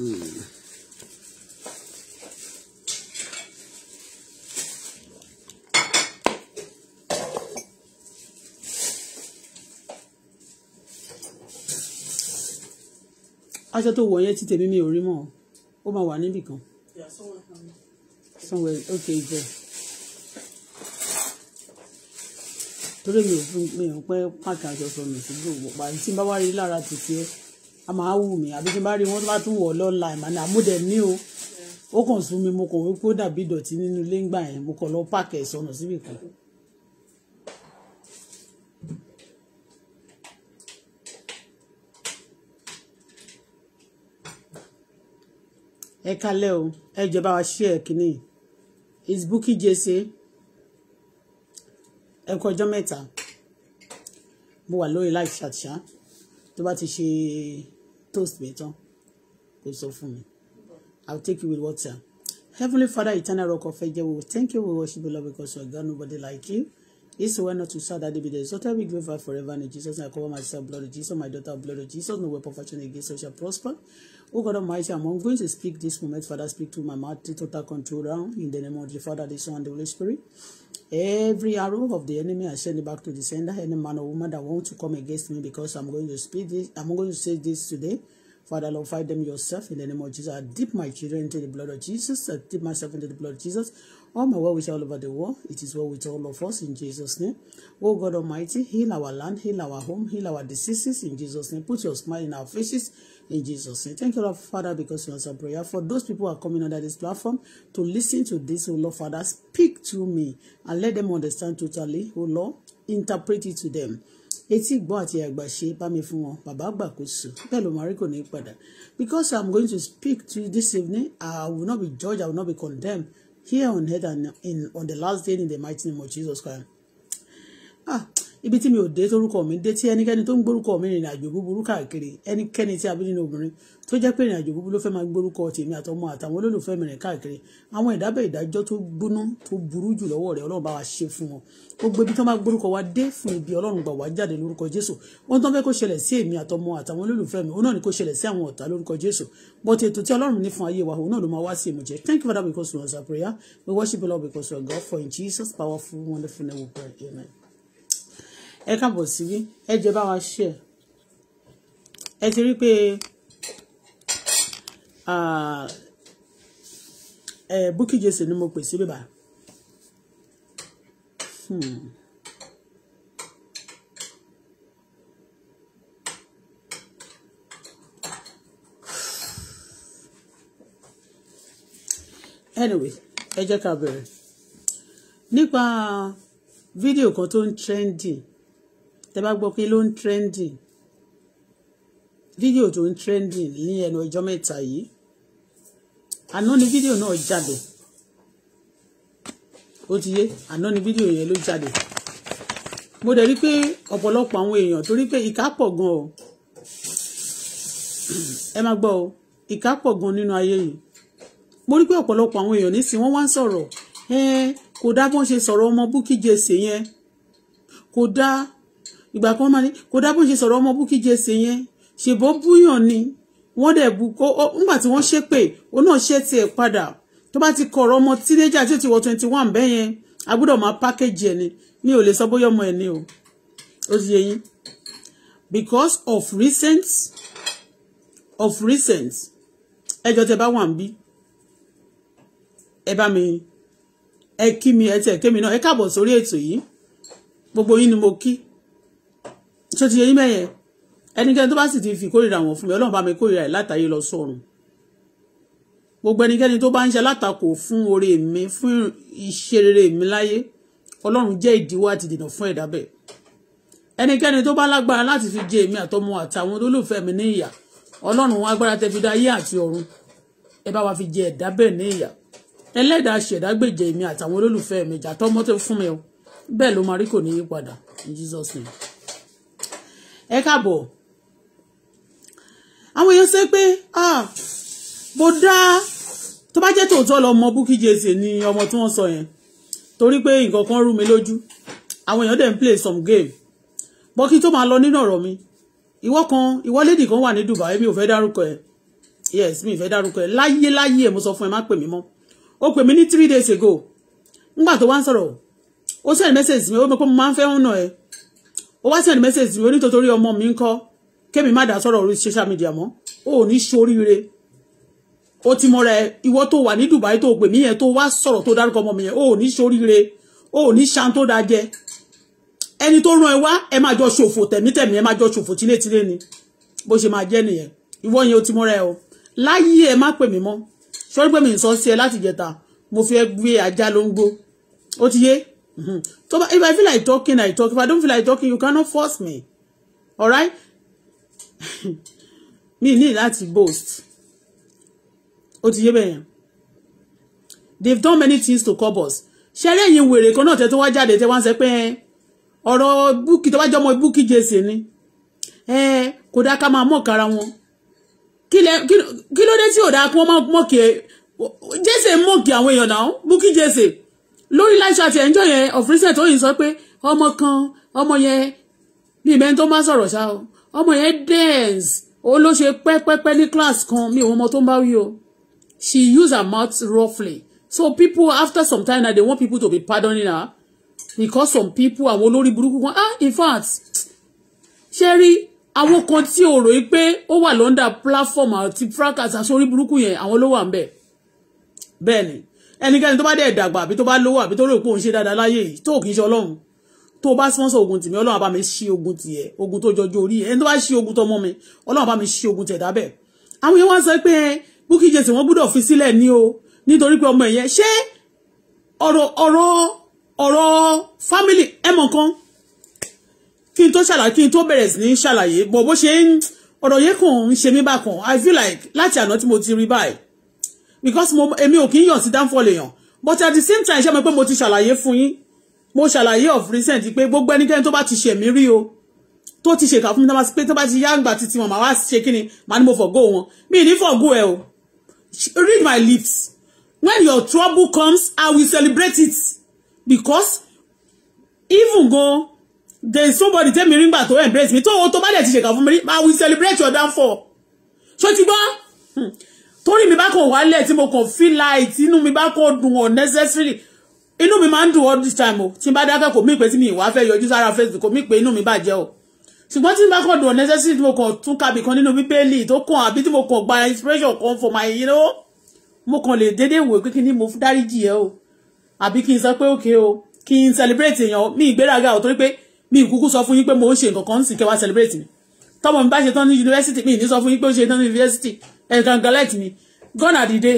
Mm. aṣọ tó wọ yẹn ti tèmi mi ò rí mọ́ ó máa wà níbì kan somewhere okay go torí mi ò fún mi ò pẹ́ pàkì àjọsọ mi ṣùgbọ́n àti tí n bá wá rí lára tètè ẹ a máa wù mí àbí tí n bá rí wọn bá tún wọ̀ lọ́la ìmọ̀ ní àmúdẹ̀ ní o ó kàn sún mi mo kàn wípé ó dàbí ìdọ̀tí nínú ilé ńgbà yẹn mo kàn lọ páàkì ẹ̀ sọnù síbì kan. ẹ kalẹ́ o ẹ jẹ́ bá wa ṣí ẹ̀ kínní is Bukky Jesse ẹ kú mẹ́ta mo wà lórí live chat ṣá tó bá ti ṣe toast mi tán kò sọ fún mi i will take you with water heavenly father eternal rock of ages we thank you we worship you lord because you are God nobody like you this is why not to sad that day be there so tell me glorified forever in Jesus and I cover myself blood of Jesus my daughter blood of Jesus no weapon fashioned against us shall prosper oh God Almighty I'm going to speak this moment Father speak to my mouth total control round in the name of the Father the Son and the Holy Spirit. Every arrow of the enemy I send it back to the sender. Any man or woman that want to come against me because I'm going to speak this, I'm going to say this today. Father, Lord, fight them yourself in the name of Jesus. I dip my children into the blood of Jesus. I dip myself into the blood of Jesus. All my well wishes all over the world. It is well with all of us in Jesus' name. Oh God Almighty, heal our land, heal our home, heal our diseases in Jesus' name. Put your smile in our faces in Jesus' name. Thank you, Lord Father, because you answer prayer. For those people who are coming under this platform to listen to this, oh Lord Father, speak to me and let them understand totally, oh Lord, interpret it to them. etí ìgbọ́ àti àgbà ṣe bá mi fún wọn bàbá gbàkóso bẹ́ẹ̀ ló máa kò ní padà because i'm going to speak to you this evening i will not be judged i will not be condemned here on earth and in on the last day in the mighty name of jesus christ ah ibi tí mi ò dé torúkọ mi dé tí ẹnikẹ́ni tó ń gbórúkọ mi rìnrìn àjò búburú káàkiri ẹnikẹ́ni tí a bí nínú obìnrin tó jẹ́ pé ìrìnàjò búburú ló fẹ́ máa gbórúkọ tèmi àtọmọ àtàwọn olólùfẹ́ mi rìn káàkiri àwọn ìdábẹ́ ìdájọ́ tó gbóná tó burú jù lọ́wọ́ rẹ̀ ọlọ́run bá wa ṣe fún wọn gbogbo ibi tó máa gbórúkọ wa dé fún ibi ọlọ́run gbà wá jáde lórúkọ jésù ohun tó ń fẹ́ kó ṣẹlẹ̀ sí èmi àtọmọ àtàwọn olólùfẹ́ mi òun náà ni kó ṣẹlẹ̀ sí àwọn ọ̀tá lórúkọ jésù bọ́tí ètò tí ọlọ́run ní fún ayé wa òun náà ló máa wá sí ìmùjẹ thank you father because you answer prayer we worship you lord because you are God for in Jesus powerful wonderful name we pray amen ẹ káàbọ̀ síbí ẹ jẹ́ bá wa share ẹ ti rí pé Bukky Jesse ni mo pè sí bíbá hmm. anyway ẹ jẹ́ ká bẹ̀rẹ̀ nípa fídíò kan tó ń trending tẹ́ bá gbọ́ kí ló ń trending fídíò tó ń trending ní ẹnu ọjọ́ mẹ́ta yìí àná ni fídíò náà jáde ó ti yé àná ni fídíò yẹn ló jáde mo dẹ̀ rí pé ọ̀pọ̀lọpọ̀ àwọn èèyàn torí pé ìka pọ̀ gan o ẹ máa gbọ́ o ìka pọ̀ gan nínú ayé yìí mo rí pé ọ̀pọ̀lọpọ̀ àwọn èèyàn nísìn wọ́n wá ń sọ̀rọ̀ kò dá bọ́n ṣe sọ̀rọ̀ ọmọ Bukky Jesse yẹn kò dá ìgbà kan máa ní kò dá bó ṣe sọ̀rọ̀ ọmọ Bukky Jesse yẹn ṣèbó búyàn ni wọ́n dẹ̀ bu kó nígbà tí wọ́n ṣépè òun náà ṣe tiẹ̀ padà tó bá ti kọ̀rọ̀ ọmọ tínéjà tí ó ti wọ twenty one bẹ́ẹ̀ yẹn a gbọ́dọ̀ máa pákéjì ẹni mi ò lè sọ bóyá ọmọ ẹ̀ ni o ó ti yẹ yín because of recent of recent ẹjọ́ tẹ bá wà ń bí ẹ bá mi ẹ kí mi ẹ tẹ̀ kémi náà ẹ káàbọ̀ sórí ètò yìí gbogbo yín ni mo kí ṣé ti yẹ yín mẹ́yẹn ẹnikẹ́ni tó bá sì ti fi kórìíra wọn fún mi ọlọ́run bá mi kórìíra ẹ̀ látàyè lọ sọ́run gbogbo ẹnikẹ́ni tó bá ń ṣe látakò fún oore mi fún ìṣerere mi láyé ọlọ́run jẹ́ ìdíwọ́ àti ìdènà fún ẹ̀dá bẹ́ẹ̀ ẹnikẹ́ni tó bá lágbára láti fi jẹ èmi àtọmọ àtàwọn olólùfẹ́ mi ní ìyà ọlọ́run wọn agbára tẹ fi dá ayé àti ọ̀run ẹ bá wa fi jẹ ẹ̀dá bẹ́ẹ̀ ní ìyà ẹlẹ́dàá ṣẹ̀dá gbèjẹ èmi àtàwọn olólùfẹ́ mi jà tọ́mọ́ tó fún mi o bẹ́ẹ̀ ló máa rí kò ní yí padà in Jesus name ẹ káàbọ̀ àwọn èèyàn ṣe pé mo dá tó bá jẹ́ tòótọ́ lọ́mọ Bukky Jease ni ọmọ tí wọ́n sọ yẹn torí pé nǹkan kan rú mi lójú àwọn èèyàn dẹ̀ ń play some game bọ́ kí tó máa lọ nínú ọ̀rọ̀ mi ìwọ kan ìwọ lédì kan wà ní Dubai mi ò fẹ́ dárúkọ ẹ̀ yes mi ò fẹ́ dárúkọ ẹ̀ láyé láyé ẹ̀ mo sọ fún ẹ má pè mí mọ́ ó pè mí ní three days ago ńgbà tó wá ń sọ̀rọ̀ ó send message mi ó mọ̀ pé mo máa ń fẹ́ hàn náà ẹ̀ ó wá send message mi onítorí ọmọ mi ń kọ́ kémi má dá sọ̀rọ̀ orí social media mọ́ ó ní ṣoríire ó ti mọ́ra ẹ ìwọ tó wà ní Dubai tó pè mí yẹn tó wá sọ̀rọ̀ tó dárúkọ ọmọ mi yẹn ó ní ṣoríire ó ní ṣan tó dáa jẹ ẹni tó rán ẹ wá ẹ máa jọ ṣòfò tẹ̀mítẹ̀mí ẹ máa jọ ṣòfò tílétílé ni bó ṣe máa jẹ́ nìyẹn ìwọ yẹn ó ti mọ́ra ẹ o láyé ẹ má pè mí mọ́ sọ́rí pé mi ń sọ sí ẹ láti jẹta mo fi ẹ gbé ajá ló ń gbó ó ti yé so mm-hmm. if I feel like talking, I talk. If I don't feel like talking, you cannot force me. All right? Me need láti boast. Ó ti They've done many things to curb us. Ṣẹ́rẹ́ yìí wèrè kan náà tẹ́ tó wá jáde tẹ́ wá ń sẹ́ pé ọ̀rọ̀ búkì tó bá jọmọ búkì jèsè ni. Kò dá ká máa mọ̀ kára wọn. Kí ló dé tí ò dáa kí wọ́n máa mọ̀kì jèsè mọ̀kì àwọn èèyàn náà búkì jèsè lórí láìsọ àti ẹ̀ńjọ́ yẹn ọ̀fíìsẹ̀ tó yìí sọ pé ọmọ kan ọmọ yẹn ní ìbẹ́ni tó máa sọ̀rọ̀ ṣá o ọmọ yẹn dance ó ló ṣe pẹ́pẹ́pẹ́ ní class kan mi ò mọ tó ń bá wí o she use her mouth roughly so people after some time now they want people to be pardoning her because some people àwọn olórí burúkú kan ah in fact ṣe rí àwọn kan tí o rò pé ó wà lọ́ndà platform àti fracas àṣọ orí burúkú yẹn àwọn ló wà ń bẹ̀ bẹ́ẹ̀ ni ẹnikẹ́ni tó bá dẹ̀ dàgbà àbí tó bá lówó àbí tó rò pé òun ṣe dáadáa láyé yìí tó kì í ṣe ọlọ́run tó bá sponsor ogun tìmí ọlọ́run bá mi ṣí ogun tìyẹ ogun tó jọjú orí ẹni tó bá ṣí ogun tọmọ mi ọlọ́run bá mi ṣí ogun tẹ̀ dábẹ̀ àwọn yẹn wá sọ pé Bukky Jesse wọ́n gbọ́dọ̀ fi sílẹ̀ ní o nítorí pé ọmọ ẹ̀yẹ ṣé ọ̀rọ̀ ọ̀rọ̀ ọ̀rọ̀ family ẹ̀mọ̀ kan kí n tó ṣàlàyé kí n tó bẹ̀rẹ̀ sí ní ṣàlàyé bọ̀ bó ṣe ń ọ̀rọ̀ yẹn kàn ń ṣe mí bákan I feel like láti àná tí mo ti rí báyìí because mo emi ò kì í yàn downfall èèyàn but at the same time ṣé mo pé mo ti ṣàlàyé fún yín mo ṣàlàyé of recent pé gbogbo ẹnikẹ́ni tó bá ti ṣẹ̀mí rí o tó ti ka fún mi pé tó bá ti yá àgbà títí wọn màá wá ṣe kí ni màá ní mo forgo wọn mi ní forgo e o read my lips when your trouble comes i will celebrate it because even gan there is somebody tell me ring back to embrace me to o tó bá dẹ̀ ti ṣèkà fún mi i will celebrate your downfall So ti gbọ́ hmm torí mi bá kàn wálẹ̀ tí mo kàn feel light inú mi bá kàn dùn unnecessary inú mi máa ń dùn all this time o tí n bá dákẹ́ kò mí pé tí mi ìwà fẹ́ yọjú sára facebook kò mí pé inú mi bàjẹ́ o ṣùgbọ́n tí n bá kàn dùn unnecessary tí mo kàn tún kábì kan nínú bíbélì tó kàn àbí tí mo kàn gba inspiration kan for my you know mo kàn lè déédéé wò pé kí ni mo dáríjì ẹ o àbí kí n sọ pé okay o kí n celebrate èèyàn mi ìgbéraga ò torí pé mi ìkúkú sọ fún yín pé mo ń ṣe nǹkan kan ń sì kẹwàá celebrate mi tọmọ mi bá ṣe tán ní yunifásitì mi ní sọ fún yín pé ó ṣe tán ní yunifásitì ẹ̀gàngàlẹ́tì ni gọ́nà dìde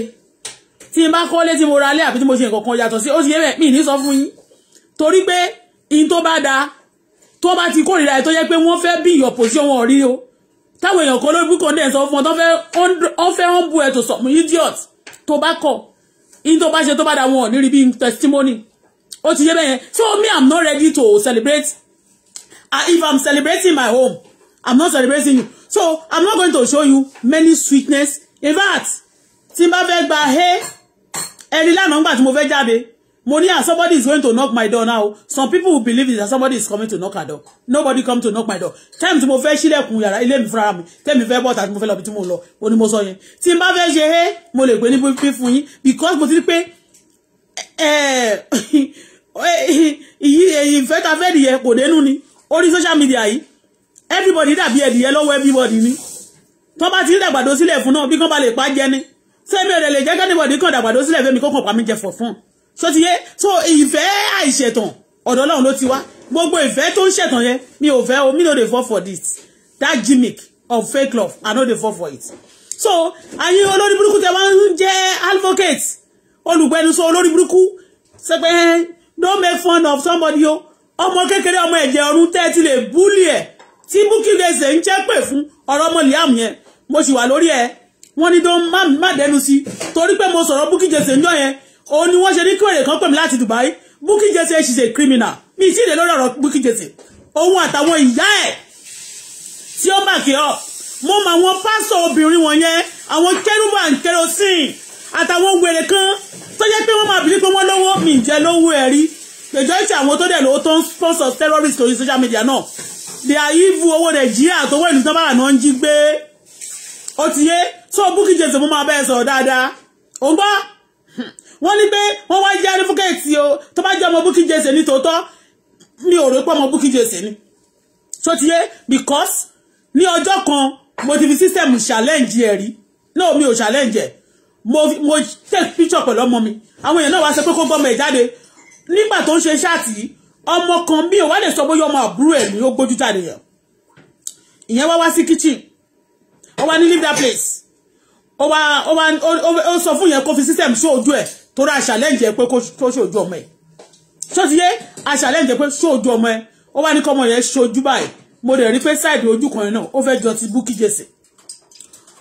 tí n bá kọ́lé tí mo ra alẹ́ àbí tí mo ṣe nǹkan kan yàtọ̀ sí ó ti yé bẹ́ẹ̀ mi ní sọ fún yín torí pé in tó bá da tó bá ti kórìíra ẹ̀ tó yẹ pé wọ́n fẹ́ bí your position wọn rí o táwọn èèyàn kan ló bí kọ́ndẹ̀ sọ fún ọ tó fẹ́ hàn bú ẹ tó sọ idiot tó bá kọ̀ in tó bá ṣe tó bá da wọn ò testimony ó ti yé bẹ́ẹ̀ so me i'm not ready to celebrate uh, if i'm celebrating my home i'm not celebrating you so i'm not going to show you many sweetness in fact tí n bá fẹ́ gba he ẹni lánàá nígbà tí mo fẹ́ jáde mo ní ah somebody is going to knock my door now some people will believe that somebody is coming to knock her door nobody come to knock my door time tí mo fẹ́ ṣílẹ̀kùn yàrá ilé mi fúnra mi tẹ́mi fẹ́ bọ́ta tí mo fẹ́ lọ bí tí mo lọ o ní mo sọ yẹn tí n bá fẹ́ ṣe he mo lè gbé ní pípín fún yín because mo ti rí pé ìyí ìfẹ́ ta fẹ́ nìyẹn kò dénú ni orí social media yìí everybody dàbí ẹdìyẹ lọ́wọ́ everybody ni tó bá ti ń dàgbàdo sílẹ̀ fún náà bí kán bá lè pa jẹ ni sẹ́mi ọ̀dẹ̀ lè jẹ́ kẹ́nìbọ̀dì kan dàgbàdo sílẹ̀ fẹ́mi kó kàn pa mí jẹ fọ̀ fún so ti yé so ìfẹ́ àìṣẹ̀tàn ọ̀dọ̀ Ọlọ́run ló ti wá gbogbo ìfẹ́ tó ń ṣẹ̀tàn yẹn mi ò fẹ́ o mi no dey fall for this that gimmick of fake love i no dey fall for it so àyìn olórí burúkú tẹ wá ń jẹ́ advocate olùgbẹnusọ olórí burúkú sẹpẹ́ don't make fun of somebody o ọmọ kékeré ọmọ ẹ̀jẹ̀ ọ̀run tẹ́ẹ̀ ti lè búlì ẹ̀ tí Bukky Dese ń jẹ́ pè fún ọ̀rọ̀ ọmọ Liam yẹn mo sì wà lórí ẹ̀ wọ́n ní tó má dẹnu sí torí pé mo sọ̀rọ̀ Bukky Dese ńjọ́ yẹn òun ni wọ́n ṣe ní kúrèrè kan pè láti Dubai Bukky Dese she's a criminal mi ì tí ì lè lórí ọ̀rọ̀ Bukky Dese òun àtàwọn ìyá ẹ̀ tí ó bà kí ọ mo mọ àwọn pásọ obìnrin wọn yẹn àwọn kẹrùbà ń kẹrosíìn àtàwọn wèrè kan tó jẹ́ pé wọ́n máa bìí pé wọ́n lówó mi jẹ́ lówó ẹ̀rí majority àwọn tó dẹ̀ lówó tó ń sponsor terrorist lórí social media náà they are evil owó nàìjíríà tó wẹ̀ ní tábàrà náà ń jí gbé ó ti yé tó Bukky Jease mo máa bẹ́ẹ̀ sọ̀rọ̀ dáadáa ò ń gbọ́ wọ́n ní pé wọ́n wá jẹ́ adífúkẹ́ẹ̀tì o tó bá jẹ́ ọmọ Bukky Jease ní tòótọ́ mi ò rò pé ọmọ Bukky Jease ni tó ti yé because ní ọjọ́ kan mo ti fi system challenge ẹ̀ rí náà mi ò challenge ẹ̀ mo mo take picture pẹ̀lú ọmọ mi àwọn èèyàn náà wá sọ pé kó gbọ́mọ me. jáde nígbà tó ń ṣe ṣáàtì ọmọ kan mi ò wá lè sọ bóyá ọmọ àbúrò ẹ̀ ni ó gbójú jáde yẹn ìyẹn wá wá sí kitchen ó wá ní leave that place ó wá ó wá ó sọ fún yẹn kó fi system ṣó ojú ẹ̀ torí àṣàlẹ́ǹjẹ́ pé kó ṣó ojú ọmọ ẹ̀ ṣó ti yé àṣàlẹ́ǹjẹ́ pé ṣó ojú ọmọ ẹ̀ ó wá ní kọ́mọ yẹn ṣojú báyìí mo dẹ̀ rí pé sáìdì ojú kan náà ó fẹ́ jọ ti Bukky Jesse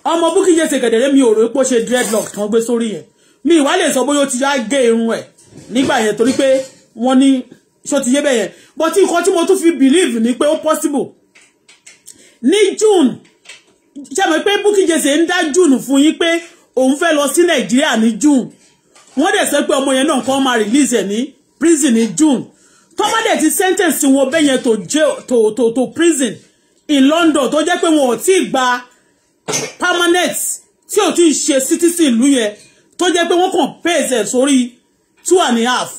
ọmọ Bukky Jesse gẹ̀dẹ̀rẹ́ mi ò rò pé ó ṣe dreadlock kan gbé sórí yẹn mi ìwá lè sọ bóyá ó ti yá gé irun ẹ̀ nígbà yẹn torí pé wọ́n ní So ti yé bẹ́ẹ̀ yẹn but nǹkan tí mo tún fi believe ni pé ó possible ní June ṣe mọ̀ pé Bukky Jesse ń dá June fún yín pé òun fẹ́ lọ sí Nàìjíríà ní June wọ́n dẹ̀ sọ pé ọmọ yẹn náà kàn máa release ẹ̀ prison ní June tọ́mọ́ dẹ̀ ti sentence wọn bẹ́ẹ̀ yẹn to jail to to to prison in London tó jẹ́ pé wọn ò tí ì gba permanent tí ò tí ì ṣe citizen ìlú yẹn tó jẹ́ pé wọ́n kàn pay ẹ̀ sórí two and a half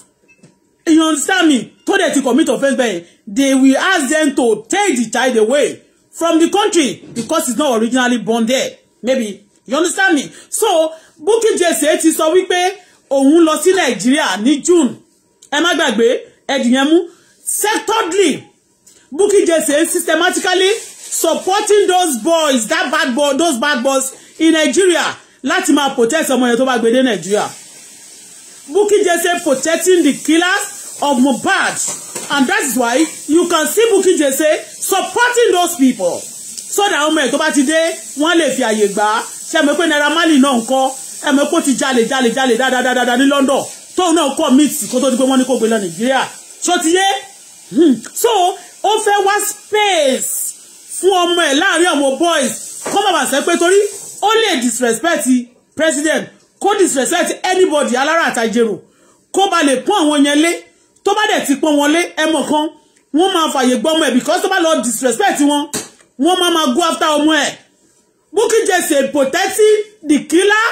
you understand me tó dẹ̀ ti commit offence bẹ́ẹ̀ they will ask them to take the child away from the country because it's not originally born there maybe you understand me so Bukky Jesse ti sọ wípé òun lọ sí Nàìjíríà ní June ẹ má gbàgbé ẹdìyẹn mú secondly Bukky Jesse systematically supporting those boys that bad boy those bad boys in Nigeria láti máa protest ọmọ yẹn tó bá gbé dé Nàìjíríà Bukky Jesse protecting the killers of Mohbad. And that is why you can see Bukky Jesse supporting those people. So that ọmọ ẹ̀ tó bá ti dé, wọ́n lè fi àyè gbà á. Ṣé ẹ mọ̀ pé Naira Marley náà ń kọ́? Ẹ da da ó ti jalè jalè London. Tóun now, kọ́ míìtì kó tó di pé go ní kó gbé lọ Nàìjíríà. Ṣó ti hmm. So offer what space for ọmọ ẹ̀ láàrin àwọn boys Come bàbá sẹ́ pé torí ó lè president kó disrespect anybody alára àtàjèrò kó ba lè pọ́n àwọn yẹn lé tó bá dẹ̀ ti pọ́n wọn lé ẹmọ̀ kan wọ́n máa fàyè gbọ́ ọmọ ẹ̀ because tó bá lọ disrespect wọn wọ́n máa ma go after ọmọ ẹ̀ Bukky Jesse protecting the killer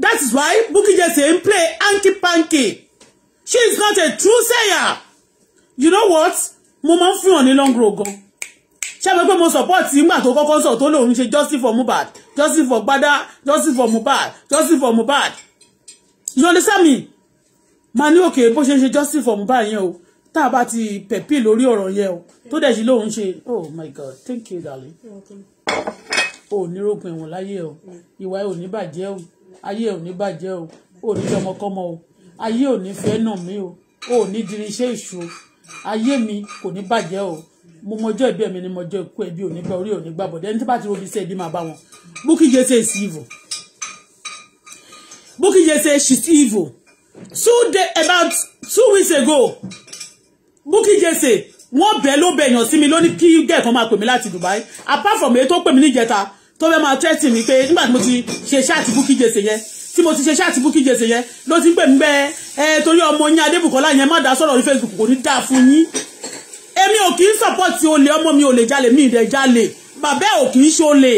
that is why Bukky Jesse ń play hanky panky she is not a true sayer you know what mo máa ń fún ọ ní long road gan ṣé mo pé mo support nígbà tó kọ́kọ́ sọ tó lòun ṣe justice for Mubad, justice for gbada justice for Mubad, justice for Mubad. you understand me máa ní òkè bó ṣe ṣe justice for Mubad, yẹn o tá a bá ti pẹ̀pì lórí ọ̀rọ̀ yẹn o tó dẹ̀ sí lòun ṣe oh my god thank you darling o ò ní rògùn ẹ̀wọ̀n láyé o ìwà ẹ̀ ò ní bàjẹ́ o ayé ẹ̀ ò ní bàjẹ́ o o ò ní jọmọkọ́mọ o ayé ò ní fẹ́ nà mí o o ò ní dirinṣẹ́ ìṣù ayé mi kò ní bàjẹ́ o mo mọjọ́ ìbí ẹ̀mí ni mọjọ́ ikú ẹbí ò orí ò ní gbà tí bá ti robi sí ẹbí máa bá wọn Bukky Jesse is evil Bukky Jesse she's evil two day about two weeks ago Bukky Jesse wọ́n bẹ̀ ló bẹ̀ yàn sí mi lónìí kí gẹ̀ẹ́kan máa pè mí láti Dubai apart from èyí tó pè mí níjẹta tó fẹ́ máa tẹ́tì mi pé nígbà tí mo ti ṣe ṣáàtì Bukky Jesse yẹn tí mo ti ṣe ṣáàtì Bukky Jesse yẹn ló ti ń pè mí bẹ́ẹ̀ ẹ torí ọmọ yín Adébùkọ́lá yẹn má dá sọ̀rọ̀ orí Facebook kò ní dáa fún yín èmi ò kì í support olè ọmọ mi ò lè jalè mi ìdẹ̀ jalè bàbá ò kì í ṣe olè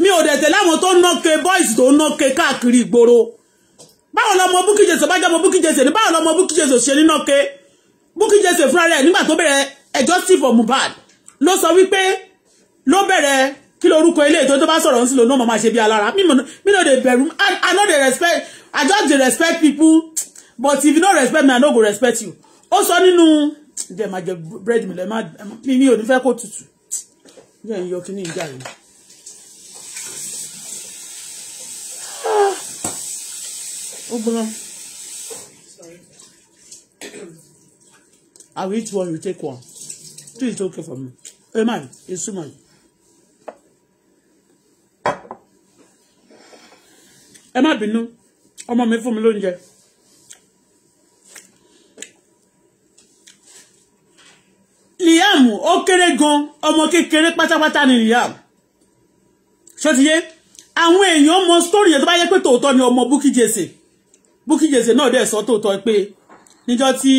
mi ò dẹ̀ tẹ̀lé àwọn tó ń náke boys tó ń náke káàkiri ìgboro báwo lọmọ Bukky Jesse bá jọmọ Bukky Jesse ní báwo lọmọ Bukky Jesse ṣe ní náke Bukky Jesse fúnra rẹ̀ nígbà tó bẹ̀rẹ̀ ẹjọ́ sí for Mohbad ló sọ wípé ló bẹ̀rẹ̀ kí lorúkọ ilé ètò tó bá sọ̀rọ̀ ń sì lò náà mọ̀ máa ṣe bí alára mi no dey bẹ̀rù I no dey respect I just dey respect people but if you no respect me I no go respect you ó sọ nínú ǹjẹ́ máa jẹ bread. mi lọ mi mi ò ní fẹ́ kó tutù ǹjẹ́ ń yọ kí ní ìjà yìí. ó gbóná. I will eat one, you take one. Two is okay for me. Hey man, it's too much. Ẹ má bínú, ọmọ mi fún mi lóúnjẹ. Liam ó kéré gan ọmọ kékeré pátápátá ni Liam ṣọtiyé àwọn èèyàn mọ sítórì yẹn tó bá yẹ pé tòótọ́ ni ọmọ Bukky Jesse Bukky Jesse náà dẹ̀ sọ tòótọ́ pé níjọ́ tí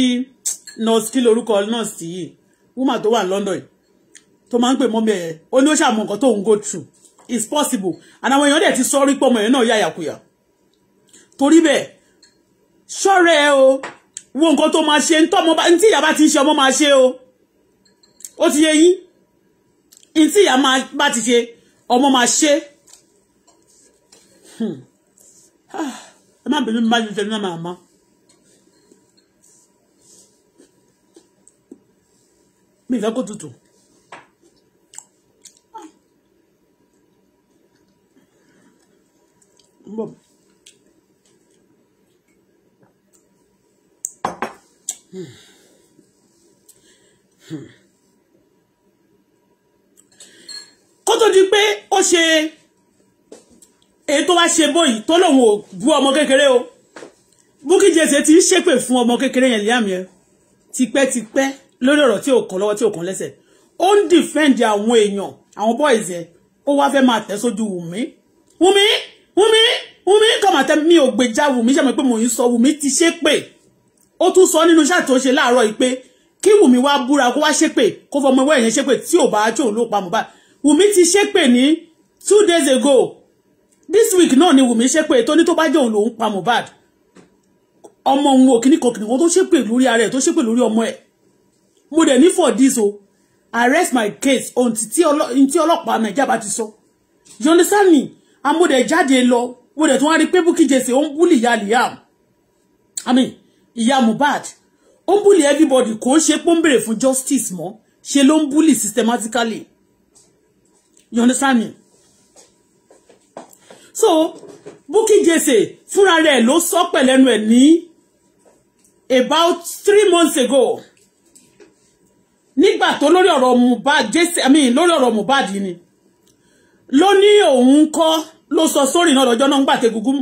nurse kí lorúkọ nurse yìí woman tó wà London yìí tó máa ń pè possible and àwọn èèyàn dẹ̀ ti sọ pé ọmọ yẹn náà yàkuyà torí o wo nǹkan tó máa ṣe ń ọmọ bá ń tí ìyá bá ti ń ọmọ máa ṣe o. O ti yé yín in tí ìyá bá ti ṣe ọmọ hmm. ah, ṣe ẹ má bẹ̀rù má jẹun na màmá. mi fẹ́ kó tutù. Bom. Hmm. Hmm. tó di pé ó ṣe èyí tó wá ṣe bóyìí tó lòun ò bú ọmọ kékeré o Bukky Jesse ti ń ṣépè fún ọmọ kékeré yẹn Liam yẹn tipẹ́tipẹ́ lórí ọ̀rọ̀ tí ò kàn lọ́wọ́ tí ò kàn lẹ́sẹ̀ ó ń dìfẹ́ǹdì àwọn èèyàn àwọn boys yẹn ó wá fẹ́ máa tẹ̀ sójú Wùmí Wùmí Wùmí Wùmí kàn máa tẹ́ mi ò gbèjà Wùmí ṣe pé mò ń sọ Wùmí ti ṣépè ó tún sọ nínú ṣáà tó ṣe láàárọ̀ yìí pé kí Wùmí wá búra kó wá ṣépè kó fọmọ ẹwọ́ ẹ̀yẹn ṣépè tí ò bá tí òun ló pa Mohbad Wùmí ti ṣépè ní two days ago this week náà ni Wùmí ṣépè tó ní tó bá jẹ́ òun lòun pa Mohbad ọmọ òun ò kíní kọkìnì wọn tó ṣépè lórí ara ẹ̀ tó ṣépè lórí ọmọ ẹ̀ mo dẹ̀ ní for this o arrest my case ohun tí ọlọ́pàá nàìjíríà bá ti sọ you understand me amúdẹ̀ jáde lọ mo dẹ̀ tún wá rí pé Bukky Jesse ó ń búlì ìyá Liam I mean ìyá Mohbad ó ń búlì everybody kò ń ṣe pé ó ń béèrè fún justice mọ́ ṣe ló ń búlì systematically you understand me so Bukky Jesse fúnra rẹ̀ ló sọ pẹ̀lẹ́nu ẹ̀ ní about three months ago nígbà tó lórí ọ̀rọ̀ Mohbad Jesse i mean lórí ọ̀rọ̀ Mohbad ni ló ní òun kọ́ ló so sorry náà lọ́jọ́ náà ń gbà tegungun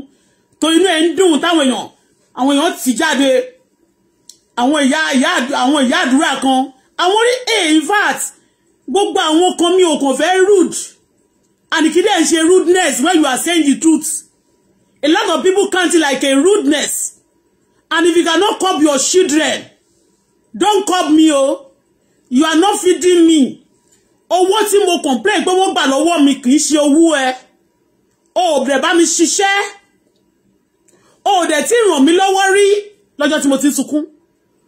tó inú ẹ̀ ń dùn táwọn èèyàn àwọn èèyàn ti jáde àwọn ìyá ìyá àwọn ìyá àdúrà kan in fact gbogbo àwọn kan mi ò kàn fẹ́ rude and kí dẹ̀ ṣe rudeness when you are saying the truth a lot of people count it like a rudeness and if you cannot curb your children don't curb me o oh. you are not feeding me owó tí mo complain pé wọ́n gbà lọ́wọ́ mi kì í ṣe owó ẹ o ò bẹ̀rẹ̀ bá mi ṣiṣẹ́ o ò dẹ̀ tí ràn mí lọ́wọ́ rí lọ́jọ́ tí mo ti sunkún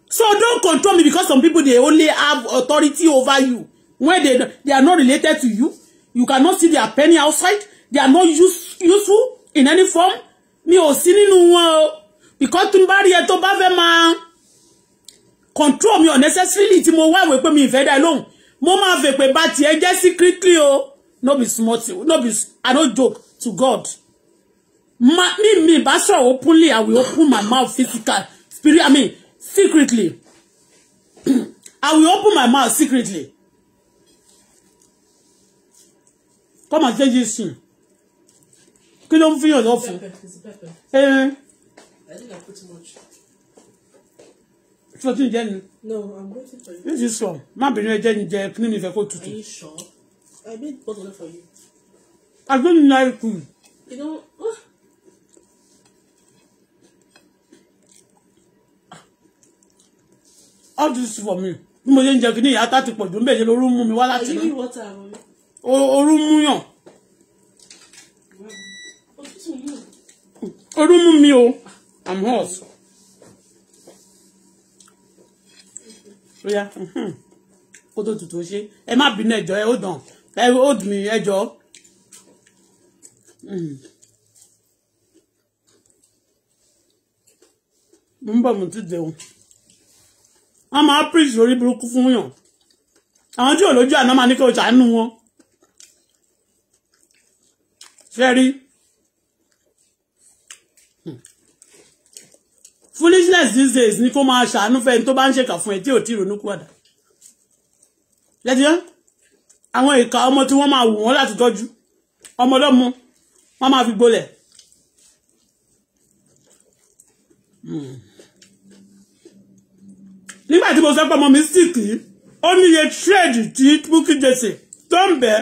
so don't control me because some people dey only have authority over you when they they are not related to you you cannot see their penny outside they are not use, useful in any form mi ò sí nínú wọn o because tún bá rí ẹ tó bá fẹ́ máa control me unnecessarily tí mo wá we pé mi ìfẹ́ dá lóhùn mo máa fẹ́ pé bá tiẹ̀ jẹ́ secretly o no be small no be i no joke to god ma me, mi bá sọ̀rọ̀ openly i will open my mouth physical spirit i mean secretly i will open my mouth secretly wọ́n máa jẹ́ yìí sùn kí ló ń fi ọ̀dọ́ fún. Eh. ṣé o ti ń jẹ́ ni. no i'm waiting for you. yíṣi sọ má bínú ẹ jẹ́ ni jẹ kí ni mi fẹ́ kó tutù. are you sure? i made bottle for you. i don't like you. you know. Oh. all this for me bí mo ṣe ń jẹ kí ni ìyá tá ti pọ̀ jù ń bẹ̀yẹ lórí mú mi wá láti. are you water? orú múyàn orú mú mi o i'm hot. Oya mhm. kó tó tutù ṣe ẹ má bínú ẹjọ ẹ ó dàn ẹ ó dùn mí ẹjọ. mo ń bọ̀ mo ti dẹ̀wọ̀n wọ́n máa píríṣì orí burúkú fún yàn àwọn tí ò lójú àná máa ní kí o ṣàánú wọn. Very hmm. foolishness these days ni kó máa ṣàánú fẹ́ni tó bá ń ṣèkà fún ẹ tí ò tí ronú kúwàdà lẹ́tìyàn àwọn ìka ọmọ tí wọ́n máa wù wọ́n láti tọ́jú ọmọ ọlọ́mọ wọ́n máa fi gbolẹ̀ hmm. nígbà mo sọ pé ọmọ mi sì kì í ó ní iye trade tí bukidese tó ń bẹ́ẹ̀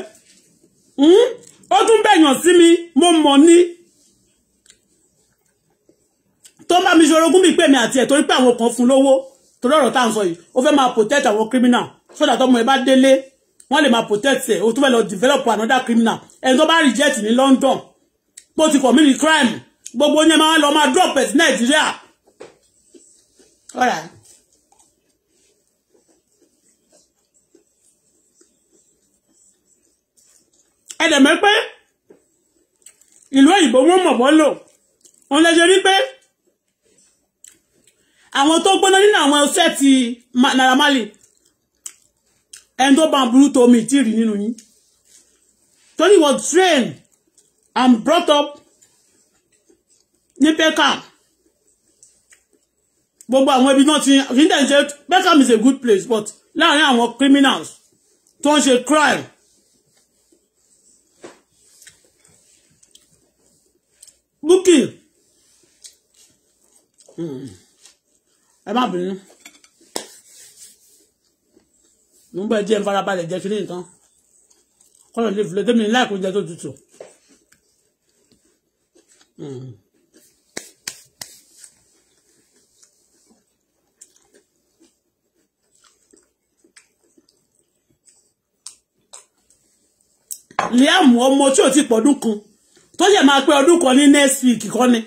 hmm? ó tún bẹ̀yàn sí mi mo mọ̀ ní tó bá mi ṣorogún mi pè mí àti ẹ̀ torí pé àwọn kan fún lówó torí ọ̀rọ̀ tá à ń sọ yìí ó fẹ́ máa protect àwọn criminal sódà tọmọ ẹ bá délé wọ́n lè máa protect ẹ̀ ó tún fẹ́ lọ develop another criminal ẹni tó bá reject ní London bó ti commit crime gbogbo yẹn máa lọ máa drop ẹ̀ sí Nàìjíríà. All right. ẹ dẹ̀ mọ̀ pé ìlú òyìnbó wọn mọ̀ wọ́n lò wọn lè ṣe rí pé àwọn tó gbóná nínú àwọn ọṣẹ́ ti Naira Marley ẹni tó bá ń burú tómi tí rí nínú yín Tony was trained and brought up ní Peckham gbogbo àwọn ibi náà ti kí n tẹ̀ ń Peckham is a good place but láàrin àwọn criminals tó ń ṣe crime Búkì ẹ má bínú mo ń bẹ díẹ̀ ń farabalẹ̀ jẹ́ kíní nǹkan kọ́lọ̀ lè fi lè tẹ́mi láìkó jẹ́ tó tutù. Liam ọmọ tí ò ti pọ̀dún kan tó ṣe máa pé ọdún kan ní next week kọ́ ni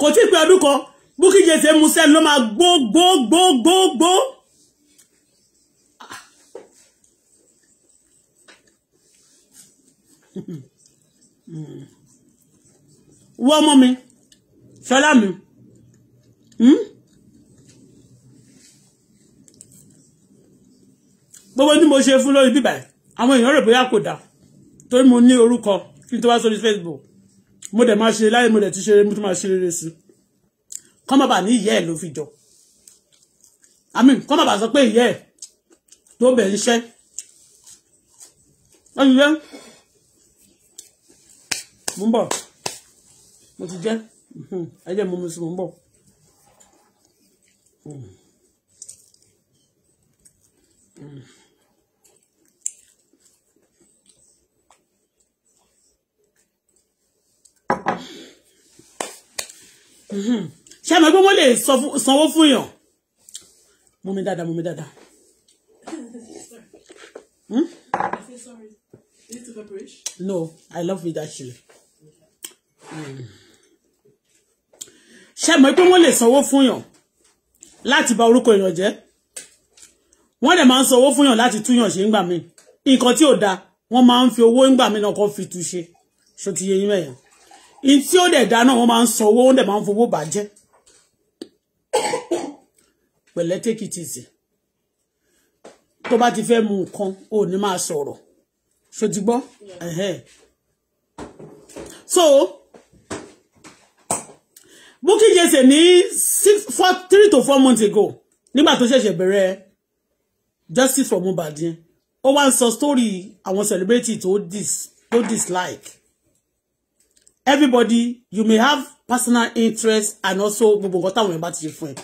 kò tí pé ọdún kan Bukky Jesse musẹ́ ló máa gbó gbó gbó gbó gbó. wọ́n mọ́ mi ṣọlá mi hmm? gbogbo tí mo ṣe fún lórí bíbá àwọn èèyàn rò bóyá kò dáa torí mo ní orúkọ kí n tó wá sórí Facebook mo dẹ̀ máa ṣe láyé mo dẹ̀ ti ṣe mo tún máa ṣe rere sí kọ́ má bà ní ìyá ẹ̀ ló fi jọ àmì kọ́ má bà sọ pé ìyá ẹ̀ tó bẹ̀ ń ṣẹ́ wọ́n ti mo ń bọ̀ mo ti jẹ́ hmm, ẹ mo mu sí mo ń bọ̀. Mm-hmm. ṣé àmọ́ pé wọ́n lè sanwó fún yàn mú mi dáadáa mú mi dáadáa. Hmm? No, I love it actually. Ṣé mọ̀ pé wọ́n lè sanwó fún yàn láti bà orúkọ èèyàn jẹ́? Wọ́n dẹ̀ máa ń sanwó fún yàn láti túyàn ṣe ńgbà míì. Nǹkan tí ò da, wọ́n máa ń fi owó ńgbà míì náà kọ́ fi tu ṣe. Ṣó ti yé yín mẹ́yàn? in tí ó dẹ̀ dáná wọ́n máa ń sanwó wọ́n dẹ̀ máa ń fowó bàjẹ́ pẹ̀lẹ́ take it easy To bá ti fẹ́ mu nǹkan ò ní máa sọ̀rọ̀ ṣòtìgbọ́ so Bukky Jesse ní six four three to four months ago nígbà tó ṣẹ̀ṣẹ̀ bẹ̀rẹ̀ justice for Mohbad yẹn ó wá ń sọ story celebrate it. tó dis, dislike everybody you may have personal interest and also gbogbo nǹkan táwọn èèyàn bá ti ṣe fún ẹ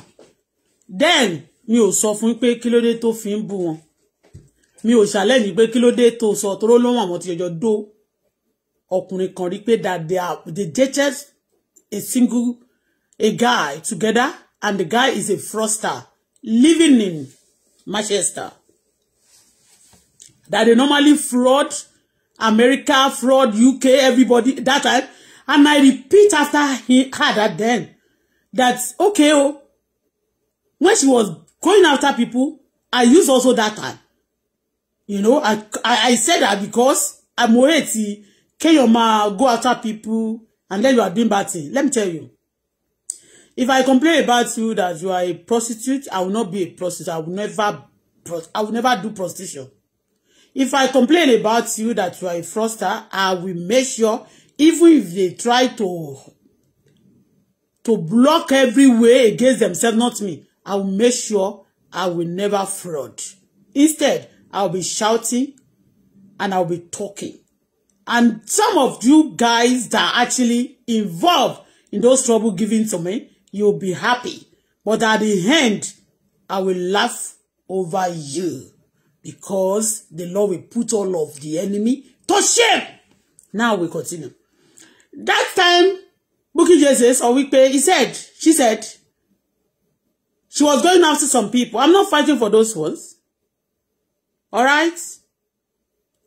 then mi ò sọ fún pé kí ló dé tó fi ń bú wọn mi ò ṣàlẹ́yìn pé kí ló dé tó sọ tó lóhùn àwọn tí ọjọ́ dó ọkùnrin kan rí pé that they are they dated a single a guy together and the guy is a froster living in Manchester that they normally fraud America fraud UK everybody that time and I repeat after he had that then that okay oh when she was going after people I used also that time you know I I, I said that because I'm already your ma go after people and then you are being bad thing let me tell you if I complain about you that you are a prostitute I will not be a prostitute I will never I will never do prostitution if I complain about you that you are a fraudster I will make sure even if they try to to block every way against themselves, not me, I will make sure I will never fraud. Instead, I'll be shouting and I'll be talking. And some of you guys that are actually involved in those trouble given to me, you'll be happy. But at the end, I will laugh over you because the Lord will put all of the enemy to shame. Now we continue that time Bukky Jesus or wípé he said she said she was going after some people i'm not fighting for those ones all right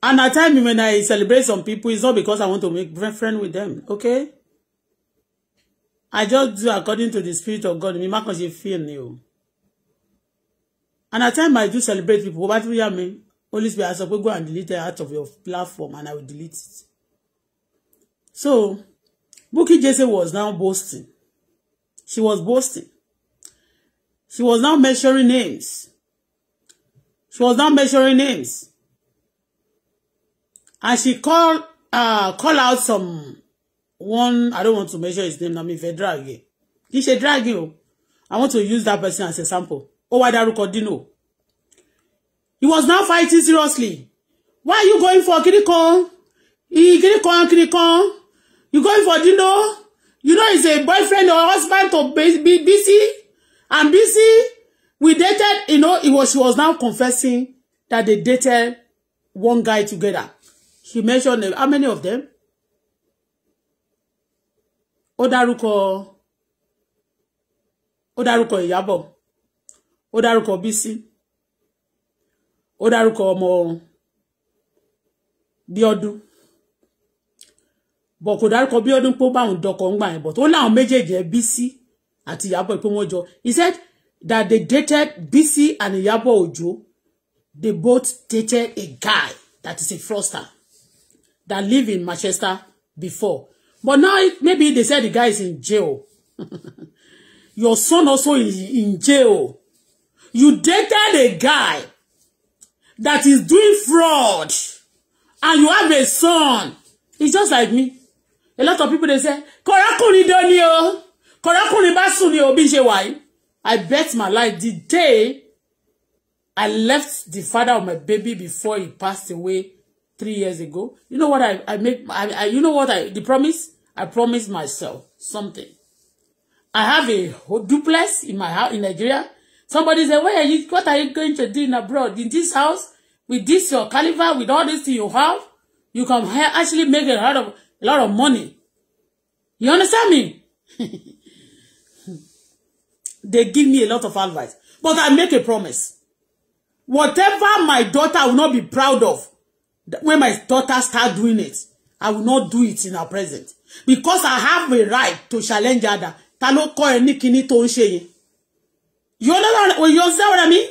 and at time when i celebrate some people it's not because i want to make friend with them okay i just do according to the spirit of god Me, má kàn feel new. and at time i do celebrate people but bá tún yá mi holy spirit i sọ go and delete the out of your platform and i will delete it So, Bukky Jesse was now boasting. She was boasting. She was now measuring names. She was now measuring names. And she called uh call out some one I don't want to measure his name, I mean if again. He should drag you. I want to use that person as a sample. Ó wá dárúkọ Dino. He was now fighting seriously. Why are you going for Kirikon? Kirikon, Kirikon. You going for dinner? You know he's a boyfriend or husband to be busy and busy. We dated, you know, it was she was now confessing that they dated one guy together. She mentioned how many of them? Ó dárúkọ ó dárúkọ Ìyábọ̀ ó dárúkọ Bísí ó dárúkọ ọmọ Bíọ́dún bọ̀ kò dárúkọ bí ọdún pé ó bá òun dọkọ̀ ń gbà yẹn bọ̀ tó láwọn méjèèjì ẹ Bísí àti Ìyábọ̀ pé wọ́n jọ he said that they dated Bísí and Ìyábọ̀ Òjó they both dated a guy that is a froster that live in Manchester before but now maybe they said the guy is in jail your son also in, in jail you dated a guy that is doing fraud and you have a son it's just like me a lot of people they say kọ̀rọ́kùnrin dán ni o kọ̀rọ́kùnrin bá sùn o bí ṣe I bet my life the day I left the father of my baby before he passed away three years ago you know what I I make I, I you know what I the promise I promised myself something I have a duplex in my house in Nigeria somebody said, where are you what are you going to do in abroad in this house with this your caliber with all this thing you have you can actually make a lot of a lot of money. You understand me? They give me a lot of advice. But I make a promise. Whatever my daughter will not be proud of, when my daughter start doing it, I will not do it in her presence. Because I have a right to challenge her. Ta ló kọ́ ẹ ní You understand what I mean?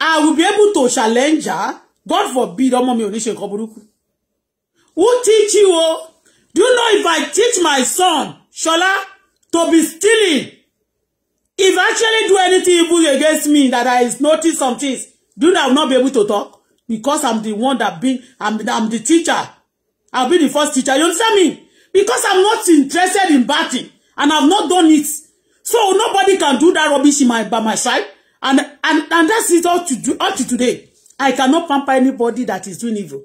I will be able to challenge her. God forbid ọmọ mi ò ní ṣe nǹkan burúkú. Who teach you oh? Do you know if I teach my son, Shola, to be stealing, if I actually do anything evil against me that I notice some things, do you know I will not be able to talk? Because I'm the one that been, I'm, I'm the teacher. I'll be the first teacher. You understand me? Because I'm not interested in batting and I've not done it. So nobody can do that rubbish in my by my side. And and and that's it all to do all to today. I cannot pamper anybody that is doing evil.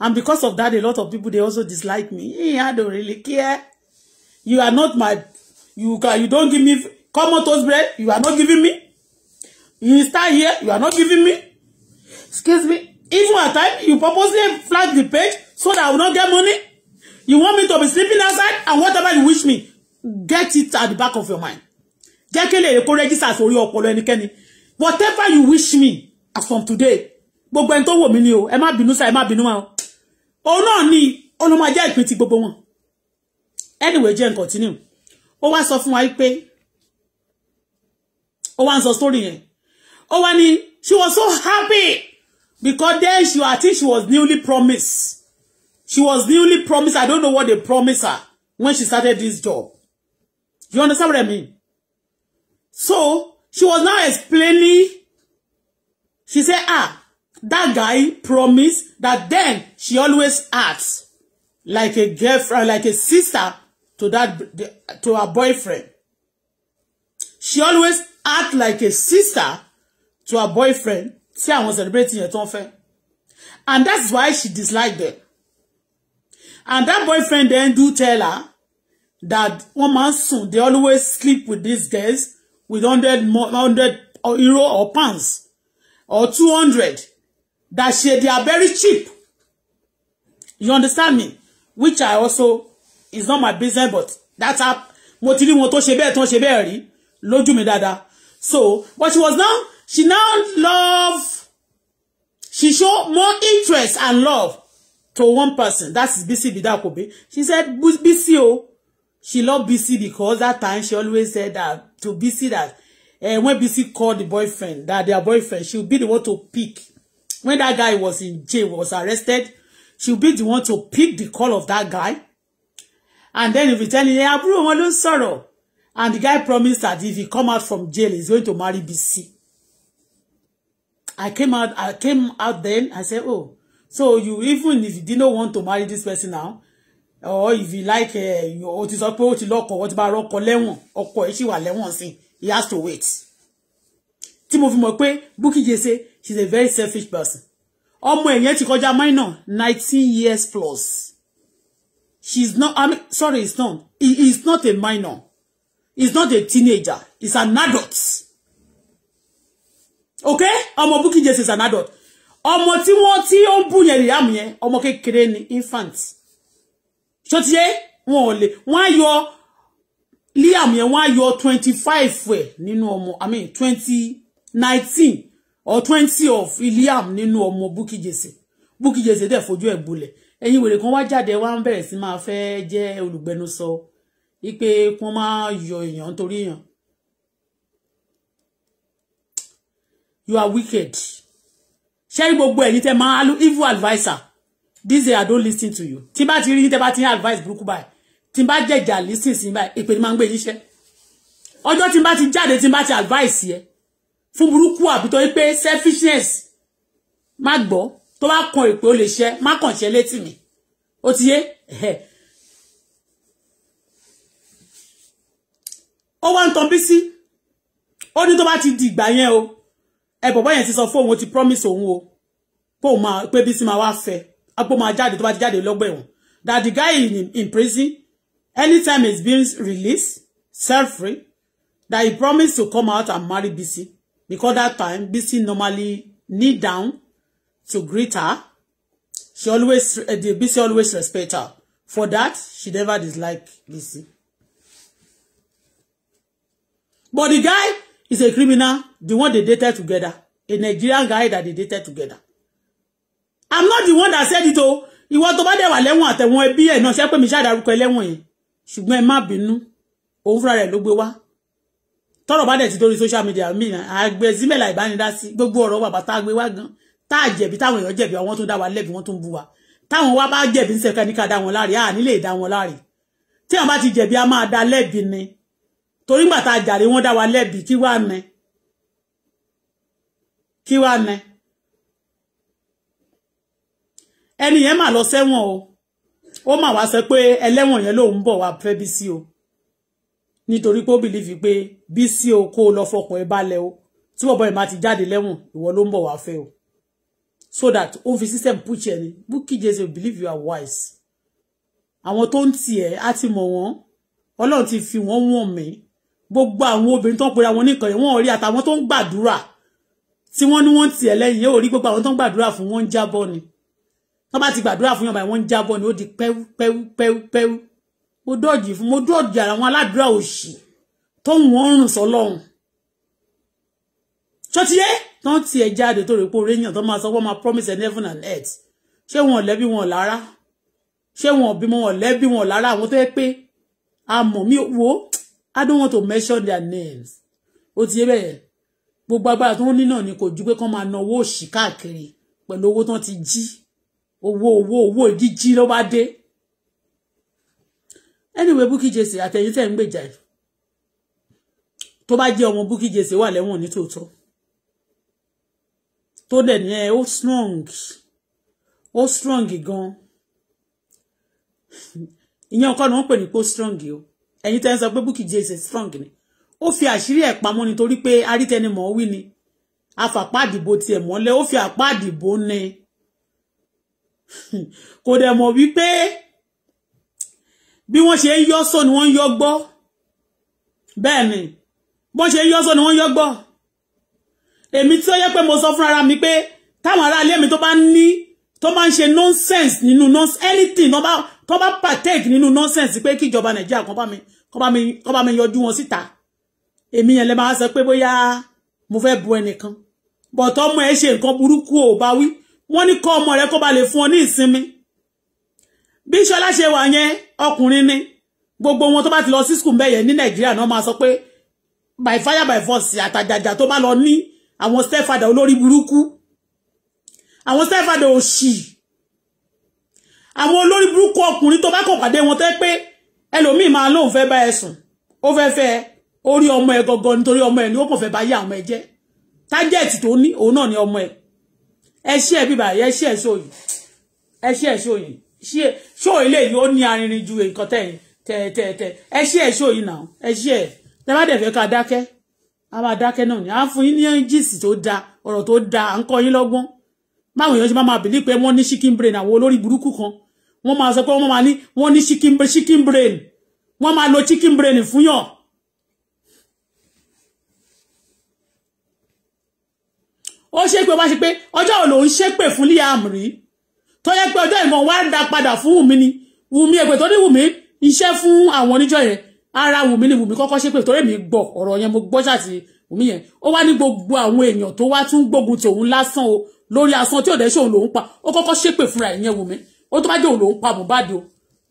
And because of that, a lot of people, they also dislike me. I don't really care. You are not my, you can, you don't give me common toast bread. You are not giving me. You start here. You are not giving me. Excuse me. Even at time, you purposely flag the page so that I will not get money. You want me to be sleeping outside and whatever you wish me. Get it at the back of your mind. Get kí lè kó register your ọpọlọ ẹnikẹ́ni. Whatever you wish me as from today. But ẹni tó wò mí ni o. Ẹ má bínú òun náà ni olùmọ̀ jẹ́ ìpín ti gbogbo wọn anyway jẹ́ continue ó wá sọ fún wa pé ó wá ń sọ story yẹn ó wá ní she was so happy because then she I think she was newly promised she was newly promised I don't know what they promised her when she started this job you understand what I mean so she was now explaining she said ah that guy promise that then she always acts like a girlfriend, like a sister to that to her boyfriend. She always act like a sister to her boyfriend. See, I was celebrating your tonfẹ. And that's why she disliked them. And that boyfriend then do tell her that one man soon they always sleep with these girls with 100, 100 euro or pounds or 200 that she, they are very cheap. You understand me? Which I also is not my business, but that's up. Motili moto shebe, wọn shebe ṣe Loju me dada. So, but she was now, she now love, she show more interest and love to one person. That's Bisi Bidakobe. She said, Bisi o, she loved Bc because that time she always said that to Bc that and eh, when Bc called the boyfriend, that their boyfriend, she would be the one to pick when that guy was in jail, was arrested, she'll be the one to pick the call of that guy. And then if you tell him, hey, Abru, I don't sorrow. And the guy promised that if he come out from jail, he's going to marry BC. I came out, I came out then, I said, oh, so you, even if you did not want to marry this person now, or if you like, uh, eh, ó ti sọ pé ó ti lọ́kọ, ó ti bá rọ́kọ lẹ́wọ̀n, ọkọ ẹ̀ ṣì wà lẹ́wọ̀n he has to wait. Tí mo fi mọ̀ pé Bukky she's a very selfish person ọmọ ẹ̀yẹn ti kọjá minor nineteen years plus she's not i mean sorry it's not he is not a minor he's not a teenager he's an adult okay ọmọ Bukky Jease is an adult ọmọ tí wọ́n tí ó ń bù yẹn rìá mi yẹn ọmọ kékeré ni infant ṣó ti yé wọn ò lè wọ́n á yọ Liam yẹn wọ́n á yọ twenty five ẹ̀ nínú ọmọ i mean twenty nineteen or twenty of Liam nínú ọmọ Bukky Jesse Bukky Jesse dẹ̀ fojú ẹ̀ gbolẹ̀ ẹ̀yin wèrè kan wá jáde wá ń bẹ̀rẹ̀ sí máa fẹ́ jẹ́ so. wípé kí wọ́n máa yọ èèyàn nítorí èèyàn you are wicked ṣé gbogbo ẹ̀yin tẹ́ máa evil adviser this day I don't listen to you tí bá ti rí tẹ́ bá ti advice burúkú báyìí tí bá jẹ̀jà listen sí báyìí ìpè ní máa ń gbé yín ṣẹ́ ọjọ́ tí bá ti jáde tí bá ti advice yẹn fún burúkú àbí torí pé selfishness má gbọ́ tó bá kan èpè ó lè ṣe má kàn ṣe létí mi ó ti yé ó wá ń tan bí sí ó ní tó bá ti di yẹn o ẹ bọ̀bọ̀ yẹn ti sọ fóun ó ti promise òun o póun máa pé bí sí máa wá fẹ́ agbó máa jáde tó bá ti jáde lọ́gbà ẹ̀wọ̀n that the guy in, in prison anytime he's being released self free that he promised to come out and marry Bisi because that time Bisi normally kneel down to greet her. She always, uh, the Bisi always respect her. For that, she never dislike Bisi. But the guy is a criminal, the one they dated together, a Nigerian guy that they dated together. I'm not the one that said it Oh, Ìwọ tó bá dẹ̀ wà lẹ́wọ̀n àtẹ̀wọ̀n ẹbí ẹ̀ náà ṣe pé mi ṣàdárúkọ ẹlẹ́wọ̀n yẹn. Ṣùgbọ́n ẹ má bínú. Òun fúnra rẹ̀ ló gbé wá tọ́rọ̀ bá dẹ̀ ti tori social media mi àgbẹ̀ zimela ìbánidásí gbogbo ọ̀rọ̀ bàbá tá a gbé wá gan tá a jẹ̀bi táwọn èèyàn jẹ̀bi àwọn tó dá wa lẹ́bi wọ́n tó ń bu wa táwọn wá bá jẹ̀bi ńṣe kẹ́níkà ni wọn láre à nílé ìdá wọn láre tí àwọn bá ti jẹ̀bi a ma da lebi ni Tori ńgbà tá a jàre wọ́n wa lebi kí wá nẹ kí wá nẹ ẹni yẹn mà lọ sẹ́wọ̀n o ó mà wá sọ pé ẹlẹ́wọ̀n yẹn lòun bọ̀ wá fẹ́ bí o nítorí pé ó bìlífì pé bí sí o kó o lọ fọkàn ẹ balẹ̀ o tí bọ̀bọ̀ ẹ̀ máa ti jáde lẹ́wọ̀n ìwọ ló ń bọ̀ wá fẹ́ o so that ó fi system push ẹ ni Bukky Jesse believe you are wise àwọn tó ń tì ẹ́ á ti mọ̀ wọ́n ọlọ́run ti fi wọ́n wọ̀n mí gbogbo àwọn obìnrin tó ń pera wọn nìkan yẹn wọ́n rí àtàwọn tó ń gbàdúrà tí wọ́n ní wọ́n tì ẹ́ lẹ́yìn yóò rí gbogbo àwọn tó ń gbàdúrà fún wọn ń jábọ́ ni wọ́n bá ti gbàdúrà fún yàn báyìí wọ́n ń jábọ́ ni ó di pẹ́wú pẹ́wú pẹ́wú pẹ́wú mo dọ́ọ̀jì fún mo dọ́ọ̀jì àwọn aládùúrà òṣì tó ń wọ́n so sọ́lọ́run ṣọ́tíyé tán tiẹ̀ jáde tó rè pé orí èèyàn tó máa sọ wọ́n máa promise in heaven and earth ṣé wọn lẹ́bí wọn lára ṣé wọn bímọ wọn lẹ́bí wọn lára àwọn tó yẹ pé àmọ̀ mi wo I don't want to mention their names ó ti yé bẹ́ẹ̀ gbogbo agbára tó ń ní náà ni kò ju pé kán máa na owó òṣì káàkiri pẹ̀lú owó tán ti jí owó owó owó ìdíjí ló bá dé anyway Bukky Jesse àtẹ̀yìn tẹ̀ ń gbèjà yìí tó bá jẹ́ ọmọ Bukky Jesse wà lẹ́wọ̀n ní tòótọ́ tó dẹ̀ ní ẹ ó strong ó strong gan ìyẹn ọkọ ni wọ́n pè ní pé ó strong o ẹ̀yin tẹ́ ń sọ pé Bukky Jesse strong ni ó fi àṣírí ẹ̀ pamọ́ nítorí pé arítẹnimọ̀ wí ni afàpá àdìbò tiẹ̀ mọ́lẹ̀ ó fi àpá àdìbò ni kò dẹ̀ mọ̀ wípé bí wọ́n ṣe ń yọ́ sọ ni wọ́n ń yọ́ gbọ́ bẹ́ẹ̀ ni bọ́n ṣe ń yọ́ sọ ni wọ́n ń yọ́ gbọ́ èmi tí ó yẹ pé mo sọ fún ara mi pé táwọn ará mi tó bá ní tó máa ń ṣe nonsense nínú nonsense anything tó bá partake nínú nonsense pé kí ìjọba nàìjíríà kan bá mi kan bá mi yọjú wọn síta èmi yẹn lè máa sọ pé bóyá mo fẹ́ bu ẹnìkan bọ̀tọ́ ọmọ ẹ ṣe nǹkan burúkú ò bá wí wọ́n ní kọ́ ọmọ rẹ kó ba lè fún ọ ní ìsinmi bí Ṣọlá ṣe wà yẹn ọkùnrin ni gbogbo wọn tó bá ti lọ sí skul bẹ́ẹ̀ yẹn ní Nàìjíríà náà máa sọ pé by fire by force àtàjàjà tó bá lọ ní àwọn stepfather olórí burúkú àwọn stepfather òṣì àwọn olórí burúkú ọkùnrin tó bá kọ̀ pàdé wọn tẹ́ pé ẹlòmíì máa lóun fẹ́ bá ẹ sùn ó fẹ́ fẹ́ orí ọmọ ẹ gọgọ nítorí ọmọ ẹ ni ó kàn fẹ́ bá yá ọmọ ẹ jẹ́ tájẹ́ẹ̀tì tó ní òun náà ni ọmọ ẹ ẹ ṣí ẹ bíbá ẹ ṣí ẹ sóyìn ẹ ṣí ẹ sóyìn ṣe ṣó ilé yìí ó ní arinrin ju nǹkan tẹ̀ tẹ̀ tẹ̀ tẹ̀ ẹ ṣí ẹ̀ ṣó yìí náà ẹ ṣí ẹ̀ tẹ bá dẹ̀ fẹ́ ká dákẹ́ a máa dákẹ́ náà ni à ń fún yín ní jíìsì tó da ọ̀rọ̀ tó da à ń kọ́ yín lọ́gbọ́n báwọn èèyàn ṣe máa bìlí pé wọ́n ní chicken brain àwọn olórí burúkú kan wọ́n máa sọ pé wọ́n máa ní wọ́n ní chicken brain wọ́n máa lo chicken brain fún yàn. ó ṣe pé wọ́n ṣe pé ọjọ́ òòlù ń ṣépè fún Liam rí tó yẹ pé ọjọ́ ìmọ̀ wá ń da padà fún wùmí ni wùmí èpè tó ní wùmí iṣẹ́ fún àwọn oníjọ́ yẹn ara wùmí ni wùmí kọ́kọ́ ṣépè torí mi gbọ́ ọ̀rọ̀ yẹn mo gbọ́ ṣàti wùmí yẹn ó wá ní gbogbo àwọn èèyàn tó wá tún gbógun ti òun lásán o lórí asán tí ò dẹ́ṣe òun lòún pa ó kọ́kọ́ ṣépè fúnra ìyẹn wùmí ó tó bá jẹ́ òun lòún pa Mohbad o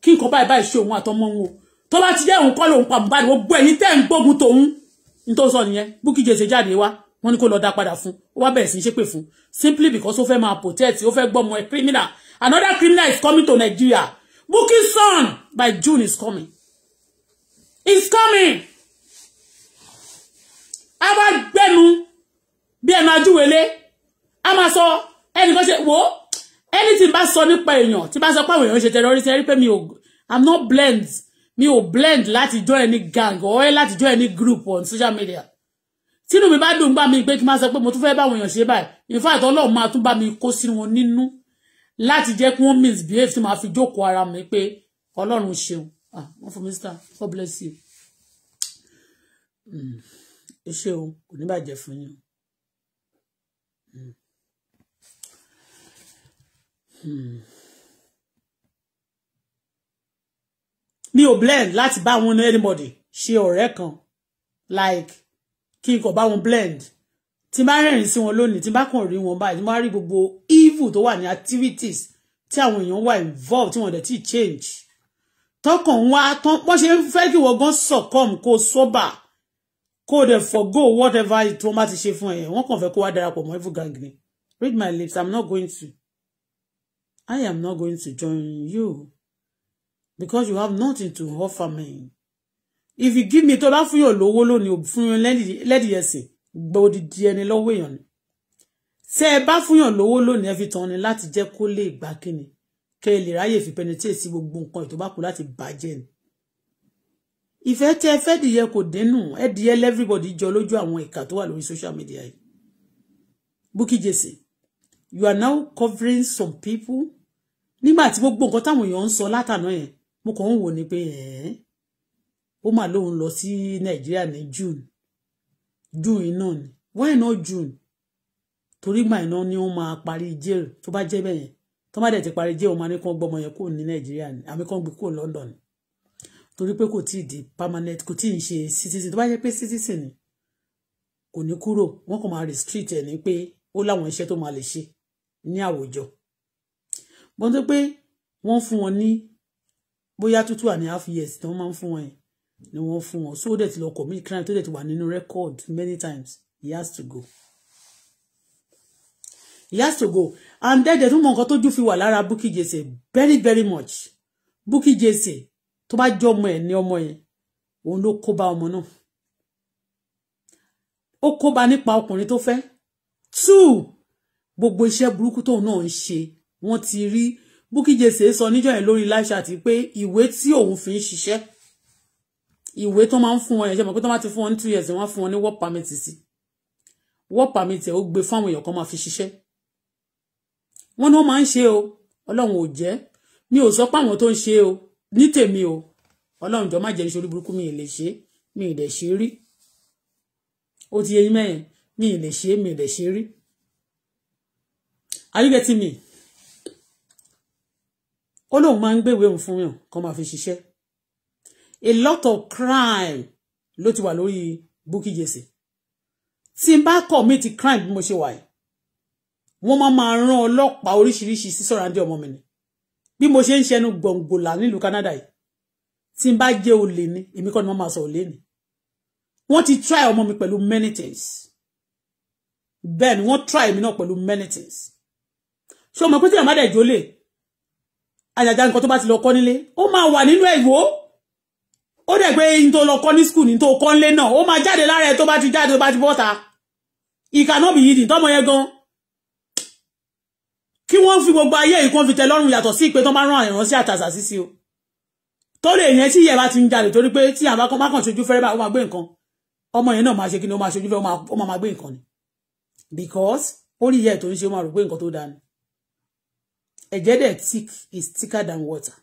kí nǹkan báyìí báyìí ṣe òun àtọmọ òun o tó bá ti jẹ́ òun kọ́ lòún pa Mohbad gbogbo ẹ̀yin tẹ́ ń gbógun tòun ní tó sọ nìyẹn Bukky Jesse jáde wá wọ́n ní kó lọ dá padà fún ó wá bẹ̀rẹ̀ sí ṣépè fún simply because ó fẹ́ máa protect ó fẹ́ gbọ́mọ ẹ̀ criminal another criminal is coming to Nigeria Booking son by June is coming is coming a bá gbẹnu bí ẹnu ajúwèlé a máa sọ ẹnìkan ṣe wò anything bá sọ nípa èèyàn tí bá sọ pé àwọn èèyàn ṣe terrorist ẹ rí pé mi ò i'm not blend mi ò blend láti join any gang or láti join any group on social media tínú mi bá dùn gbà mí pé kí n máa sọ pé mo tún fẹ́ báwọn èèyàn ṣe báyìí in fact ọlọ́run máa tún bá mi kó sínú wọn nínú láti jẹ́ kí wọ́n misbehave tí màá fi jókòó ara mi pé ọlọ́run ṣeun ah wọ́n fún mr god bless you hmm. ẹ ṣé o kò ní bàjẹ́ fún yín hmm. Hmm. mi ò blend láti bá wọn anybody ṣe ọ̀rẹ́ kan like kí n kò bá wọn blend tí n bá rẹ́rìn sí wọn lónìí tí n bá kàn rí wọn báyìí tí n rí gbogbo evil tó wà ní activities tí àwọn èèyàn wà involved tí wọn dẹ̀ ti change tọkàn wá tán wọ́n ṣe ń fẹ́ kí wọ́n gan sọ̀kọ́m kó sóbà kó dẹ̀ forgo whatever it wọ́n bá ti ṣe fún ẹ wọ́n kàn fẹ́ kó wá darapọ̀ mọ́ evil gang ni read my lips i'm not going to i am not going to join you because you have nothing to offer me if you give me to tó bá fún yàn lówó lónìí fún yàn lẹ́dìyẹsìn gbọ́ odidi ẹni lọ́wọ́ èèyàn ni ṣé ẹ bá fún yàn lówó lónìí ẹ fi tàn ni láti jẹ́ kó lè gbà kíni kẹ́ ẹ lè ráyè fi penetrate sí gbogbo nǹkan ìtọ́ bá kú láti bàjẹ́ ni ìfẹ́ tẹ fẹ́ dìyẹ kò dénú ẹ dìyẹ everybody jọ lójú àwọn ìka tó wà lórí social media yìí Bukky Jesse you are now covering some people nígbà tí gbogbo nǹkan táwọn èèyàn ń sọ látàná yẹn mo kàn ń wò ni pé ẹ̀ẹ́ ó mà lóun lọ sí nàìjíríà ní june june iná ni why not june torí gbà iná ni wọ́n máa parí jail tó bá jẹ́ bẹ́ẹ̀ yẹn tó bá dẹ̀ ti parí jail wọ́n máa ní kó gbọ́mọ yẹn kúrò ní nàìjíríà ni àmì kan gbé kúrò london ni torí pé kò tíì di permanent kò tíì ń ṣe citizen tó bá jẹ́ pé citizen ni kò ní kúrò wọ́n kàn máa restrict ẹ̀ ní pé ó láwọn iṣẹ́ tó máa lè ṣe ní àwùjọ wọ́n tó pé wọ́n fún wọn ní bóyá tútù àní half years tí wọ́n máa ń fún wọn yẹn ni wọ́n fún wọn so dẹ̀ ti lọ commit crime tó dẹ̀ ti wà nínú record many times he has to go he has to go and then dẹ̀ tún mọ nǹkan tó jù fi wà lára Bukky Jesse very very much Bukky Jesse tó bá jọ ọmọ ẹ̀ ní ọmọ yẹn òun ló kó bá ọmọ náà ó kó bá nípa ọkùnrin tó fẹ́ two gbogbo iṣẹ́ burúkú tóun náà ń ṣe wọ́n ti rí Bukky Jesse sọ níjọ́ yẹn lórí live chat pé ìwé tí òun fi ń ṣiṣẹ́ ìwé tó máa ń fún wọn yẹn ṣe mọ̀ pé tó máa ti fún wọn ní two years wọ́n fún wọn ní work permit sí work permit ẹ̀ ó gbé fáwọn èèyàn kan máa fi ṣiṣẹ́ wọ́n ní wọ́n máa ń ṣe o ọlọ́run ò jẹ́ mi ò sọ pé àwọn tó ń ṣe o ní tèmi o ọlọ́run jọ má jẹ́ níṣorí burúkú mi ì lè ṣe mi ì lè ṣe rí ó ti yẹ mẹ́yìn mi ì lè ṣe mi ì lè ṣe rí are you getting me ó lóun máa ń gbé ìwé òun fún yàn kó máa fi ṣiṣẹ́ a lot of crime ló ti wà lórí Bukky Jesse tí n bá commit crime bí mo ṣe wà yìí wọ́n máa máa rán ọlọ́pàá oríṣiríṣi sí sọ̀rọ̀ǹdì ọmọ mi ni bí mo ṣe ń ṣẹnu gbọ̀ngbòlà nílùú Canada yìí tí n bá jẹ́ olè ni èmi kọ́ ni wọ́n máa sọ olè ni wọ́n ti try ọmọ mi pẹ̀lú many things bẹ́ẹ̀ ni wọ́n try èmi náà pẹ̀lú many things ṣé o mọ̀ pé tí ìyàmá dẹ̀ jólè àjàjà nǹkan tó bá ti lọ kọ́ nílé ó máa wà nínú ẹ̀wọ́ ó dẹ̀ pé n tó lọ kọ́ ní skul ní tó kọ́ nílé náà ó máa jáde lára ẹ tó bá ti jáde tó bá ti bọ́ta ìkà náà bìí dì tọ́mọ yẹn gan kí wọ́n fi gbogbo ayé ìkan fi tẹ lọ́rùn yàtọ̀ sí ìpé tó máa rán àyàn sí àtàsà sísí o tó lè yẹn tí ìyẹ̀ bá ti ń jalè torí pé tí àbá kan bá kàn ṣojú fẹ́rẹ́ bá ó máa gbé nǹkan ọmọ yẹn náà máa ṣe kí ni ó máa ṣojú fẹ́rẹ́ ó máa gbé nǹkan ni because ó rí ìyẹ́ tó ń ṣe ó máa rò pé nǹkan tó dáa ni ẹ̀jẹ̀ dẹ̀ thick is thicker than water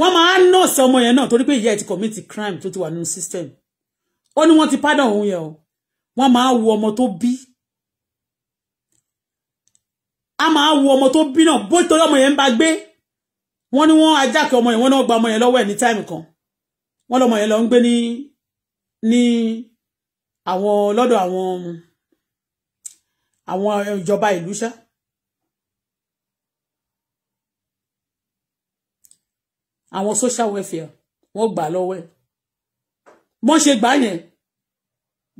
wọ́n máa ń nọ́ọ̀sì ọmọ yẹn náà torí pé ìyá ẹ̀ ti commit crime tó ti wà nínú system ó ní wọ́n ti pardon òun yẹn o wọ́n máa wo ọmọ tó bí a máa wo ọmọ tó bí náà bó torí ọmọ yẹn ń bá gbé wọ́n ní wọ́n ajákẹ́ ọmọ yẹn wọ́n náà gba ọmọ yẹn lọ́wọ́ ẹ̀ ní táìmù kan wọ́n lọ́mọ yẹn lọ ń gbé ní ní àwọn lọ́dọ̀ àwọn àwọn ìjọba ìlú ṣáá àwọn social welfare wọ́n gbà lọ́wọ́ ẹ̀ wọ́n ṣe gbà yẹn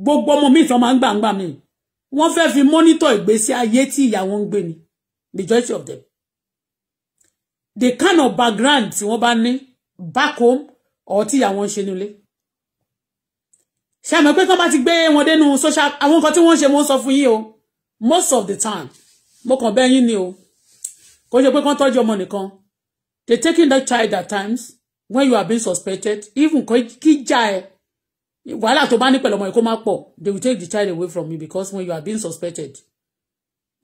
gbogbo ọmọ míì tán máa ń gbàǹgbà míì wọ́n fẹ́ fi mọ́nítọ̀ ìgbésí ayé tí ìyàwó ń gbé ni majority of them the kind of background tí wọ́n bá ní back home or tí ìyàwó ń ṣe nílé ṣàmì pé tán bá ti gbé wọn dénú social àwọn nǹkan tí wọ́n ń ṣe mo sọ fún yín o most of the time mo kàn bẹ́ yín ni o kò ṣe pé kán tọ́jú ọmọ nìkan They're taking that child at times when you are being suspected, even kíjà ẹ wàhálà tó bá ní pẹ̀lú they will take the child away from you because when you are being suspected,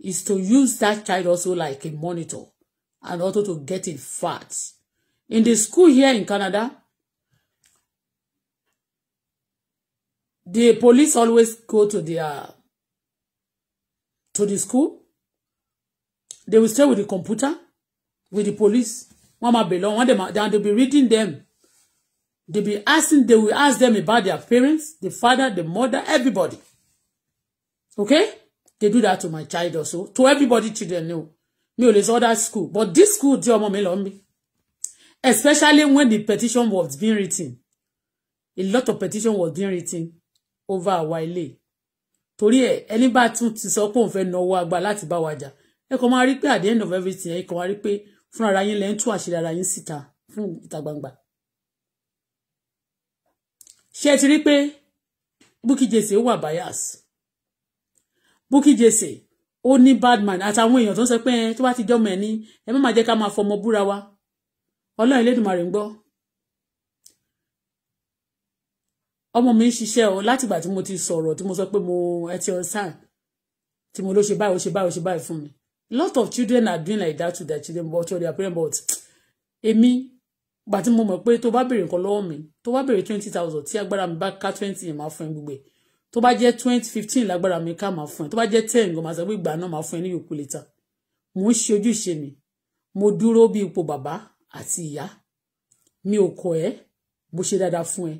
is to use that child also like a monitor and also to get it fat. In the school here in Canada, the police always go to their to the school. They will stay with the computer, with the police wọ́n máa bèèrè lọ́wọ́ wọ́n dẹ̀ máa they be reading them they be asking they will ask them about their parents the father the mother everybody okay they do that to my child also to everybody children know Me ò lè sọ that school but this school tí ọmọ mi lọ mi especially when the petition was being written a lot of petition was being written over our ilé torí ẹ ẹni bá tún ti sọ pé òun fẹ́ náwó agbá láti bá wa jà ẹ kàn máa rí pé at the end of everything ẹ kàn máa rí pé fún ara yín lẹ ń tú àṣírí ara yín síta fún ìta gbangba ṣé ẹ ti rí pé Bukky Jesse wà bias Bukky jese ó ní badman àtàwọn èèyàn tó ń sọ pé ẹ tó bá ti jọmọ ẹ ní ẹ má máa jẹ́ ká máa fọmọ búra wa Ọlọ́run Elédùmarè ń ọmọ mi ń ṣiṣẹ́ o látìgbà tí mo ti sọ̀rọ̀ tí mo sọ pé mo ẹ ti ọ sáà tí mo ló ṣe báyìí ó ṣe báyìí ó ṣe báyìí fún mi lot of children are doing like that to their children but to their parents but èmi gbà tí mo mọ̀ pé tó bá béèrè nǹkan lọ́wọ́ mi tó bá béèrè twenty thousand tí agbára mi ba ka twenty yẹn máa fún ẹ gbogbo ẹ tó bá twenty fifteen lágbára mi ka máa fún ẹ tó bá ten gan máa sọ pé ìgbà náà máa fún ẹ ní yòókù lẹ́tà mò ń ṣe ojúṣe mi mo dúró bí ipò bàbá àti ìyá mi ò kọ ẹ bó ṣe dáadáa fún ẹ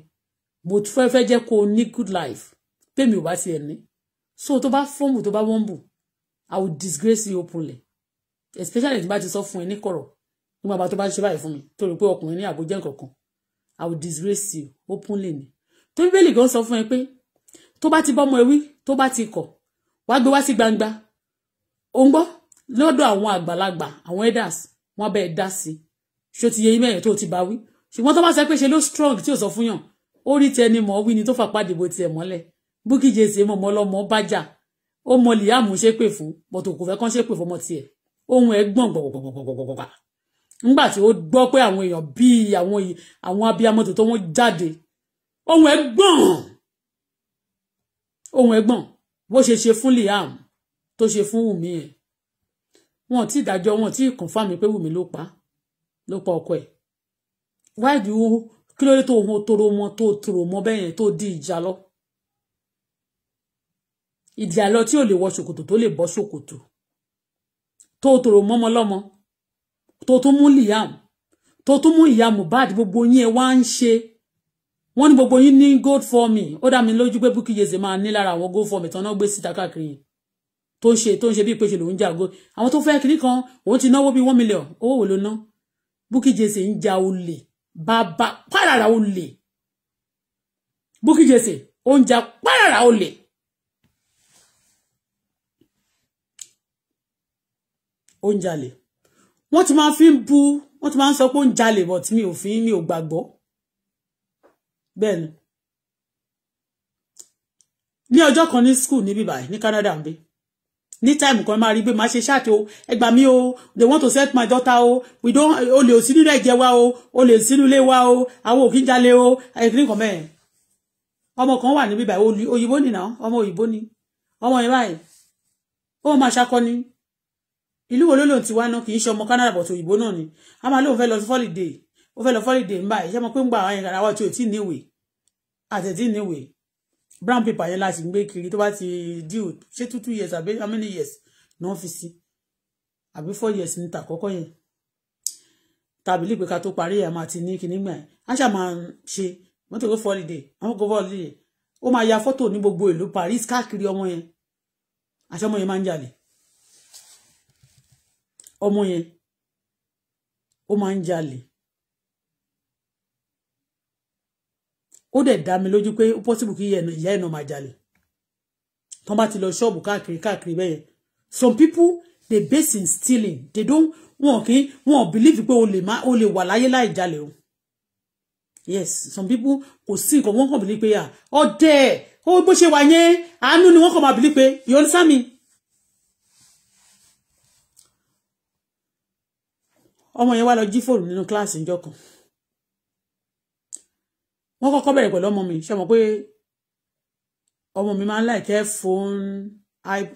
mo fẹ́ fẹ́ jẹ́ kó o ní good life pé mi ò bá tiẹ̀ ní so tó bá fọ́ọ̀mù tó bá wọ́n bù I will disgrace you openly especially if you ti sọ fún ẹ ní kọ̀rọ̀ nígbà bá tó bá ṣe báyìí fún mi tó rò pé ọkùnrin ní àgójẹ́ nǹkankan I will disgrace you openly ni tó bíbélì gan sọ fún ẹ pé tó bá ti bọ́mọ ewí tó bá ti kọ̀ wá gbé wá sí gbangba òun gbọ́ lọ́dọ̀ àwọn àgbàlagbà àwọn elders wọ́n bẹ́ẹ̀ dá sí i ṣó ti yẹ imẹ̀ to tó ti bá wí ṣùgbọ́n tó bá sọ pé ṣe ló strong tí ò sọ fún yàn ó rí tẹni mọ́ wí ni tó fàpá dìbò tiẹ̀ mọ́lẹ̀ Bukky Jesse mọ̀mọ́ lọ́mọ́ bá jà ó mọ Liam ṣe pè fún bọ̀tò kò fẹ́ kán ṣe pè fún ọmọ tiẹ̀ ohun ẹ̀ gbọ̀n gbọ̀gbọ̀gbọ̀gbọ̀gbọ̀gbà nígbà tí ó gbọ́ pé àwọn èèyàn bíi àwọn àwọn abiyamọ tó tó wọ́n jáde ohun ẹ̀ gbọ̀n ohun ẹ̀ gbọ̀n bó ṣe ṣe fún Liam tó ṣe fún Wùmí ẹ̀ wọn ti dájọ́ wọn ti confirm pé Wùmí ló pa ló pa ọkọ ẹ̀ wáìdì kí ló dé tó ohun toro mọ tó toro mọ bẹ́yẹn tó di ìjà lọ ìdí àlọ tí ò lè wọ ṣòkòtò tó lè bọ́ ṣòkòtò tó tòrò mọ́mọ́ tó tún mú Liam tó tún mú ìyá Mohbad gbogbo yín ẹ wá ń ṣe wọ́n ní gbogbo yín ní gold for me ó dá mi lójú pé Bukky Jesse máa ní lára àwọn gold for me tán náà gbé síta káàkiri yẹn tó ń ṣe tó ń ṣe bíi péṣe lòún jà gold àwọn tó fẹ́ kiri kan òun ti náwó bíi one million owó wo ló ná Bukky Jesse ń ja olè bàbá pàràrà olè Bukky Jesse ó ń ja pàràrà olè ó ń jalè wọ́n ti máa fi ń bu wọ́n ti máa ń sọ pé ó ń jalè but mi ò fi mi ò gbàgbọ́ bẹ́ẹ̀ ni ní ọjọ́ kan ní school níbí báyìí ní Canada ń bí ní time kan máa rí pé máa ṣe ṣáàtì o ẹgbà mi o they want to set my daughter o we don o lè sí nílẹ̀ jẹ wa o o lè sí nílé wa o àwọn òkín jalè o ẹ̀kíní kan mẹ́rin ọmọ kan wà níbí báyìí òyìnbó ni náà ọmọ òyìnbó ni ọmọ yẹn báyìí ó máa ṣakọ ni ìlú wo ló lòun ti wá náà kì í ṣe ọmọ Canada bọ̀ tó òyìnbó náà ni a máa lóun fẹ́ lọ sí fọ́lìdè ó fẹ́ lọ fọ́lìdè ń báyìí ṣé mo pé ń gba àwọn yẹn àwọn tí ò tí níwèé àtẹ̀tí níwèé brown paper yẹn láti gbé kiri tó bá ti deal ṣé two two years àbí how many years ní wọ́n fi sí àbí four years ní tàkọ́kọ́ yẹn tàbí lè pé ká tó parí ẹ̀ máa ti ní kíní gbà yẹn á ṣà máa ṣe wọ́n tó fọ́lìdè àwọn kó fọ́lìdè ó máa ya fọ́tò ní gbogbo ìlú Paris káàkiri ọmọ yẹn àṣọ ọmọ yẹn máa ọmọ yẹn ó máa ń jalè ó dẹ̀ dá mi lójú pé ó possible kí ìyá ẹ̀ náà máa jalè tán bá ti lọ ṣọ́ọ̀bù káàkiri káàkiri bẹ́ẹ̀ some people they based in stealing they don't wọn kì í wọn believe pé o lè má o lè wà láyé láì jalè o yes some people kò sí nǹkan wọn kàn believe pé ah ọdẹ ó bó ṣe wà yẹn àánú ni wọn kàn máa believe pé you understand me ọmọ yẹn wá lọ jí fóònù nínú kíláàsì níjọ́ kan wọ́n kọ́kọ́ bẹ̀rẹ̀ pẹ̀lú ọmọ mi ṣe mọ̀ pé ọmọ mi máa ń láìkẹ́ fóònù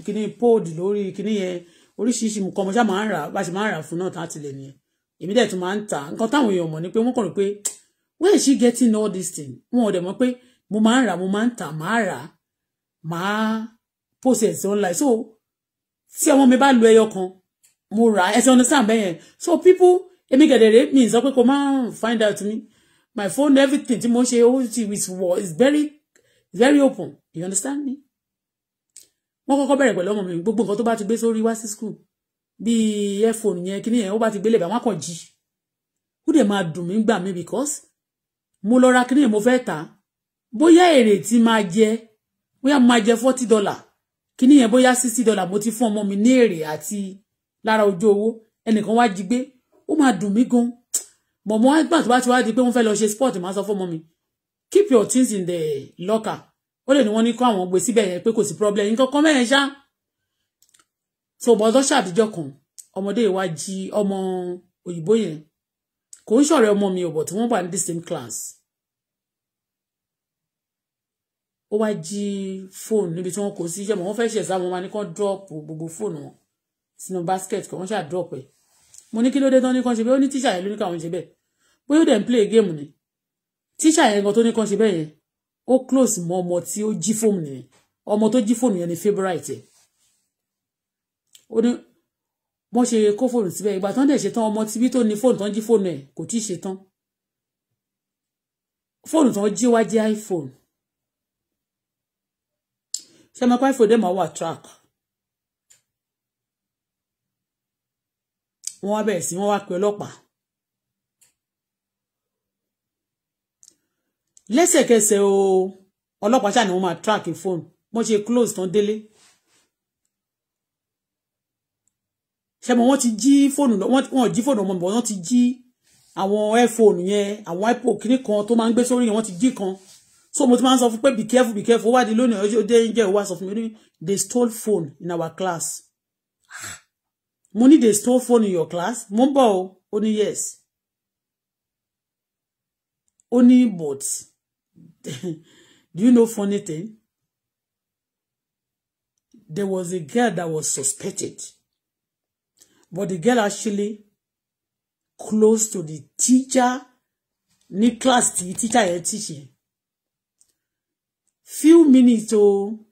kíní póòdù lórí kíní yẹn oríṣiríṣi nǹkan ọmọ ṣá máa ń rà bá ṣe máa ń rà fún náà tá a ti lè nìyẹn èmi dẹ̀ tún máa ń tà nǹkan táwọn èèyàn mọ̀ ni pé wọ́n kàn rò pé where is she getting all this thing wọn ò dẹ̀ mọ̀ pé mo máa ń rà mo máa ń tà máa rà máa post it online so tí ọmọ mi bá lu ẹyọ kan mo rà ẹ ti understand bẹ́ẹ̀ yẹn so people èmi gẹ̀dẹ̀rẹ̀ mi sọ pé kò má find out me my phone everything tí mo ṣe ó ti with war is very very open you understand me wọ́n kọ́kọ́ bẹ̀rẹ̀ pẹ̀lú ọmọ mi gbogbo nǹkan tó bá ti gbé sórí wá sí school bíi earphone yẹn kíní yẹn ó bá ti gbélé bá wọn kàn jí ó dẹ̀ máa dùn mí gbà mí because mo lọ ra kíní yẹn mo fẹ́ tà bóyá èrè tí máa jẹ bóyá mo máa jẹ forty dollar kíní yẹn bóyá sixty dollar mo ti fún ọmọ mi ní èrè àti lára ojú owó ẹnìkan wá jí gbé ó máa dùn mí gan mọ̀mọ́ àgbà tó bá ti wá di pé wọ́n fẹ́ lọ ṣe sport máa sọ fún ọmọ mi keep your things in the locker ó lè ní wọ́n ní kó àwọn gbé síbẹ̀ yẹn pé kò sí problem yín kankan mẹ́rin ṣá so bọ́dọ̀ ṣàbíjọ́ kan ọmọdé wa jí ọmọ òyìnbó yẹn kò ń ṣọ̀rẹ́ ọmọ mi ọ̀bọ̀ tí wọ́n wà ní the same class ó wá jí fóònù níbi tí wọ́n kó sí ṣẹ́mu wọ́n fẹ́ ṣẹ̀ṣá wọn máa ní kán dọ́ọ̀pù gbogbo fóònù wọn sínú basket kan wọ́n ṣáà drop ẹ̀ mo ní kí ló dé tán ní kan ṣe bẹ́ẹ̀ ó ní tíṣà yẹn ló ní káwọn ṣe bẹ́ẹ̀ bóyá ó dẹ̀ ń play game ni tíṣà yẹn gan tó ní kan ṣe bẹ́ẹ̀ yẹn ó close mọ́ ọmọ tí ó jí fóònù yẹn ọmọ tó jí fóònù yẹn ni favourite ẹ̀ ó ní wọ́n ṣe kó fóònù síbẹ̀ ìgbà tán dẹ̀ ṣe tán ọmọ tibí tó ní fóònù tán jí fóònù ẹ̀ kò tí ì ṣe tán fóònù tán jí wá jẹ́ iPhone ṣe mọ́ pé iPhone dẹ̀ máa wà track wọ́n wá bẹ̀rẹ̀ sí wọ́n wá pe ọlọ́pàá lẹ́sẹ̀kẹsẹ̀ o ọlọ́pàá ṣáà ni wọ́n máa track phone. wọ́n ṣe close tán délé ṣẹ́mọ̀ wọ́n ti jí fóònù wọ́n jí fóònù ọmọ mi wọ́n ti jí àwọn airphone yẹn àwọn ipo kìíní kan tó máa ń gbé sórí yẹn wọ́n ti jí kan so mo ti máa ń sọ fún pé be careful be careful ó wádìí lónìí ọjọ́ dé ń jẹ́ ìwà sọ fún mi ní they stole phone in our class ah mo ní they stole phone in your class mo ń bọ̀ o ó ní yes ó ní but do you know funny thing there was a girl that was suspected but the girl actually close to the teacher ní class tí teacher yẹn teaching. few minutes o. Oh,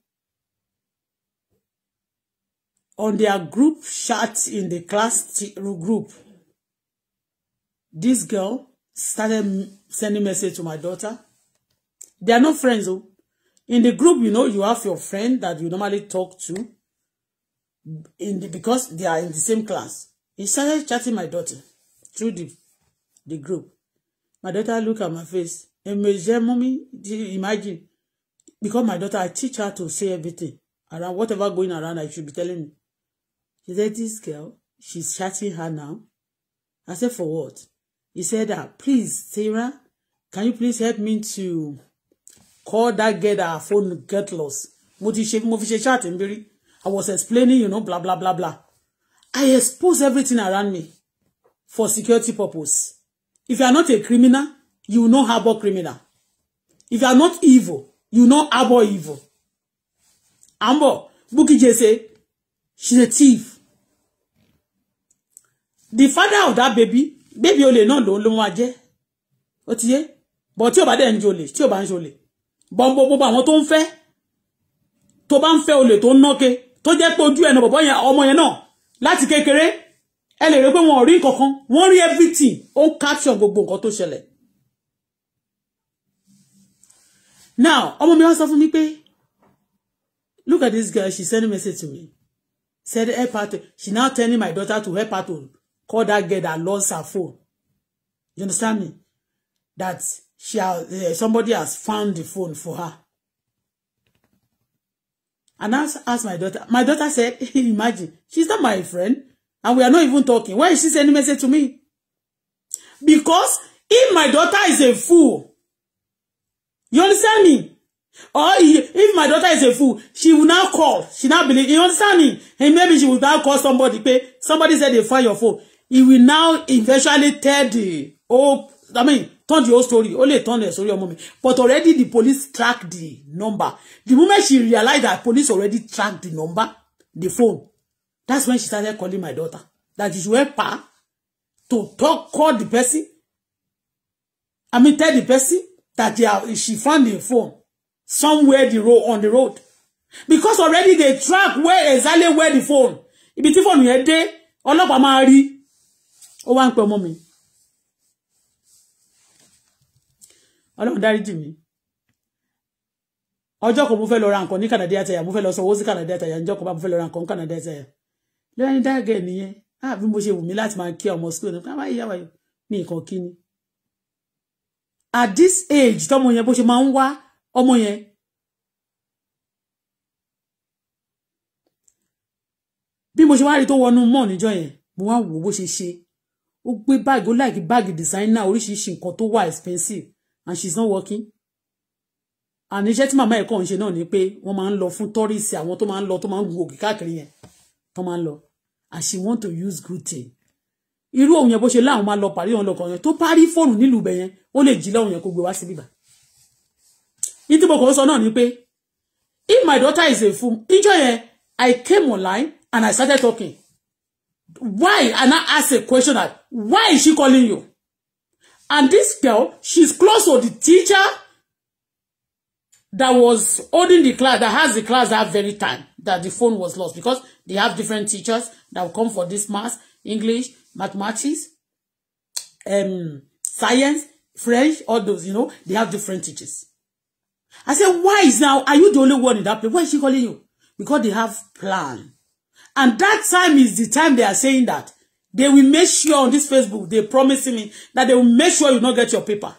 on their group chat in the class group. This girl started sending message to my daughter. They are not friends though. In the group, you know, you have your friend that you normally talk to in the, because they are in the same class. He started chatting my daughter through the, the group. My daughter looked at my face. Imagine, mommy, imagine. Because my daughter, I teach her to say everything. Around whatever going around, I should be telling me. He said, this girl, she's chatting her now. I said, for what? He said, ah, please, Sarah, can you please help me to call that girl that her phone get lost? Mo ti ṣe mo I was explaining, you know, blah, blah, blah, blah. I expose everything around me for security purpose. If you are not a criminal, you will not harbor criminal. If you are not evil, you will not harbor evil. Ambo, Buki say? she's a thief the father of that baby baby olè náà ló ló máa jẹ́ ó ti yé bọ̀ tí ò bá dẹ̀ ń jolè tí ò bá ń jolè bọ̀ gbogbo àwọn tó ń fẹ́ tó bá ń fẹ́ olè tó ń náke tó jẹ́ pé ojú ẹ̀nà bọ̀bọ̀ yẹn ọmọ yẹn náà láti kékeré ẹ lè rí pé kankan wọ́n rí everything ó capture gbogbo nǹkan tó ṣẹlẹ̀ now ọmọ mi wá sọ fún mi pé look at this girl she send a message to me said help her to she now telling my daughter to help her to call that girl that lost her phone. You understand me? That she has, uh, eh, somebody has found the phone for her. And I asked my daughter. My daughter said, imagine, she's not my friend. And we are not even talking. Why is she sending message to me? Because if my daughter is a fool, you understand me? Or if my daughter is a fool, she will now call. She now believe. You understand me? And maybe she will now call somebody. Pay. Somebody said they find your phone he will now eventually tell the whole I mean turn the whole story ó lè turn the story ọmọ mi but already the police track the number the moment she realized that police already track the number the phone that's when she started calling my daughter that she should help her to talk call the person I mean tell the person that they are, she found the phone somewhere the road on the road because already they track where exactly where the phone ibi tí fóònù yẹn dé ọlọ́pàá máa rí ó wá ń pe ọmọ mi ọlọ́run dáríjì mi ọjọ́ kan mo fẹ́ lọ ra nǹkan ní Canada àtẹ̀yà mo fẹ́ lọ sanwó sí Canada àtẹ̀yà ọjọ́ kan bá mo fẹ́ lọ ra nǹkan ní Canada àtẹ̀yà lẹ́yìn ní dáàgẹ̀ nìyẹn ah mo ṣe wù mí láti máa kí ọmọ school ní ká máa yíyá wáyé ní nǹkan kí ni at this age tọmọ yẹn bó ṣe máa ń wá ọmọ yẹn bí mo ṣe wá rí tó wọnú mọ́ níjọ́ yẹn mo wá wò bó ṣe ṣe ó gbé báàgì ó láìkí báàgì designer oríṣiríṣi nǹkan tó wà expensive and she's not working and iṣẹ́ tí màmá ẹ̀ kàn ń ṣe náà ni pé wọ́n máa ń lọ fún tọ́rìsì àwọn tó máa ń lọ tó máa ń gun òkè káàkiri yẹn tó máa ń lọ and she want to use good thing irú òun yẹn bó ṣe láwọn máa lọ parí òun lọkàn yẹn tó parí fóònù nílùú ibẹ̀ yẹn ó lè jí láwọn yẹn kó gbé wá sí bíbá ní tí mo kàn sọ náà ni pé if my daughter is a fool injọ yẹn I came online and I started talking why and I ask a question like why is she calling you and this girl she's close to the teacher that was holding the class that has the class that very time that the phone was lost because they have different teachers that will come for this math English mathematics um science French all those you know they have different teachers I said why is now are you the only one in that place why is she calling you because they have plan And that time is the time they are saying that. They will make sure on this Facebook, They're promising me that they will make sure you not get your paper.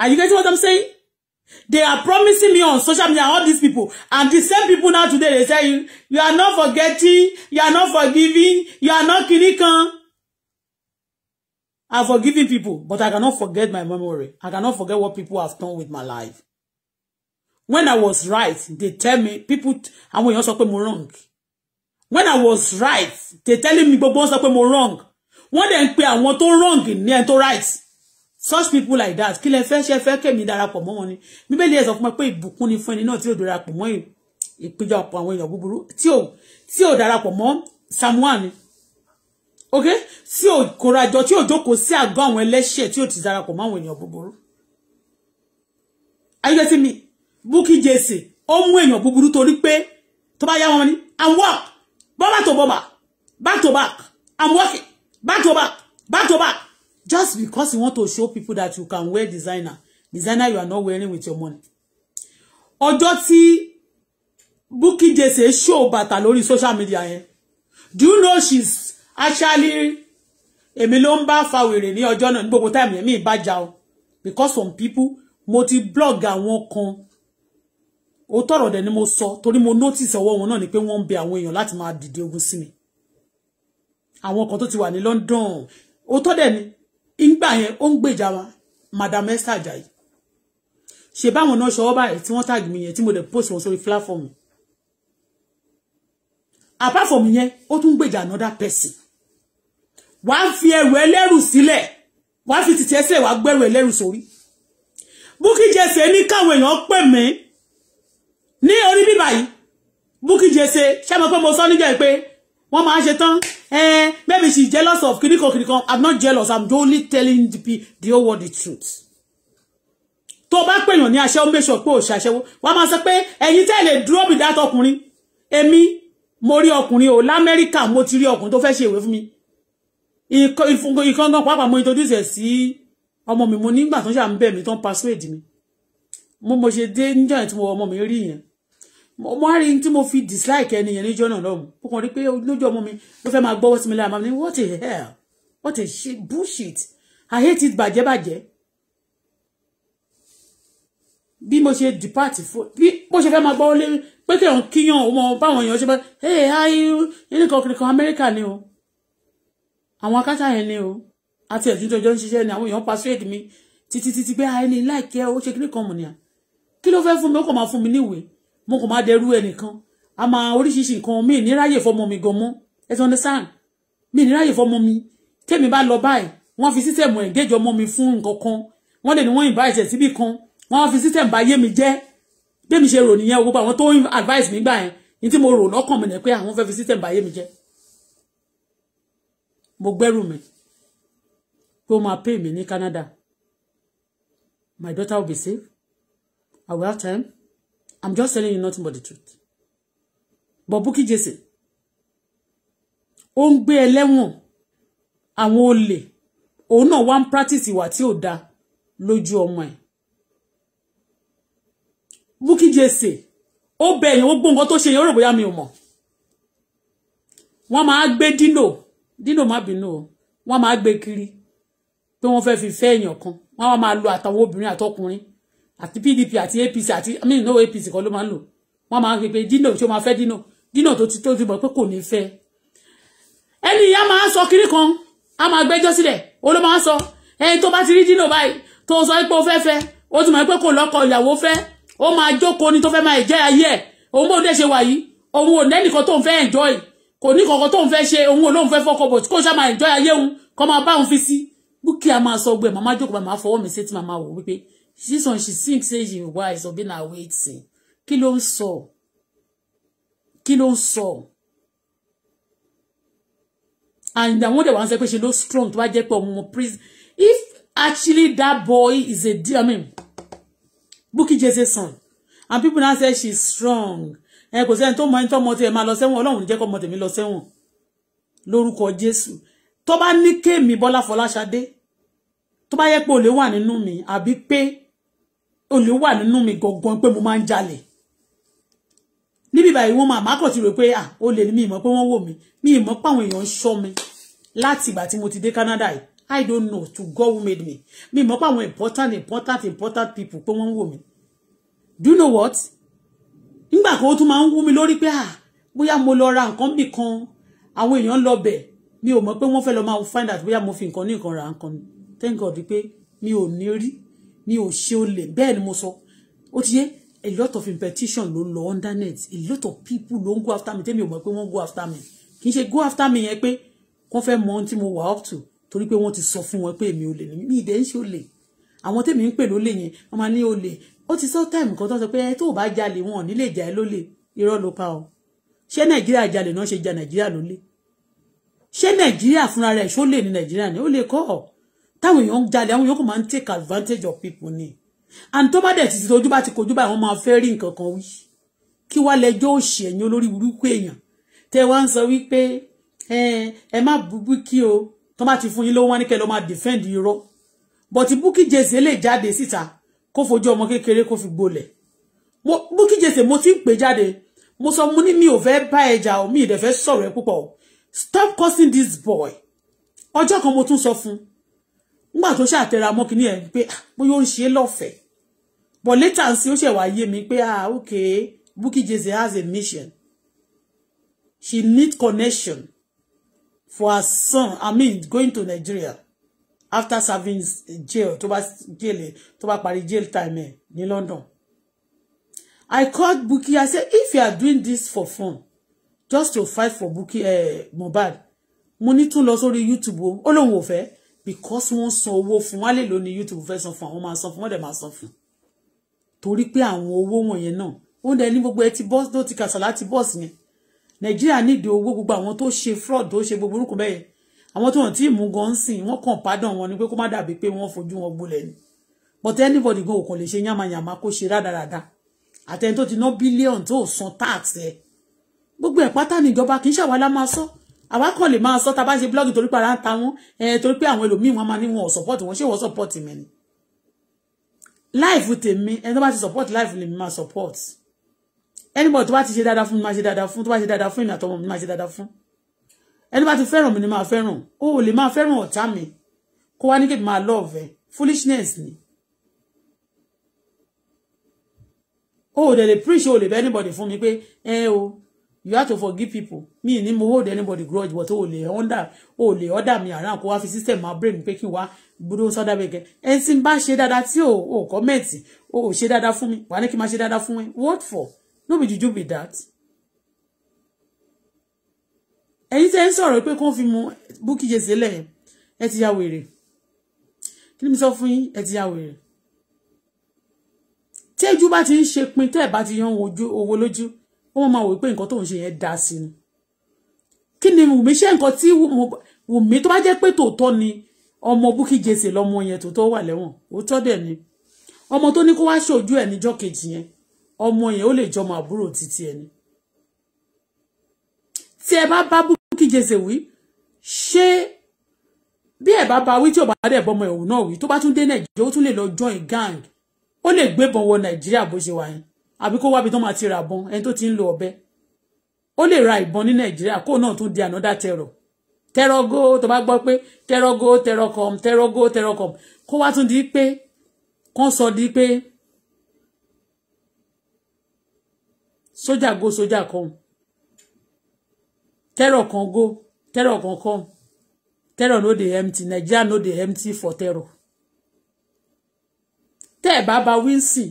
Are you getting what I'm saying? They are promising me on social media, all these people. And the same people now today, they say, you, are not forgetting, you are not forgiving, you are not kinikan. I'm forgiving people, but I cannot forget my memory. I cannot forget what people have done with my life when I was right they tell me people àwọn èèyàn sọ pé mo wrong when I was right they telling me gbogbo wọn sọ pé mo wrong wọ́n dẹ̀ ń pe àwọn tó wrong ní ẹni tó right such people like that kí lẹ fẹ́ ṣe fẹ́ kẹ́mi darapọ̀ mọ́ wọn ni bíbélì ẹ̀ sọ fún mi pé ìbùkún ni fún ẹni náà tí ò darapọ̀ mọ́ ìpéjọpọ̀ àwọn èèyàn búburú tí ò tí ò darapọ̀ mọ́ samuel ni ok tí ò kórajọ tí ò jókòó sí àgọ́ àwọn ẹlẹ́ṣẹ̀ tí ò ti darapọ̀ mọ́ àwọn èèyàn búburú are you getting me Bukky Jesse ó mú èèyàn búburú torí pé tó bá yá wọn ni and work baba. tó bọ́bà back to back I'm working back to back back to back just because you want to show people that you can wear designer designer you are not wearing with your money. ọjọ́ tí Bukky Jesse show bata lori social media yẹn do you know she's actually èmi ló ń bá fa wèrè ní ọjọ́ náà ní gbogbo táìmù yẹn mi ìbájá o because some people multi ti blog àwọn kan òótọ́ ọ̀rọ̀ dẹ̀ ni mo sọ torí mo notice ọwọ́ wọn náà ni pe wọ́n ń bẹ àwọn lati ma máa dìde ogun sí mi àwọn kan tó ti wà ní London òótọ́ dẹ̀ ni ńgbà yẹn ó ń gbèjà wa Madam Esther Ajayi ṣe báwọn náà ṣọwọ́ báyìí ti wọ́n tag mi yẹn tí mo de post wọn sórí platform apart from yẹn ó tún gbèjà another person wà á fi ẹrù ẹlẹ́rù sílẹ̀ wà á fi tìtẹ́sẹ̀ wà á gbẹ́rù ẹlẹ́rù sórí Bukky Jesse ní káwọn èèyàn pè mí ní orí bíbà yìí Bukky Jesse ṣé mo pé mo sọ níjọ́ pé wọ́n máa ń ṣe tán eh maybe she jealous of kìnìkan kìnìkan i'm not jealous i'm only telling the, the whole truth tó bá pèèyàn ní aṣẹ́wó méṣọ̀ pé ò ṣàṣẹ́wó wọ́n máa sọ pé ẹ̀yin tẹ́ lè dúró bì dátọ̀ ọkùnrin èmi mo rí ọkùnrin o lamẹ́ríkà mo ti rí ọkùnrin tó fẹ́ ṣe ìwé fún mi ìkangan pàápàá mo introduce ẹ̀ sí ọmọ mi mo nígbà tó ń ṣàǹbẹ̀ mi tó ń persuade mi mo mo ṣe dé níjọ́ yẹn tí mo ọmọ mi rí yẹn mo á rí tí mo fi dislike ẹni yẹn níjọ́ náà lọ́hùn mo kàn rí pé lójú ọmọ mi ló fẹ́ máa gbọ́wọ́ sí mi lára mi what a hell what a shit bullshit i hate it bàjẹ́ bàjẹ́ bí mo ṣe depart fún bí mo ṣe fẹ́ máa gbọ́wọ́ lé pé kí òun kíyàn òun mọ báwọn èèyàn ṣe bá hey hi nínú kankan kan amẹ́ríkà ni o àwọn akátá yẹn ni o àti ẹ̀dùn tó jọ ń ṣiṣẹ́ ni àwọn èèyàn persuade mi títí títí pé àìní láìkẹ́ ó ṣe kí ní kan mọ̀ nìyà kí ló fẹ́ fún mi ó kàn máa fún mi níwèé mo kò máa dẹrú ẹnìkan a máa oríṣiríṣi nǹkan mi níráyè fọmọ mi gan mọ́ ẹ ti understand mi níráyè fọmọ mi tèmi bá lọ báyìí wọ́n fi sísẹ̀mù ẹ̀gẹ́jọ mọ́ mi fún nǹkan kan wọ́n lè ní wọ́n invite ẹ̀ síbì kan wọ́n fi sísẹ̀mù bá yé mi jẹ́ bẹ́ẹ̀ mi ṣe rò nìyẹn gbogbo àwọn tó advice mi gbà yẹn ní tí mo rò lọ́kàn mi nẹ̀ pé àwọn fẹ́ fi sísẹ̀mù bá yé mi jẹ́ mo gbẹ́rù mi pé ó máa pay mi ní Canada my daughter will be safe I will have time I'm just telling you nothing but the truth. But Bukky Jesse, ó ń gbé ẹlẹ́wọ̀n àwọn olè, òun náà practice ìwà tí ò dáa lójú ọmọ ẹ̀. Jesse, ó bẹ ẹ̀yìn ó gbọ́ nǹkan tó ṣe mi ò mọ̀. Wọ́n máa Dino, Dino má bínú o, wọ́n máa gbé kiri pé wọ́n fẹ́ fi fẹ́ èèyàn kan, wọ́n á máa lo àtàwọn obìnrin àtọkùnrin àti pdp àti apc àti i mean no apc kan ló máa ń lò wọ́n máa ń pè pé dino tí ó máa fẹ́ dino dino tó ti tó ti mọ̀ pé kò ní fẹ́ ẹni ìyá máa ń sọ kiri kan a máa gbẹ́jọ́ sílẹ̀ ó ló máa ń sọ ẹni tó bá ti rí dino báyìí tó sọ pé ó fẹ́ fẹ́ ó ti mọ̀ pé kò lọ́kọ ìyàwó fẹ́ ó máa jókòó ni tó fẹ́ máa jẹ́ ayé ẹ̀ òun bó dé ṣe wà yìí òun ò nẹ́nìkan tó ń fẹ́ enjoy kò ní kankan tó ń fẹ́ ṣe òun olóhùn fẹ́ fọ́kọ bò tí kò ṣá máa enjoy ayé òun kọ́ máa bá òun fi sí Bukky a máa sọ gbé màmá jókòó màmá fọwọ́ mi sétí màmá wò wípé this one she think say you wise obi na waiting kí ló ń sọ and the one that wants to pé ṣe strong to bá jẹ́ pé ọmọ prison if actually that boy is a dear I mean Bukky Jesse son and people now say she's strong ẹ kò sẹ́ni tó mọ ẹni tó mọ tiẹ̀ máa lọ sẹ́wọ̀n ọlọ́run jẹ́ kó mọ tèmi lọ sẹ́wọ̀n lórúkọ Jésù tó bá ní kéèmí Bọ́lá Fọláṣadé tó bá yẹ pé olè wà nínú mi àbí pé olè wà nínú mi gangan pé mo máa ń jalè níbi báyìí wọn màmá kò ti rò pé à ah, olè ni mi ìmọ̀ pé wọ́n wò mí mi ìmọ̀ páwọn èèyàn ń ṣọ́ mi láti ìgbà tí mo ti dé Canada yìí I don't know to God who made me mi ìmọ̀ páwọn important important important people pé wọ́n ń wò mí do you know what nígbà kan ó tún máa ń wú mi lórí pé à ah, bóyá mo lọ ra nǹkan bì kan àwọn èèyàn lọ bẹ̀ mi ò mọ̀ pé wọ́n fẹ́ lọ máa find out bóyá mo fi nǹkan ní nǹkan ra nǹkan thank God pé mi ò ní rí mi ò ṣe olè bẹ́ẹ̀ ni mo sọ ó ti yé a lot of competition ló lọ under net a lot of people ló ń go after me tẹ́mi ò mọ̀ pé wọ́n go after me kì í ṣe go after me yẹn pé wọ́n fẹ́ mọ ohun tí mo wà up to torí pé wọ́n ti sọ fún wọn pé èmi olè ni mi ìdẹ́ ń ṣe olè àwọn tẹ́mi ń pè lólè yẹn wọ́n máa ní olè ó ti sọ time? kan tó sọ pé ẹ tó bá jalè wọn ò ní lè jà ẹ lólè irọ́ ló pa ọ́ ṣé nàìjíríà jalè náà ṣe ja nàìjíríà lólè ṣé nàìjíríà fúnra rẹ̀ ṣó lè ní nàìjíríà ni ó lè kọ́ ọ́ táwọn èèyàn ń jalè àwọn èèyàn kò máa ń take advantage of people ni and tó bá dẹ̀ ti tojú bá ti kojú báyìí wọ́n máa fẹ́ rí nǹkan kan wí kí wá lẹjọ́ òṣì ẹ̀yìn olórí burúkú èèyàn tẹ́ wá ń sọ wípé ẹ má bu Bukky o tó bá ti fún yín lówó wọn ní kẹ́ lọ máa defend irọ́ but Bukky Jesse lè jáde síta kó fojú ọmọ kékeré kó fi gbolẹ̀ Bukky Jesse mo ti ń pè jáde mo sọ mo ní mi ò fẹ́ bá ẹja o mi ì dẹ̀ fẹ́ sọ̀rọ̀ ẹ púpọ̀ stop cursing this boy ọjọ́ kan mo tún sọ fún un nígbà tó ṣàtẹra mọ́ kínní ẹ̀ pé ah, bóyá ó ń ṣe but later sí ó ṣẹ̀wá yé mi pé ah okay Buki Jesse has a mission she need connection for her son I mean going to Nigeria after serving jail tó bá jail tó bá parí jail time ẹ̀ ní London I called Buki. I said if you are doing this for fun just to fight for Bukky uh, Mohbad mo ní tún lọ sórí YouTube o ó lóun ò because wọ́n san owó fún wọn lè lò ní YouTube fẹ́ san fún àwọn máa san fún wọ́n dẹ̀ máa san fún torí pé àwọn owó wọ̀nyẹn náà wọ́n dẹ̀ ní gbogbo ẹ ti bọ́ọ̀sì tó ti kàṣàlá ti bọ́ọ̀sì yẹn Nàìjíríà nídìí owó gbogbo àwọn tó ṣe fraud tó ṣe gbogbo orúkọ bẹ́ẹ̀ àwọn tó hàn tí ìmú gan ń sìn wọ́n kàn pardon wọn ni pé kó má dàbí pé wọ́n fojú wọn gbolẹ̀ ni but anybody go kàn lè ṣe yàmàyàmà kó ṣe rádaràda àtẹni tó ti ná bílíọ̀nù tó san tax ẹ gbogbo ẹ̀ pátá níjọba kì í ṣàwálá máa sọ àwa kàn lè máa sọ tá a bá ṣe blọ́ọ̀gì torí pé ara ń ta wọn torí pé àwọn ẹlòmíì wọn máa ní wọn ò sọ́pọ̀tì wọn ṣé wọ́n sọ́pọ̀tì mi ni láìfù tèmi ẹni tó bá ti support láìfù lèmi máa support anybody tó bá ti ṣe dáadáa fún mi máa ṣe dáadáa fún tó bá ṣe dáadáa fún èmi àtọmọ mi máa ṣe dáadáa fún ẹni bá ti fẹ́ràn mi ni máa fẹ́ràn ó lè máa fẹ́ràn ọ̀tá mi kó wá ní kébì máa love ẹ foolishness ni ó dẹ̀ lè preach ó lè bẹ́ anybody fún mi pé ẹ o you have to forgive people Me, ni mo hold anybody grudge but o lè under o lè order me around kó wá fi system ma brain pé kí wá gbọ́dọ̀ sọ́dá bẹ̀gẹ̀ ẹni tí n bá ṣe dáadáa tí o ò kọ́mẹ̀tì o ò ṣe dáadáa fún mi wà ní kí n máa ṣe dáadáa what for no be juju be that. ẹ̀yin tẹ́ ń sọ̀rọ̀ pé kó fi mu Bukky Jesse lẹ̀ ẹ ti ya wèrè kí ni mo sọ fún yín ẹ ti ya wèrè tẹ́jú bá ti ń ṣe pin tẹ́ẹ̀ bá ti yan owó lójú wọ́n máa wò pé nǹkan tó ń ṣe yẹn dá sí ni kí ni wùmí ṣe nǹkan tí wùmí tó bá jẹ́ pé tòótọ́ ni ọmọ Bukky Jesse lọ́mọ yẹn tòótọ́ wà lẹ́wọ̀n òótọ́ dẹ̀ ni ọmọ tó ní kó wá ṣojú ẹ̀ níjọ́ kejì yẹn ọmọ yẹn ó lè jọmọ àbúrò títí ẹni tí ẹ bá bá Bukky Jesse wí ṣé bí ẹ bá bá wí tí ò dẹ̀ bọ́mọ ẹ̀wù náà wí tó bá tún dé Nàìjíríà ó tún lè lọ join gang ó lè gbébọn wọ Nàìjíríà bó ṣe wà àbí kó wábi tó máa ti ra ìbọn ẹni tó ti ń lo ọ̀bẹ ó lè ra ìbọn ní nàìjíríà kó náà tún di another terror terror go tó bá gbọ́ pé terror go terror come terror go terror come kó wá tún di pé kán sọ di pé sójà go sójà come terror kan go terror kan come terror no dey empty nigeria no dey empty for terror tẹ́ ẹ̀ bá ba wíńsì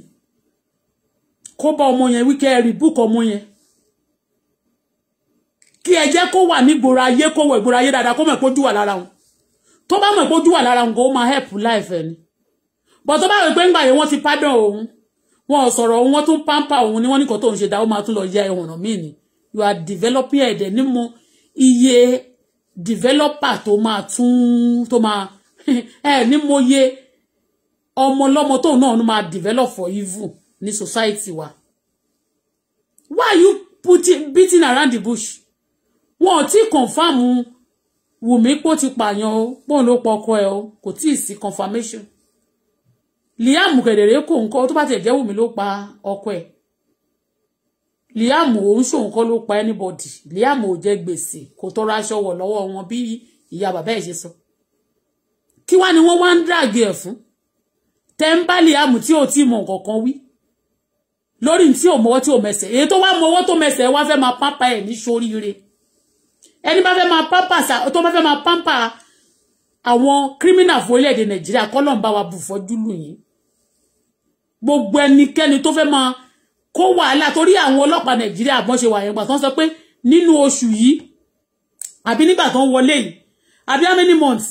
kó bá ọmọ yẹn wí kẹ́ ẹ rí búùkù ọmọ yẹn kí ẹ jẹ́ kó wà nígboro ayé kó wọ ìgboro ayé dáadáa kó mọ̀ pé ojú wà lára wọn tó bá mọ̀ pé ojú wà lára wọn kó máa help life ẹ ni bọ̀ tó bá rò pé ńgbà yẹn wọ́n ti pádàn òun wọn ò sọ̀rọ̀ òun wọ́n tún pampa òun ni wọ́n ní kò tó ń ṣe dá ó máa tún lọ ya ẹ̀wọ̀n míì ni you are developing ẹ̀dẹ̀ nímú iye developer tó máa tún tó máa ẹ̀ nímú iye ọmọ ọlọ́mọ tóun náà máa develop for evil ní society wa why are you putting beating around the bush wọn ò tí confam Wùmí pò ti pààyàn o pòun ló pọkọ ẹ o kò tí ì confirmation Liam kẹdẹrẹ kò ń kọ tó bá tẹ jẹ Wùmí pa ọkọ ẹ Liam òun ṣòun kọ́ ló pa anybody Liam ò jẹ gbèsè kò tọrọ aṣọ wọ̀ lọ́wọ́ wọn bí ìyá bàbá ẹ ṣe sọ kí wá ni wọ́n wá ń dàgbé ẹ fún tẹ Liam tí ò tí mọ nǹkan kan wí lórí tí ò mọwọ́ tí ò mẹsẹ̀ èyí tó wá mọwọ́ tó mẹsẹ̀ wá fẹ́ máa pápá ẹ̀ ní soríire ẹni bá fẹ́ máa pápá tó bá fẹ́ máa pápá àwọn kírímínà fún orílẹ̀-èdè nàìjíríà kọ́lọ̀ ń bá wa bù fọ́jú lù yín gbogbo ẹnikẹ́ni tó fẹ́ máa kó wàhálà torí àwọn ọlọ́pàá nàìjíríà bọ́n ṣe wà yẹn gbà tán sọ pé nínú oṣù yìí àbí nígbà tán wọlé yìí àbí how many months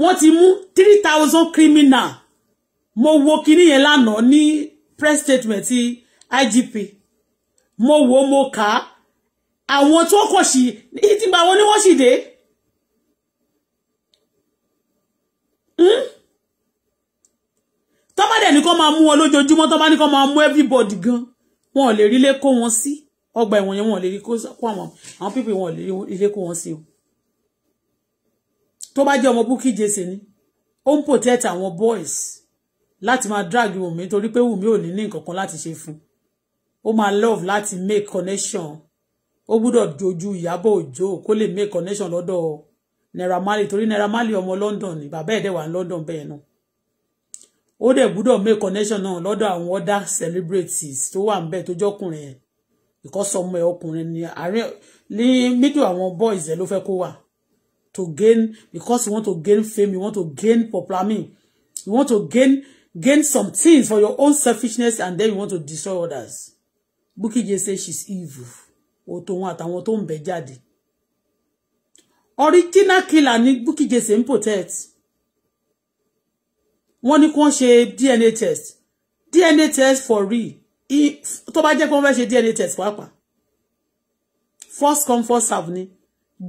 wọ́n ti mú three thousand criminal mo wo kinní yẹn lánàá ní press statement ti IGP mo wò mo kà á àwọn tó kọ̀ sí ìtìgbà wọn ni wọ́n sì dé. Hmm? tọ́ba dẹ̀ ní kó máa mú wọn lójoojúmọ́ tọ́ba ní kó máa mú everybody gan wọn ò lè rí ilé kó wọn sí ọgbà ẹ̀wọ̀n yẹn wọn ò lè rí kó àwọn àwọn pípé wọn ò lè rí ilé kó wọn sí tó bá jẹ́ ọmọ Bukky Jesse ni ó ń protect àwọn boys láti máa drag Wùmí torí pé Wùmí ò ní ní nǹkan kan láti ṣe fún un ó máa love láti make connection ó gbúdọ̀ dojú Ìyábọ̀ Òjó kó lè make connection lọ́dọ̀ Naira Marley torí Naira Marley ọmọ London ni bàbá ẹ̀ dẹ̀ wà ní London bẹ́ẹ̀ náà ó dẹ̀ gbúdọ̀ make connection náà lọ́dọ̀ àwọn other celebrities tó wà níbẹ̀ tó jọ́kùnrin ẹ̀ because ọmọ ẹ̀ ọkùnrin ni àárín ní middle àwọn boys ẹ̀ ló fẹ́ kó wà to gain because you want to gain fame you want to gain popular I you want to gain gain some things for your own selfishness and then you want to destroy others. Bukky say she's evil o tòun àtàwọn tó ń bẹ jáde original killer ni Bukky say protect wọ́n ní kí wọ́n DNA test DNA test for real I bá jẹ́ pé wọ́n fẹ́ ṣe DNA test pàápàá first come first serve ni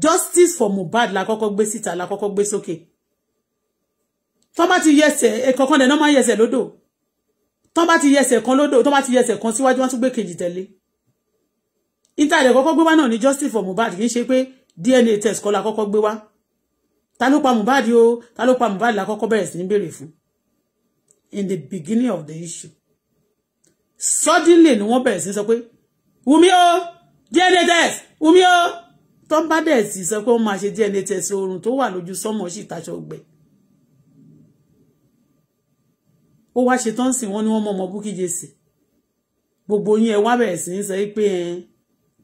justice for Mohbad la kọ́kọ́ gbé síta la kọ́kọ́ gbé sókè. Okay tọ́ bá ti yẹsẹ̀ ẹ̀kọ̀kan dẹ̀ náà máa yẹsẹ̀ tán bá ti yẹsẹ̀ kan lódò tán bá ti yẹsẹ̀ kan síwájú wọn tún gbé kejì tẹ̀lé intanet kọ́kọ́ gbé wá náà ní justice for Mohbad kì í ṣe pé DNA test kọ́ la kọ́kọ́ gbé wá ta ló pa Mohbad o ta ló pa Mohbad la kọ́kọ́ bẹ̀rẹ̀ sí ní béèrè fún in the beginning of the issue suddenly ni wọ́n bẹ̀rẹ̀ sí sọ pé Wumi o DNA test Wumi o tó ń bá dẹ̀ sí sọ pé wọ́n máa ṣe DNA test oorun tó wà lójú sọ́mọ́ sí ìtaṣọ ọgbẹ́ ó wá ṣe tán sìn wọ́n ní wọ́n mọ ọmọ Bukky Jesse gbogbo yín ẹ wá bẹ̀rẹ̀ sí ń sọ pé ẹ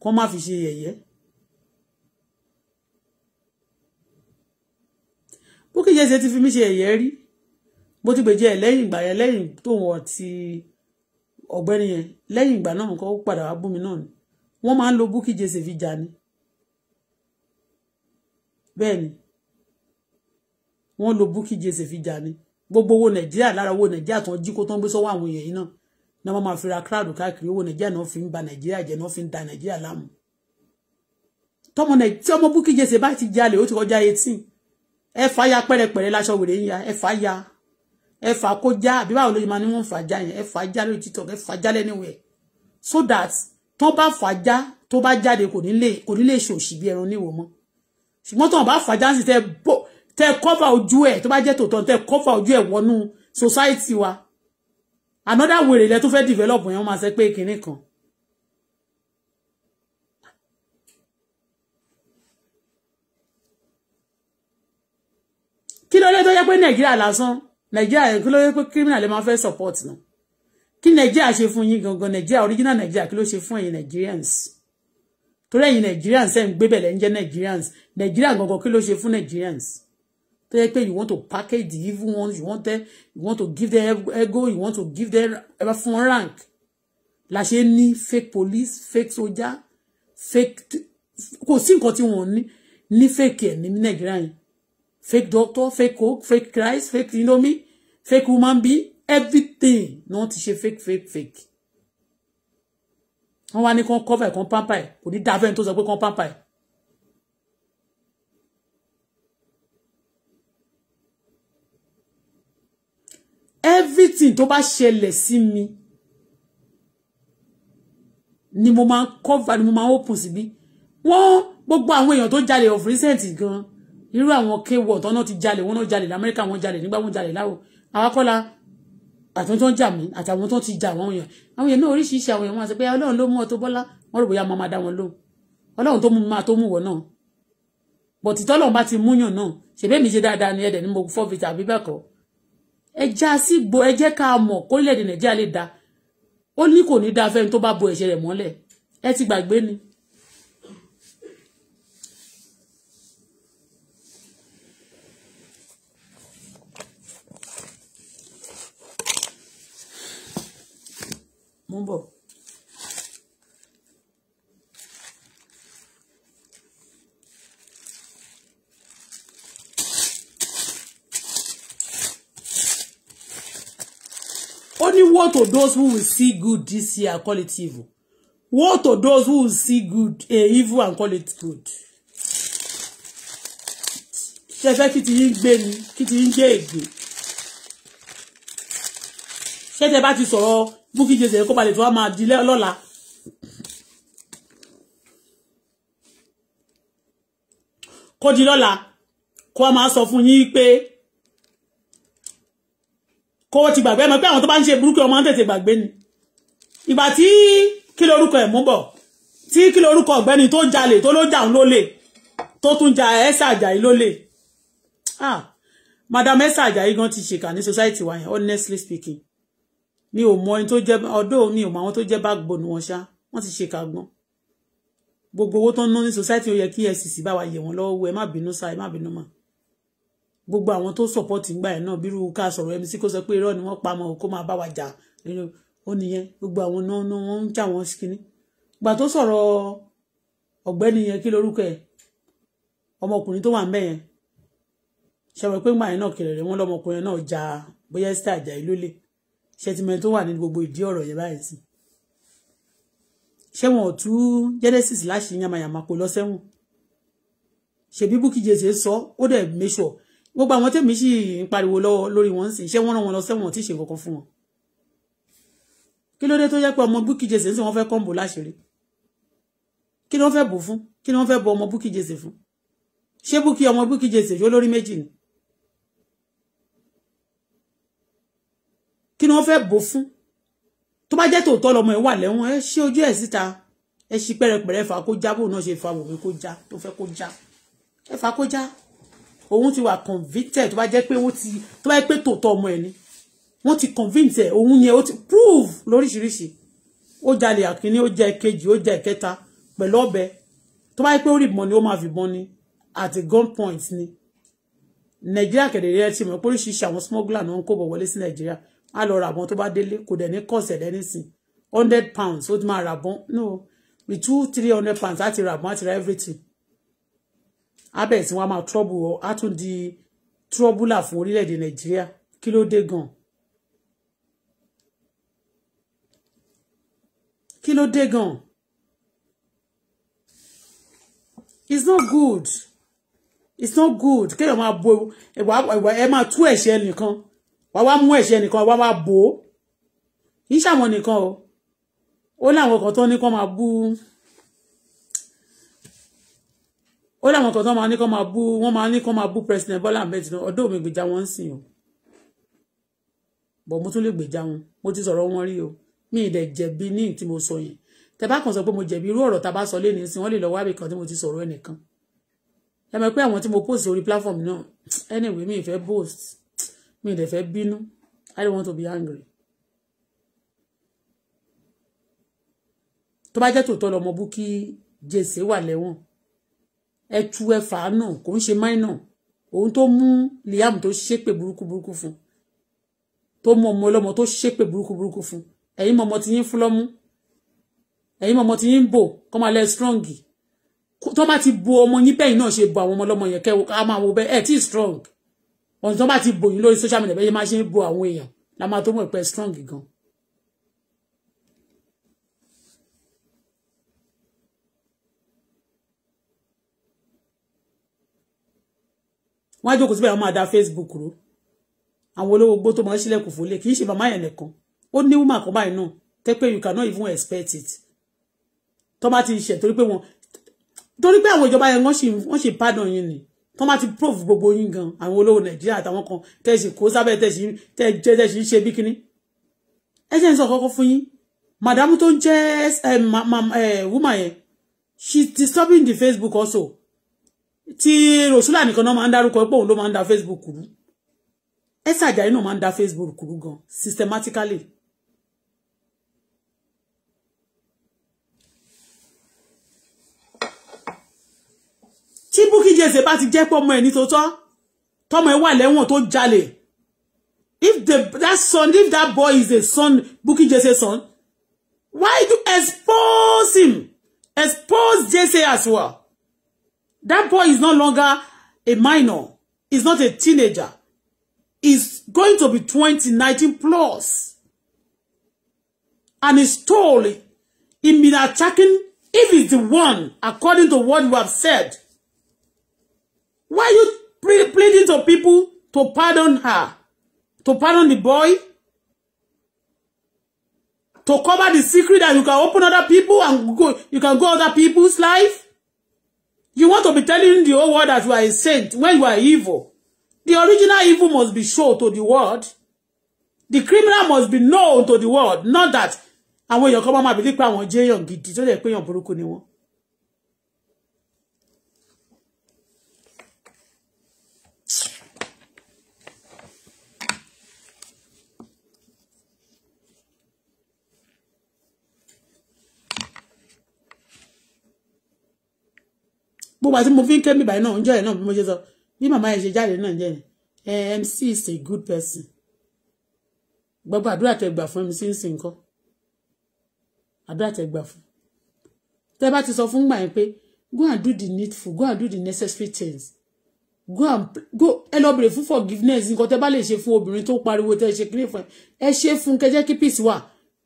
kọ́ má fi ṣe yẹ̀yẹ́ Bukky Jesse ti fi mí ṣe yẹ̀yẹ́ rí bó ti gbèjẹ́ ẹ̀ lẹ́yìn ìgbà yẹn lẹ́yìn tóun ọ̀tí ọ̀gbẹ́ni yẹn lẹ́yìn ìgbà náà nǹkan ó padà wá bú mi náà ni wọ́n máa ń lo Bukky Jesse fi jà ni bẹ́ẹ̀ ni wọ́n lo Bukky Jesse fi jà ni gbogbo owó nàìjíríà lára owó nàìjíríà tó ń jí kó tó ń gbé sọ́wọ́ àwọn èèyàn yìí náà ní wọ́n máa fi ra kíláàdù káàkiri owó nàìjíríà náà fi ń ba nàìjíríà jẹ́ náà fi ń da nàìjíríà láàmú tọmọ tí ọmọ Bukky Jesse bá ti jalè ó ti kọjá eighteen ẹ fà ya pẹrẹpẹrẹ láṣọ wèrè ń ya ẹ fà ya ẹ fà kó já àbí báwo ló yẹ máa ní wọ́n fà já yẹn ẹ fà já lórí TikTok ẹ fà já lẹ́nìwẹ̀ so that tó bá fà já tó bá jáde kò ní lè ṣòṣì bí ẹran níwò mọ́ ṣùgbọ́n tó bá fà já sí tẹ tẹ cover ojú ẹ̀ tó bá jẹ́ tòótọ́ tẹ cover ojú ẹ̀ wọnú society wa another way lẹ tó fẹ́ develop yẹn wọ́n máa ṣe pé kinní kan. kí ló to tó yẹ pé nàìjíríà lásán nàìjíríà kí ló yẹ criminal lè máa fẹ́ support náà kí nàìjíríà ṣe fún yín gangan nàìjíríà original nàìjíríà kí ló ṣe fún ẹ̀yin nigerians torí ẹ̀yin nigerians ẹ̀ ń gbébẹ̀ lẹ́ ń jẹ́ nigerians nàìjíríà gangan kí ló ṣe nigerians tó yẹ you want to package the evil ones you want them you want to give them ego you want to give them ever fun rank la ṣe ní fake police fake soldier fake kò sí nǹkan tí wọ́n ní ní fake ni ní nàìjíríà fake doctor fake coke fake christ fake indomie fake woman be everything Not she fake fake fake wọ́n wá ní kán cover ẹ̀ kán pamper ẹ̀ kò ní dáa fẹ́ni tó sọ pé kán everything tó bá ṣẹlẹ̀ sí mi ni mo máa cover ni mo máa open síbí wọ́n gbogbo àwọn èèyàn tó jalè of recent gan irú àwọn kéwọ̀ tọ́nà ti jalè wọ́n náà jalè lamẹ́ríkà wọ́n jalè nígbà wọ́n jalè láwọ̀ àwákọ́lá àtúntò tó ń jà mí àtàwọn tó ti jà àwọn èèyàn àwọn èèyàn náà oríṣiríṣi àwọn èèyàn wọn àti pé ah, ọlọ́run ló mú ọ tó bọ́lá wọ́n mama bóyá máa dá wọn lóhùn ọlọ́run tó mú mi máa tó mú But náà bọ̀títọ́lọ́run bá ti múyàn náà ṣèbémi ṣe dáadáa ni ẹ̀dẹ̀ ni mo fọ́ fi tàbí bẹ́ẹ̀ kọ́ ẹja sí gbo ẹ jẹ́ ká mọ̀ kórílẹ̀-èdè nàìjíríà lè da ó ní kò ní da fẹ́ni tó bá bo ẹ̀ṣẹ̀ rẹ̀ mọ́lẹ̀ ẹ ti gbàgbé ni. mo ń bọ̀. Only ní woe to those who will see good this year call it evil woe to those who will see good eh, evil and call it good. ṣe fẹ́ kí ti yín gbé ni kí ti yín gbé ègbè ṣé tẹ bá ti sọ̀rọ̀ Bukky Jease kó balẹ̀ tó wá máa di lọ́la. kó di lọ́la kó a máa sọ fún yín pé kó ti gbàgbé mọ̀ pé àwọn tó bá ń ṣe burúkú ọmọ ń tètè gbàgbé ni ìgbà tí kí lorúkọ ẹ̀ mú bọ̀ tí kí lorúkọ ọ̀gbẹ́ni tó jalè tó ló jà ń lólè tó tún ja ẹ̀sà àjàyí lólè ah madam ẹ̀sà àjàyí gan ti ṣèkà ní society wa yẹn honestly speaking Ni ò mọ ẹni tó jẹ́ ọdọ́ mi ò mọ àwọn tó jẹ́ backbone wọn ṣá wọ́n ti ṣèkà gan gbogbo owó tó ń ná ní society ó yẹ kí EFCC bá wa yẹ̀ wọ́n lọ́wọ́ ẹ má bínú sá ẹ má bínú mọ́ gbogbo àwọn tó support ń gbà ẹ̀ náà bírú ká sọ̀rọ̀ MC kó sọ pé irọ́ ni wọ́n pa mọ́ kó máa bá wa jà ó nìyẹn gbogbo àwọn náà náà wọ́n ń jà wọ́n skinny gbà tó sọ̀rọ̀ ọ̀gbẹ́ni yẹn kí lorúkọ ẹ̀ ọmọkùnrin tó wà ń bẹ̀ yẹn ṣẹ̀wọ̀n pé gbà yẹn náà kẹlẹ̀ rẹ̀ wọ́n lọ́mọkùnrin náà ja bóyá Esther Ajayi ló lè ṣẹtìmẹ̀ tó wà ní gbogbo ìdí ọ̀rọ̀ yẹn báyìí sí ṣẹ́wọ̀n ọ̀tú Genesis láṣìí yamayama kò lọ sẹ́wọ̀n ṣèbí Bukky Jesse sọ ó dẹ̀ make gbogbo àwọn tèmi sì ń pariwo lọ́wọ́ lórí wọn sì ṣé wọ́n rán wọn lọ sẹ́wọ̀n tí ì ṣe kankan fún wọn kí ló dé tó jẹ́ pé ọmọ Bukky Jesse ń sìn wọ́n fẹ́ kọ́ńbò láṣìírí kí ni wọ́n fẹ́ bò fún kí ni wọ́n fẹ́ bọ ọmọ Bukky Jesse fún ṣé Bukky ọmọ Bukky Jesse yóò lórí méjì ni kí ni wọ́n fẹ́ bò fún tó bá jẹ́ tòótọ́ lọmọ ẹ̀ wà lẹ́wọ̀n ẹ ṣí ojú ẹ̀ síta ẹ ṣí pẹ̀rẹ̀pẹ̀rẹ̀ fà kó já bóun náà ṣe fà wò pé kó já tó fẹ́ kó já ẹ fà kó já òun ti wà convicted tó bá jẹ́ pé wọ́n ti tó bá jẹ́ pé tòótọ́ ọmọ ẹ̀ ni wọ́n ti convince ẹ̀ òun yẹn ó ti prove lóríṣiríṣi ó jalè àkíní ó jẹ kejì ó jẹ kẹta pẹ̀lú ọ̀bẹ tó bá jẹ́ pé ó rí ìbọn ni ó máa fi bọ́n ni at gun point ni nàìjíríà kẹ̀dẹ̀rẹ́ ti mọ̀ pé oríṣiríṣi àwọn smuggler náà ń kó bọ̀ wọlé sí nàìjíríà á lọ ra àbọ̀n tó bá délé kò dẹ̀ ní kọ̀ọ̀sẹ̀ lẹ́ni hundred pounds ó ti máa ra àbọ̀n no with two three hundred pounds á ti ra àbọ̀n á everything abẹ́ẹ̀ tí wọ́n máa trouble ọ á tún di trouble fún orílẹ̀-èdè nàìjíríà kí ló dé gan kí ló gan it's not good it's not good kéèyàn ma bo ẹwà ẹwà ẹ máa tú ẹ̀ṣẹ̀ nìkan wà wá mú ẹ̀ṣẹ̀ nìkan wà wá bò ó kì í ṣàwọn nìkan o ó láwọn kan tó ní kó máa bú. ó láwọn kan tó máa ní kó máa bú wọ́n máa ní kó máa bú president Bọ́lá Ahmed Tinubu ọdún mi gbèjà wọn ń sìn o bọ̀ mo tún lè gbèjà wọn mo ti sọ̀rọ̀ wọn rí o mi ì dẹ̀ jẹ̀bi ní tí mo sọ yẹn tẹ bá kàn sọ pé mo jẹ̀bi irú ọ̀rọ̀ tá a bá sọ léèní sí wọ́n lè lọ wá ibì tí mo ti sọ̀rọ̀ ẹnìkan ẹ mọ̀ pé àwọn tí mo post orí platform náà anyway mi ì fẹ́ post mi ì dẹ̀ fẹ́ bínú I don't want to be angry tó bá jẹ́ tòótọ́ lọmọ Bukky Jesse wà lẹ́wọ̀n ẹ tu ẹ fà á nà kò ń ṣe máìnà òun tó mú Liam tó ṣépè burúkú burúkú fún tó mú ọmọ ọlọ́mọ tó ṣépè burúkú burúkú fún ẹ̀yin mọ̀mọ́ ti yín fúlọ́mú ẹ̀yin mọ̀mọ́ ti yín bò kọ́ máa lẹ́ strong tó bá ti bo ọmọ yín bẹ́yìn náà ṣe bo àwọn ọmọ ọlọ́mọ yẹn kẹ́ ká máa wo bẹ́ẹ̀ ẹ̀ tí strong ọ̀nà tó bá ti bò yín lórí social media bẹ́ẹ̀ yẹn máa ṣe ń bo àwọn èèyàn la máa tó mọ̀ pé strong gan wọ́n á jókòó síbẹ̀ wọ́n máa da Facebook rú àwọn olówó gbó tó máa ń ṣílẹ̀kùn fòlé kì í ṣe màmá yẹn nìkan ó ní woman kan báyìí náà tẹ́ pé you cannot even expect it tó bá ti ṣẹ̀ torí pé wọ́n torí pé àwọn ìjọba yẹn wọ́n sì wọ́n sì pardon yín ni tó bá ti prove gbogbo yín gan àwọn olówó Nàìjíríà àtàwọn kan tẹ́ sì kó sábẹ́ tẹ́ sì tẹ́ jẹ́ tẹ́ sì ń ṣe bí kíní ẹ jẹ́ ń sọ kọ́kọ́ fún yín madam tó ń jẹ́ eh, eh, woman yẹn she disturbing the Facebook also tí rosula nìkan náà máa ń dárúkọ pé òun ló facebook rú Esther Ajayi náà máa ń facebook rú gan systematically tí Bukky Jesse ba ti jẹ́ pé ọmọ ẹ̀ ní tòótọ́ tọmọ ẹ̀ wà lẹ́wọ̀n tó jalè if the that son if that boy is a son Bukky Jesse son why do expose him expose Jesse as well. That boy is no longer a minor. He's not a teenager. He's going to be 20, 19 plus. And he's told he been attacking if he's the one, according to what you have said. Why are you pleading to people to pardon her? To pardon the boy? To cover the secret that you can open other people and go, you can go other people's life? You want to be telling the whole world that you are a saint when you are evil. The original evil must be shown to the world. The criminal must be known to the world. Not that àwọn èèyàn kan máa believe pé àwọn jẹ́ èèyàn gidi tó dẹ̀ pé èèyàn burúkú ni wọ́n. gbogbo àti mo fi ń ké mi báyìí náà ń jọ yẹn náà bí mo ṣe sọ bí màmá yẹn ṣe jáde náà jẹ MC is a good person gbogbo àdúrà tẹ gbà fún MC ń sìn kọ àdúrà tẹ gbà fún tẹ bá ti sọ fún gbà yẹn pé go and do the needful go and do the necessary things go and go ẹ lọ bèrè fún forgiveness nǹkan tẹ bá lè ṣe fún obìnrin tó pariwo tẹ ṣe kiri fún ẹ ẹ ṣe fún kẹjẹ kí peace wà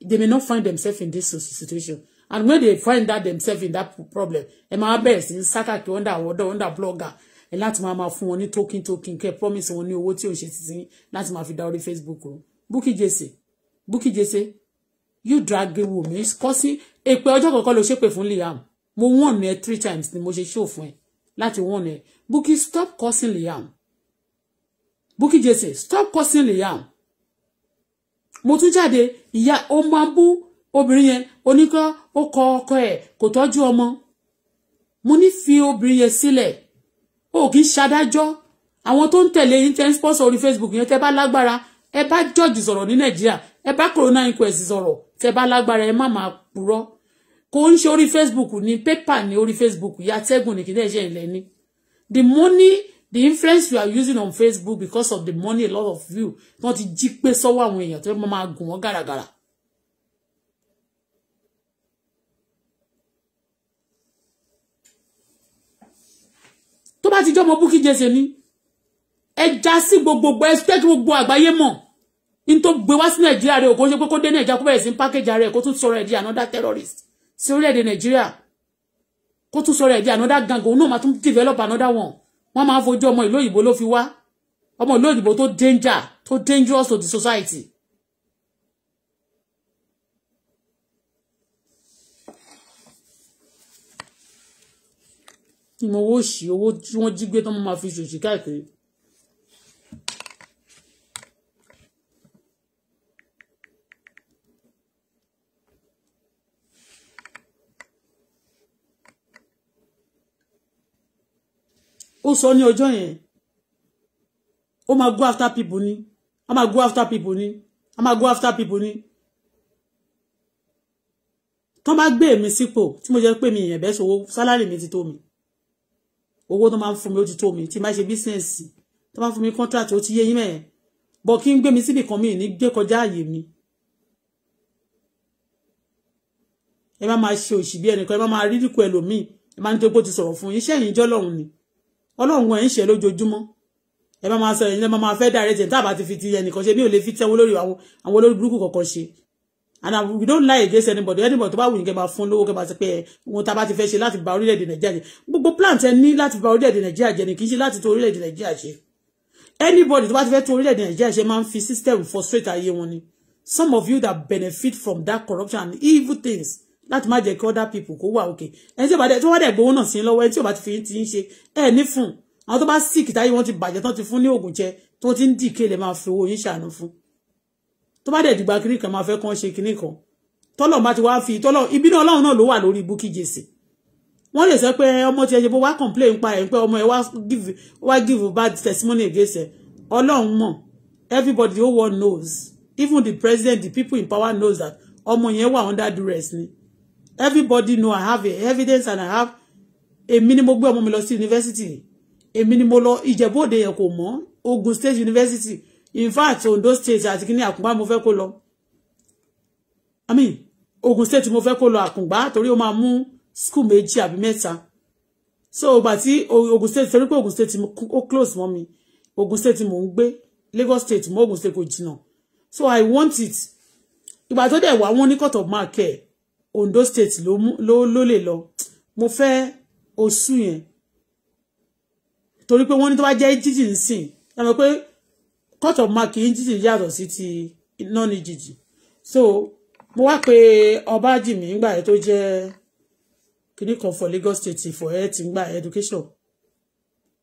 they may not find themselves in this situation and when they find that themselves in that problem ẹ máa best in sákàkì under àwọn ọ̀dọ́ under blogger And that's máa máa fún wọn talking, token token promise wọn ní What you ò ń ṣe ti sin láti máa Facebook Bookie Jesse Bookie Jesse you drag Wunmi kọ́ sí èpè ọjọ́ kọ̀ọ̀kan ló ṣépè fún Liam mo wọ̀n ẹ three times ni mo ṣe show fún ẹ láti wọ̀n Bookie, Bukky stop cursing Liam Bookie Jesse stop cursing Liam mo tún jáde ìyá ó máa bú obìnrin yẹn oníkọ́ ó kọ ọkọ ẹ̀ kò tọ́jú ọmọ mo ní fi obìnrin yẹn sílẹ̀ o kì í ṣadájọ́ àwọn tó ń tẹ̀lé yín tẹ́ ń sponsor orí Facebook yẹn tẹ́ bá lágbára ẹ bá judge sọ̀rọ̀ ní Nàìjíríà ẹ bá corona inquest sọ̀rọ̀ tẹ́ bá lágbára ẹ má máa purọ́ kò ń ṣe orí Facebook ní pépà ni orí Facebook yàtẹ́gùn ní kìdẹ́ ìṣẹ́ ilẹ̀ ni the money the influence you are using on Facebook because of the money a lot of you wọ́n ti jí pé sọ́wọ́ àwọn èèyàn tó máa gùn wọ́n gàràgàrà tó bá ti jọmọ Bukky Jese ni ẹ já sí gbogbogbò ẹ tẹ́ kí gbogbo àgbáyé mọ̀ in tó gbé wá sí nàìjíríà rẹ òkò ṣe pé kó dé nàìjíríà kó bẹ̀rẹ̀ sí pákéjì rẹ kó tún sọ̀rọ̀ ẹ̀ di another terrorist sí orílẹ̀-èdè nàìjíríà kó tún sọ̀rọ̀ ẹ̀ di another gang òun no, máa tún develop another one wọ́n máa ń fojú ọmọ ìlú fi wa. ọmọ ìlú òyìnbó danger tó dangerous to the society ìmọ̀ owó òṣì owó tí wọ́n jí gbé tán mo máa fi ṣòṣì káàkiri. ó sọ ní ọjọ́ yẹn ó máa go after people ni a máa go after people ni a máa go after people ni tán bá gbé èmi sípò tí mo jẹ́ pé mi ìyẹn bẹ́ẹ̀ ṣòwò sálárì mi ti tó mi owó tó máa ń fún mi ó ti tó mi tí máa ṣe bísíǹsì tó máa fún mi contract ó ti yé yín mẹ́ẹ̀ bọ̀ kí n gbé mi síbì kan mi ní gbé kọjá àyè mi ẹ má máa ṣe òṣì bí ẹnìkan ẹ má máa rí dínkù ẹlòmíì ẹ má ní tó gbó ti sọ̀rọ̀ fún yín iṣẹ́ yìí jọ́ ni ọlọ́run ẹ̀ ń ṣe lójoojúmọ́ ẹ má máa sọ ẹ̀yin ẹ má máa fẹ́ dàrẹ́tì tá a bá ti fi ti ẹnìkan ṣe bí ò lè fi tẹ́wọ́ lórí àwọn olórí burúkú kọ̀ọ̀kan ṣe and we don't lie against anybody anybody tó bá wù yín kẹ́ máa fún lówó kẹ́ máa sọ pé wọn tá a bá ti fẹ́ ṣe láti ba orílẹ̀-èdè nàìjíríà jẹ gbogbo plan tẹ ní láti ba orílẹ̀-èdè nàìjíríà jẹ ni kì í ṣe láti tò orílẹ̀-èdè nàìjíríà anybody tó bá ti fẹ́ tò orílẹ̀-èdè Nigeria. ṣe máa fi system frustrate ayé wọn ni some of you that benefit from that corruption and evil things láti má jẹ́ kí other people kó wà okay? ẹni tí ó bá dẹ̀ tó wá dẹ̀ gbowó náà sí lọ́wọ́ ẹni tí ó bá ti fi ti ń ṣe ẹ̀ ní fún àwọn tó bá sick táyé wọn ti bàjẹ́ tán ti fún ní oògùn jẹ tó ti ń dìkẹ́ lè fi owó yín ṣàánú fún tó bá dẹ̀ dìgbà kiri kan máa fẹ́ kán ṣe kinní kan tọ́lọ̀ bá ti wá fi tọ́lọ̀ ìbínú ọlọ́run náà ló wà lórí Bukky Jesse wọ́n lè sọ pé ọmọ tiẹ̀ ṣe bó wá complain pa ẹ̀ pé ọmọ ẹ̀ wá give bad testimony against ẹ̀ ọlọ́run mọ̀ everybody the whole world knows even the president the people in power knows that ọmọ yẹn wà under duress ni everybody know I have evidence and I have èmi ni mo gbé ọmọ mi lọ sí university èmi ni mo lọ Ìjẹ̀bú Òde yẹn kò mọ́ Ogun State University in fact Ondo state àti kíní Àkùngbá mo fẹ́ kó lọ i mean Ogun state mo fẹ́ kó lọ Àkùngbá torí ó máa mú school méjì àbí mẹ́ta so ìgbà tí Ogun state torí pé Ogun state ó close mọ́ mi Ogun state mo ń gbé Lagos state mo Ogun state kò jìnnà so i want it ìgbà tó dẹ̀ wá wọn ní cut of mark ẹ̀ Ondo state ló ló ló lè lọ mo fẹ́ oṣù yẹn torí pé wọ́n ní tó bá jẹ́ jíjìn sìn ẹ mọ̀ pé court of mark yìí títí yàtọ̀ sí ti nọ́ọ̀nì jìjì so mo wá pé ọbájìmí ńgbà yẹn tó jẹ́ kìnnì kan for Lagos State for health ńgbà education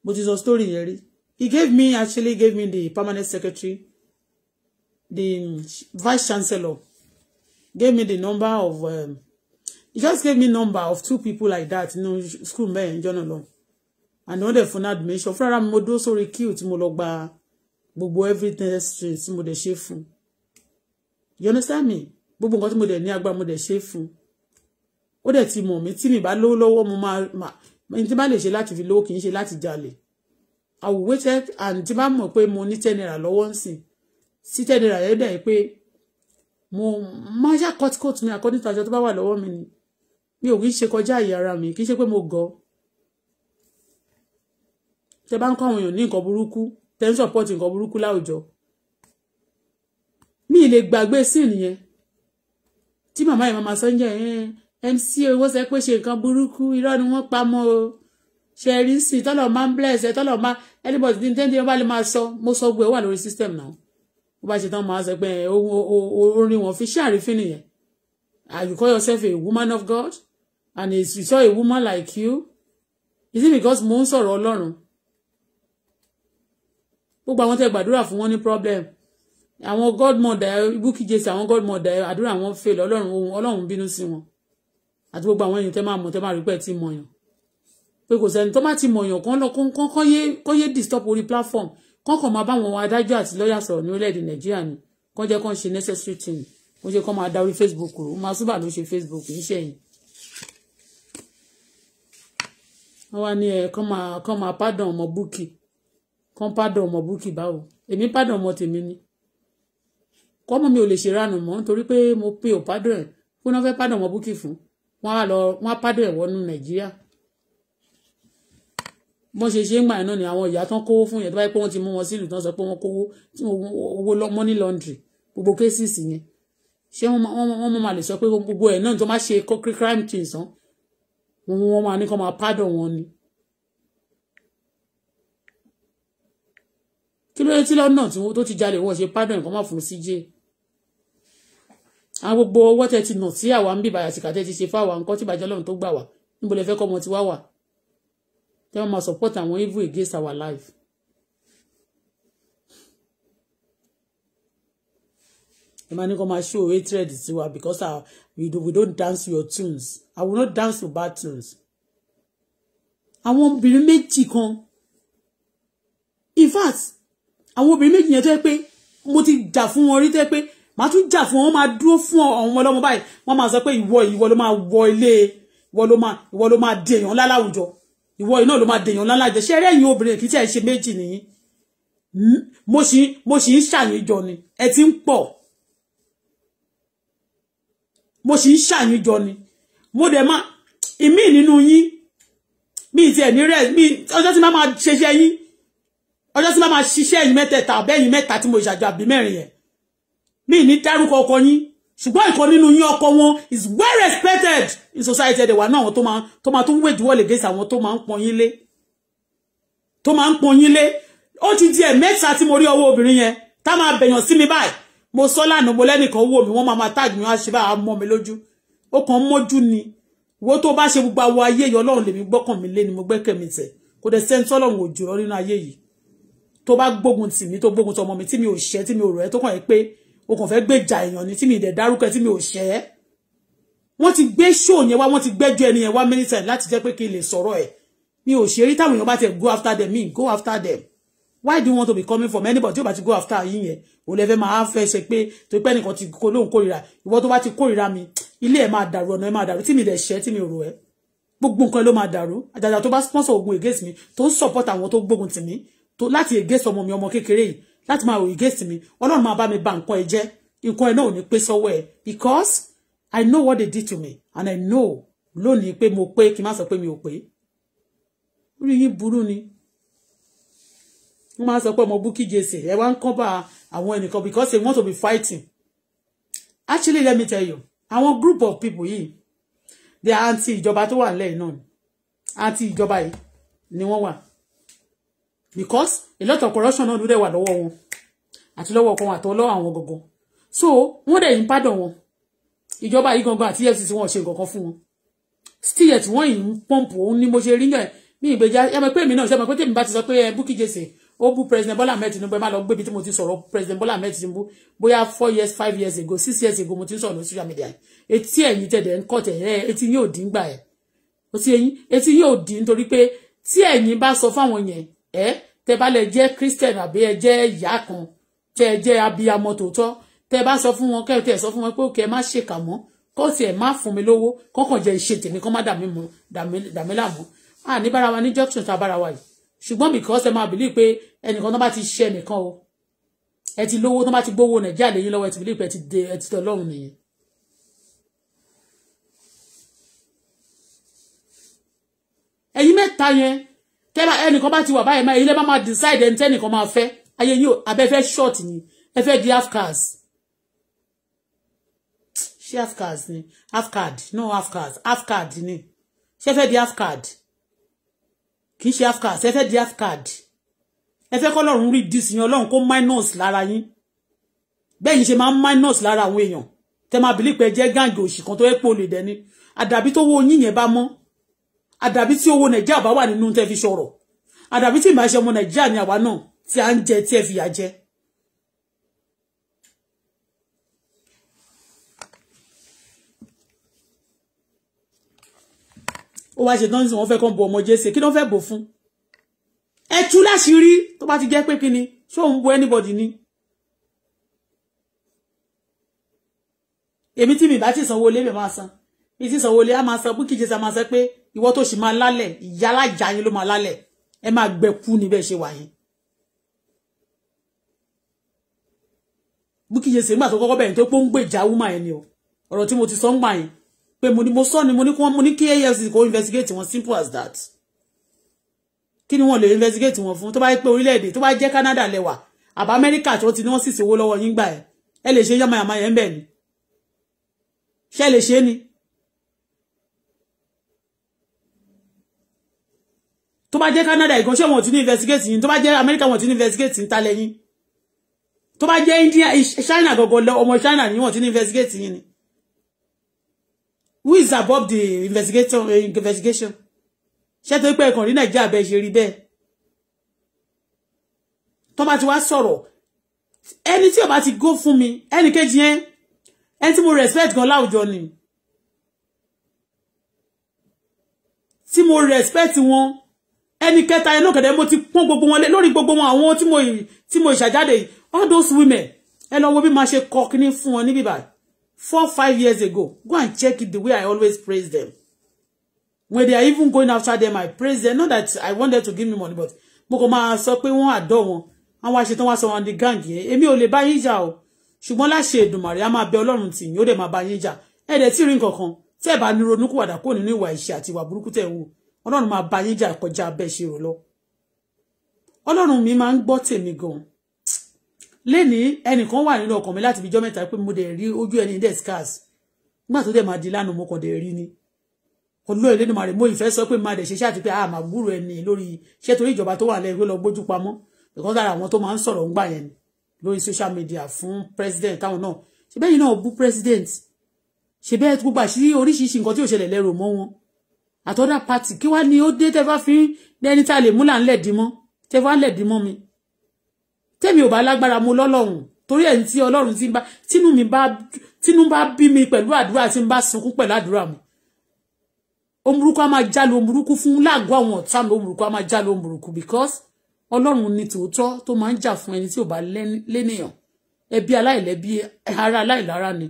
mo ti sọ story yẹn rí he gave me actually gave me the permanent secretary the vice chancellor gave me the number of um, he just gave me number of two people like that nínú school mẹ́rin jọ́nà lọ and wọ́n dẹ̀ fún admission fúnra mi mo dúró sórí queue tí mo lọ gba gbogbo everything necessary tí mo dẹ̀ ṣe fún you understand me gbogbo nǹkan tí mo dẹ̀ ní agbára mo dẹ̀ ṣe fún ó dẹ̀ ti mọ̀ mí tí mi bá lówó lọ́wọ́ mo máa ní tí bá lè ṣe láti fi lówó kì í ṣe láti jalè I will wait and tí bá mọ̀ pé mo ní ten naira lọ́wọ́ nsìn sí ten naira yẹn dẹ̀ pé mo máa ṣá cut coat mi according to aṣọ tó bá wà lọ́wọ́ mi ni mi ò kì í ṣe kọjá àyè ara mi kì í ṣe pé mo gọ̀ tẹ bá ń kọ́ àwọn èèyàn ní nǹkan burúkú tẹ́ ń support nǹkan burúkú láwùjọ mi ì lè gbàgbé sí nìyẹn tí màmá yẹn máa eh, sọ ń jẹ mc owó sẹ pé ṣe nǹkan burúkú irọ́ ni wọ́n pa mọ́ o ṣe rí sí tọ́lọ̀ máa ń bless ẹ tọ́lọ̀ máa anybody ní tẹ́ndé ọba lè máa sọ mo sọ gbé wà lórí system náà ó bá ṣe tán máa sọ pé eh, orin wọn fi ṣe àrífín nìyẹn ah, you call yourself a woman of God and you saw a woman like you is it because mo ń sọ̀rọ̀ Ọlọ́run gbogbo àwọn tẹ gbàdúrà fún wọn ní problem àwọn godmother Bukky Jesse àwọn godmother àdúrà wọn fail ọlọ́run ohun ọlọ́run bínú sí wọn àti gbogbo àwọn èèyàn tẹ máa mọ̀ tẹ máa rí pẹ́ tí mọ̀yàn pé kò sẹ́ni tó má ti mọ̀yàn kán lọ kán yé disturb orí platform kán kàn máa bá àwọn adájọ́ àti lọ́ọ̀yà sọ̀rọ̀ ní orílẹ̀-èdè nàìjíríà ni kán jẹ́ kán ṣe necessary thing kó ṣe kán máa da facebook rò ó máa súbà ló ṣe facebook ń ṣẹ̀yìn. wọ́n wá ní ẹ̀ kán máa pardon ọmọ Bukky kán pádàn ọmọ búkì báwo èmi pádàn ọmọ tèmi ni kọ́mọ mi ò lè ṣèrànù mọ́ nítorí pé mo pe ò pádàn ẹ̀ kó náà fẹ́ pádàn ọmọ búkì fún wọn á lọ wọn á pádàn ẹ̀ wọnú nàìjíríà bọ́n ṣe ṣe ń gbà náà ni àwọn ìyá tán kówó fún yẹn tó bá yẹ pé wọ́n ti mú wọn sílùú tán sọ pé wọ́n kówó tí owó money laundry gbogbo cases yẹn ṣé wọ́n máa lè sọ pé gbogbo ẹ̀ náà tó má ṣe crime things tán wọ́n máa ní kó máa pádàn wọn ni kí ló dé tí lọ́nà tí wọ́n tó ti jalè wọ́n ṣe pardon nǹkan mọ̀ fún CJ àwọn gbogbo owó tẹ ti nà sí àwa ń bíbà àsìkà tẹ ti ṣe fáwa nǹkan tí ìbàjẹ́ ọlọ́run tó gbà wá níbo lè fẹ́ kọ́ ọmọ tiwa wà tí wọ́n máa support àwọn evil against our life. ẹ máa ní kó máa show hatred tiwa because our, we, do, we don't dance your tunes I will not dance to bad tunes. àwọn obìnrin méjì kan in fact àwọn obìnrin méjì yẹn tó yẹ pé mo ti jà fún wọn rí tó yẹ pé màá tún jà fún wọn wọ́n máa dúró fún àwọn ọlọ́mọ báyìí wọ́n máa sọ pé ìwọ ìwọ ló máa wọ ilé ìwọ ló máa ìwọ ló máa di èèyàn ńlá láwùjọ ìwọ iná ló máa di èèyàn ńlá lájẹ ṣé eré ẹ̀yin obìnrin kì í tẹ ẹ ṣe méjì nìyí mo hmm? sì mo sì ń ṣàyẹjọ ni ẹ ti ń pọ̀ mo sì ń ṣàyẹjọ ni mo dẹ̀ máa ìmíì nínú yín mi ti ẹ̀ ní rẹ̀ mi ọjọ́ tí máa máa ṣeṣẹ́ yín ọjọ́ tí máa ṣiṣẹ́ ẹ̀yin mẹ́tẹ̀ẹ̀ta àbẹ́yìn mẹ́ta tí mo ìṣàjọ àbí mẹ́rin yẹn mi ní dárúkọ ọkọ yín ṣùgbọ́n ìkan nínú yín ọkọ wọn is well respected in society ẹ̀dẹ̀ wà náà àwọn tó máa tó máa tó ń wage war against àwọn tó máa ń pọn yín lé tó máa ń pọn yín lé ó ti di ẹ̀mẹ́ta tí mo rí ọwọ́ obìnrin yẹn tá máa bẹ̀yàn sí mi báyìí mo sọ lánàá mo lẹ́nìkan owó mi wọ́n máa máa táàgì mi wá ṣe mi lójú ó kàn mọ́jú ni ìwọ tó bá ṣe gbogbo àwọ ayé yọ ọlọ́run lèmi gbọ́kàn mi lé ni mo gbẹ́kẹ̀ mi tẹ̀ kò dẹ̀ sẹ́ńtọ́lọ́run òjò rọ nínú ayé yìí To bá gbógun tì mí to gbógun tọmọ mi tí mi ò ṣẹ̀ tí mi ò rẹ̀ tó kàn yẹ pé o kàn fẹ́ gbèjà èèyàn ni tí mi ìdẹ̀ dárúkọ tí mi ò ṣẹ̀ wọ́n ti gbé ṣó yẹn wá wọ́n ti gbẹ́jọ́ ẹni yẹn wá many times láti jẹ́ pé kí n lè sọ̀rọ̀ mi ò ṣe rí táwọn èèyàn bá ti go after them mean go after them why do you want to be coming from anybody tí o ti go after yín yẹn o lè fẹ́ máa fẹ́ ṣe pé tó pẹ́ nìkan ti kó lóhùn kórìíra ìwọ tó bá ti kórìíra mi ilé ẹ̀ máa dàrú ọ̀nà ẹ̀ máa dàrú tí mi dẹ̀ ṣẹ́ tí mi ò rò ẹ́ gbogbo nǹkan ló máa dàrú àjàjà tó bá sponsor ogun against mi To ń support àwọn to gbógun tì mí To láti against ọmọ mi ọmọ kékeré yìí láti máa wò against mi ọlọ́run máa bá mi ba nǹkan ẹ jẹ́ nǹkan ẹ náà ò ní pé sọ́wọ́ ẹ because I know what they did to me and I know lónìí pé mo pé kí n má sọ pé mi ò pé orí yín burú ni wọ́n máa sọ pé ọmọ Bukky Jesse ẹ wá ń kọ́ bá àwọn ẹnìkan because they want to be fighting actually let me tell you àwọn group of people yìí they are anti ìjọba tó wà nílẹ̀ náà anti ìjọba yìí ni wọ́n wà because a lot of corruption náà do dẹ̀ wà lọ́wọ́ wọn àti lọ́wọ́ ọkọ wọn àti ọlọ́wọ́ àwọn gangan so wọ́n dẹ̀ yín pádàn wọn ìjọba yìí gangan àti EFCC wọn ṣe nǹkan kan fún still yet wọ́n yìí ń pọ́ǹpù òun ni mo ṣe rí yàn ní ìgbèjà ẹ mọ̀ pé èmi náà ṣe mọ̀ pé tèmi ti sọ pé ẹ Bukky Jesse ó bú president Bola Ahmed Tinubu ẹ má lọ gbébi tí mo ti sọ̀rọ̀ president Bola Ahmed Tinubu boya four years five years ago six years ago mo ti sọ̀rọ̀ lórí social media etí ẹ̀yin tẹ̀dẹ̀ ń kọ̀ tẹ̀yẹ etí yóò dín gbà ẹ̀ ó ti ẹ̀yin etí yóò dín nítorí pé tí ẹ̀yin bá sọ fáwọn yẹn ẹ eh? tẹ bá lè jẹ́ christian àbí ẹ jẹ́ ìyá kan tẹ ẹ jẹ́ abiyamọ tòótọ́ tẹ bá sọ fún wọn kẹ tẹ sọ fún wọn pé òkè ẹ má ṣèkà mọ́ kó tiẹ̀ má fún mi lówó kọkàn jẹ ìṣe tèmi kọ má dàmí mu dàmí làmú à ní bára wa ní junction tá a bára wa yìí ṣùgbọ́n because ẹ máa bìlí pé ẹnìkan tó bá ti ṣe ẹnìkan o ẹ ti lówó tó bá ti gbówó nàìjíríà lẹ́yìn lọ́wọ́ ẹ ti bìlí pé ẹ ti tọ́lọ́run nìyẹn ẹ̀yin mẹ́ta yẹn tẹ́lá ẹnìkan bá ti wà báyìí máa ilé máa máa decide ẹni tẹ́nìkan máa fẹ́ ayé yìí abẹ́fẹ́ short ni ẹ fẹ́ di afcas ṣé afcas ni afcad no afcas afcad ni ṣé fẹ́ di afcad kì í ṣe afcas ẹ di afcad ẹ fẹ́ kọ́lọ́run rí dis yẹn ọlọ́run kó minus lára yín bẹ́ẹ̀ yìí ṣe máa ń minus lára àwọn èèyàn tẹ́ máa bìlí pé jẹ́ gáǹgì òṣì kan tó yẹ pé olè dẹni àdàbí tó wo yín yẹn bá mọ́ àdàbí tí owó nàìjíríà ba wà nínú tẹ́ fi sọ̀rọ̀ àdàbí tí ìbáṣe ọmọ nàìjíríà ni àwa náà tí à ń jẹ tí ẹ fi yà jẹ. ó wá ṣe tán sí wọn fẹ́ kàn bo ọmọ jésè kí ló fẹ́ bò fún ẹ tú láṣìírí tó bá ti jẹ́ pé kíni ṣó ń bo anybody ni. èmi tí mi bá ti sanwó ilé mi máa san mi ti sanwó ilé a máa san búkìjì sa máa sọ pé ìwọ tó sì máa lálẹ̀ ìyá alájà yín ló máa lálẹ̀ ẹ se gbẹkú níbẹ̀ ṣe wà yín. Bukky Jesse nígbà tó kọ́kọ́ bẹ̀rẹ̀ tó pé ó ń gbèjà wúmà ẹni o ọ̀rọ̀ tí mo ti sọ ń gbà yẹn mo ní mo sọ ni mo ní kí wọ́n mo ní kí AFCC investigate wọn simple as that kí ni le investigate wọn fún tó bá yẹ pé orílẹ̀-èdè tó bá jẹ́ Canada lẹ́wà Aba Amẹ́ríkà tó ti ní wọ́n sì ṣòwò lọ́wọ́ yín gbà ẹ̀ ẹ lè ṣe yàmàyàmà yẹn bẹ́ẹ̀ ni ṣé ẹ lè ni tó bá jẹ́ Canada ìkan ṣé wọn ti ní investigate yín tó bá jẹ́ America wọn ti ní investigate yín talẹ̀ yín tó bá jẹ́ India China gọ̀gọ̀ lọ ọmọ China ni wọn ti ní investigate yín ni who is above the investigation eh, investigation ṣé tó pẹ́ ẹ̀kan rí Nàìjíríà bẹ́ẹ̀ ṣe rí bẹ́ẹ̀ tó bá ti wá sọ̀rọ̀ ẹni tí ó ti go fún mi ẹnì kejì yẹn ẹni tí mo respect gan láwùjọ ni tí mo respect wọn ẹni kẹta ẹnu kẹ̀dẹ̀ mo ti pọ́n gbogbo wọn lórí gbogbo wọn àwọn tí mo ìṣàjáde all those women ẹ lọ wo bí máa ṣe kọ kíní fún wọn níbí báyìí four five years ago go and check it the way I always praise them when they are even going after them I praise them not that I want them to give me money but mo kàn máa sọ pé wọ́n àdọ́ wọn àwọn àṣetán wá sọ wọn di gáǹgì yẹn èmi ò lè bá yín jà o ṣùgbọ́n láṣẹ Èdùmàrè a máa bẹ Ọlọ́run tì yín ó dẹ̀ máa bá yín jà ẹ̀ dẹ̀ tí ì rí nǹkan kan tẹ́ ẹ̀ bá ní ronúkúwàdà kúrò nínú ìwà ìṣe àti ìwà burúkú tẹ̀ ń wò ọlọ́run máa bá yín jà kọjá bẹ́ẹ̀ ṣe rò lọ ọlọ́run mi máa ń gbọ́ tèmi gan lénìí ẹnìkan wà nínú ọkàn mi láti fi jọ́ mẹ́ta pé mo dẹ̀ rí ojú ẹni dẹ̀ scars nígbà tó dẹ̀ máa di lánàá mo kàn dẹ̀ rí ni olú ẹlẹ́nu màrè mo ìfẹ́ sọ pé máa dẹ̀ ṣe ṣáàtì pé a máa gbúrò ẹni lórí iṣẹ́ torí ìjọba tó wà lẹ́yìn pé lọ gbójú pamọ́ ìkan lára àwọn tó máa ń sọ̀rọ̀ ńgbà yẹn lórí social media fún president táwọn náà ṣe bẹ́yìn náà bú president ṣe bẹ́ẹ̀ gbogbo àṣírí oríṣiríṣi nǹkan tí ò ṣẹlẹ̀ lẹ́rù mọ́ wọn àtọ́dà pàtì kí wá ní ó dé tẹ́ bá fi ń lẹ́ni tá a lè mú là ń lẹ̀dí mọ́ tẹ́ bá ń lẹ̀dí mọ́ mi tẹ́mi ò bá lágbára mo lọ́lọ́run torí ẹ̀ ń tí ọlọ́run ti ń bá tínú mi bá tínú bá bí mi pẹ̀lú àdúrà tí ń bá sunkún pẹ̀lú àdúrà mi omurukú a máa jálu omurukú fún láàgọ́ àwọn ọ̀tá mi omurukú a máa jálu omurukú because ọlọ́run ni tòótọ́ tó máa ń jà fún ẹni tí ò bá lénìyàn ẹbí aláìlẹ́bí ara aláìlára ni.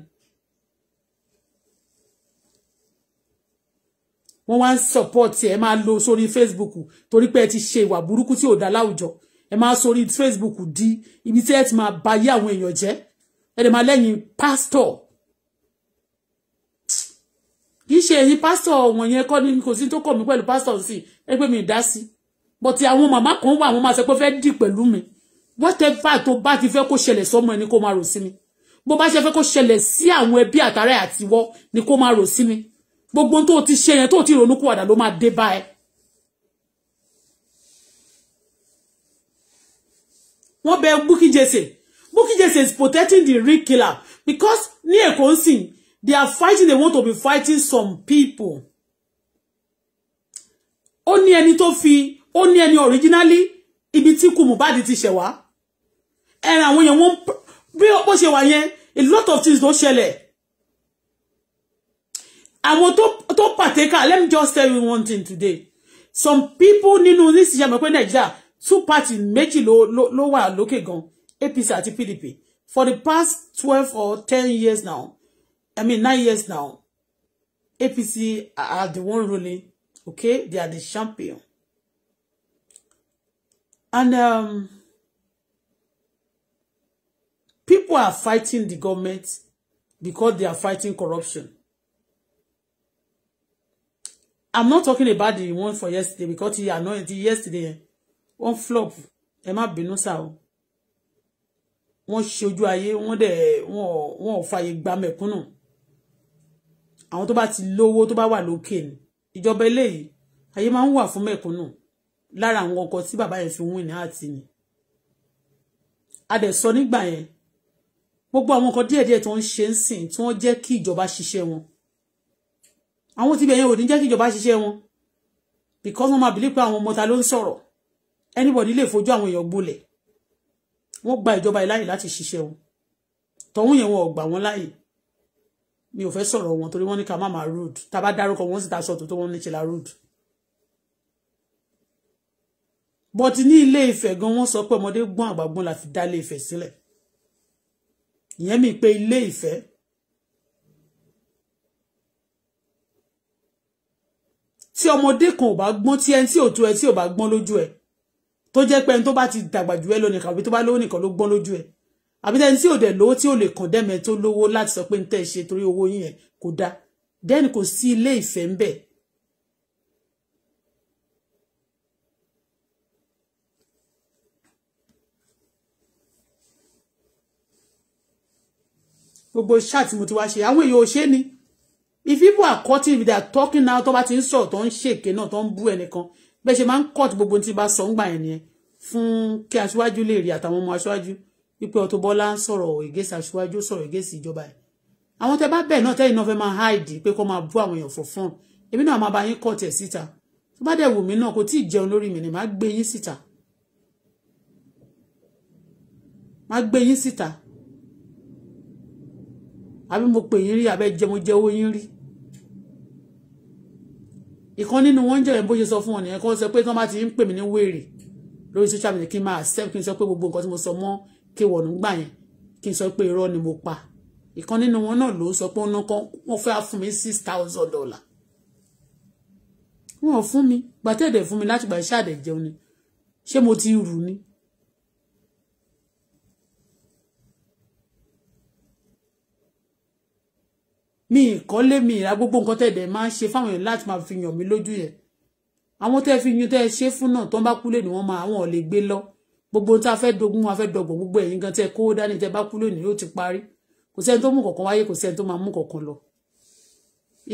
wọ́n wá ń support ẹ máa lọ sórí Facebook torí pé ẹ ti ṣe ìwà burúkú tí ò dá láwùjọ ẹ máa sórí Facebook di ibi tí ẹ ti máa bayé àwọn èèyàn jẹ́ ẹ dẹ̀ máa lẹ́yìn pásítọ̀ kì í ṣe èyí pásítọ̀ wọ̀nyẹn kọ́ ni kò sí tó kọ̀ mí pẹ̀lú pásítọ̀ sí ẹ pé mi dá sí but àwọn màmá kan wà wọ́n máa sọ pé fẹ́ dì pẹ̀lú mi whatever tó bá ti fẹ́ kó ṣẹlẹ̀ sọ́mọ ẹni kó máa rò sí mi bó bá ṣe fẹ́ kó ṣẹlẹ̀ sí àwọn ẹbí àtàrà àtiwọ́ ni kó máa rò sí mi gbogbo tó ti ṣe yẹn tó ti ronú kúwàdà ló máa dé bá ẹ wọ́n bẹ Bukky Jesse Bukky Jesse is protecting the real killer because ní Èkó ń sìn they are fighting they want to be fighting some people ó ní ẹni tó fi ó ní ẹni originally ibi tí kù Mohbad ti ṣẹ̀ wá ẹran àwọn yẹn wọ́n bí ó ṣe wà yẹn a lot of things ló ṣẹlẹ̀ àwọn tó tó pàtẹ́kà let me just tell you one thing today some people nínú nísìnyá mọ̀ pé nàìjíríà two parties méjì ló ló wà lókè gan APC àti PDP for the past twelve or ten years now I mean nine years now APC are the one ruling okay they are the champion and um, people are fighting the government because they are fighting corruption i'm not talking about the one for yesterday because he annoyed ti yesterday One flop Emma Benosa. One sá you wọ́n ṣojú ayé wọ́n one fire ò fààyè gba mẹ̀kúnnù àwọn tó bá ti lówó tó one looking. It's your ìjọba eléyìí ayé máa ń wà fún mẹ̀kúnnù lára àwọn ọkọ tí bàbá yẹn fi win àti ni a dẹ̀ sọ nígbà yẹn gbogbo àwọn nǹkan díẹ̀díẹ̀ tí wọ́n ń ṣe ń sìn tí wọ́n jẹ́ kí ìjọba ṣiṣẹ́ àwọn tí bẹ̀yẹn ò ní jẹ́ kí ìjọba ṣiṣẹ́ wọn because wọ́n máa bìlí pé àwọn ọmọ ta ló ń sọ̀rọ̀ anybody lè fojú àwọn èèyàn gbolẹ̀ wọ́n gba ìjọba yìí láàyè láti ṣiṣẹ́ wọn tọ̀hún yẹn wọn ò gbà wọ́n láàyè mi ò fẹ́ sọ̀rọ̀ wọn torí wọ́n ní ká má máa rude tá a bá dárúkọ wọn sì ta sọ̀tò tó wọ́n ní ṣe la rude. but ní ilé Ifẹ̀ gan wọ́n sọ pé ọmọdé gbọ́n àgbàgbọ́n la fi dá ilé Ifẹ̀ sílẹ̀ ìyẹn mi pé ilé Ifẹ̀ tí ọmọdé kan ò bá gbọ́n tí ẹni tí ò tó ẹ tí ò bá gbọ́n lójú ẹ tó jẹ́ pé ẹni tó bá ti dàgbà jù ẹ lọ nìkan àbí tó bá lówó nìkan ló gbọ́n lójú ẹ àbí tẹni tí ò dẹ̀ lówó tí ò lè kàn dẹ́mẹ tó lówó láti sọ pé ń tẹ̀ torí owó yín yẹn kò dáa dẹ́ni kò sí ilé ìfẹ́ ń bẹ̀ gbogbo ṣáà tí mo ti wá ṣe àwọn èèyàn ò ṣe ni if people are cutting if they are talking now tó bá ti ń sọ̀rọ̀ tó ń ṣèké náà tó ń bú ẹnìkan bẹ́ẹ̀ ṣe máa ń cut gbogbo tí bá sọ ń gbà yẹn nìyẹn fún kí aṣíwájú lè rí àtàwọn ọmọ aṣíwájú wípé Auto Bola ń sọ̀rọ̀ ègèsì aṣíwájú sọ̀rọ̀ ègèsì ìjọba ẹ̀ àwọn tẹ bá bẹ̀ náà tẹ́yìn náà fẹ́ máa hide pé kó máa bú àwọn èèyàn for fun èmi náà máa bá yín cut ẹ̀ síta tó bá dẹ̀ wù mí náà kò tí ì jẹun lórí mi ni máa gbé yín síta máa gbé yín síta àbí mo pè yín rí àbẹ́ jẹ́ mo owó yín rí ìkan nínú wọn ń jẹ́ bó ṣe sọ fún wọn nìyẹn kí wọ́n sọ pé tí wọ́n bá ti ń pè mí ní wèrè lórí social media kí n máa accept kí n sọ pé gbogbo nǹkan tí mo sọ mọ́ kéwọ̀n nígbà yẹn kí n sọ pé irọ́ ni mo pa ìkan nínú wọn náà ló sọ pé wọ́n fẹ́ fún mi six thousand dollar wọn ò fún mi gbàtẹ́ẹ̀dẹ̀ fún mi láti gbà iṣẹ́ àdẹ̀jẹun ni ṣé mo ti rù ni mi ìkọ́lé mi ìra gbogbo nǹkan tẹ̀ dẹ̀ máa ń ṣe fáwọn èèyàn láti máa fi yàn mí lójú yẹn àwọn tẹ́ fi yun tẹ́ ṣe fún náà tó ń bá kú lónìí wọ́n máa àwọn ò lè gbé lọ gbogbo tá a fẹ́ dogun a fẹ́ dọ̀gbọ̀n gbogbo ẹ̀yin gan tẹ́ kó dání tẹ́ bá kú lónìí yóò ti parí kò sẹ́ni tó mú kọ̀ọ̀kan wáyé kò sẹ́ni tó máa mú kọ̀ọ̀kan lọ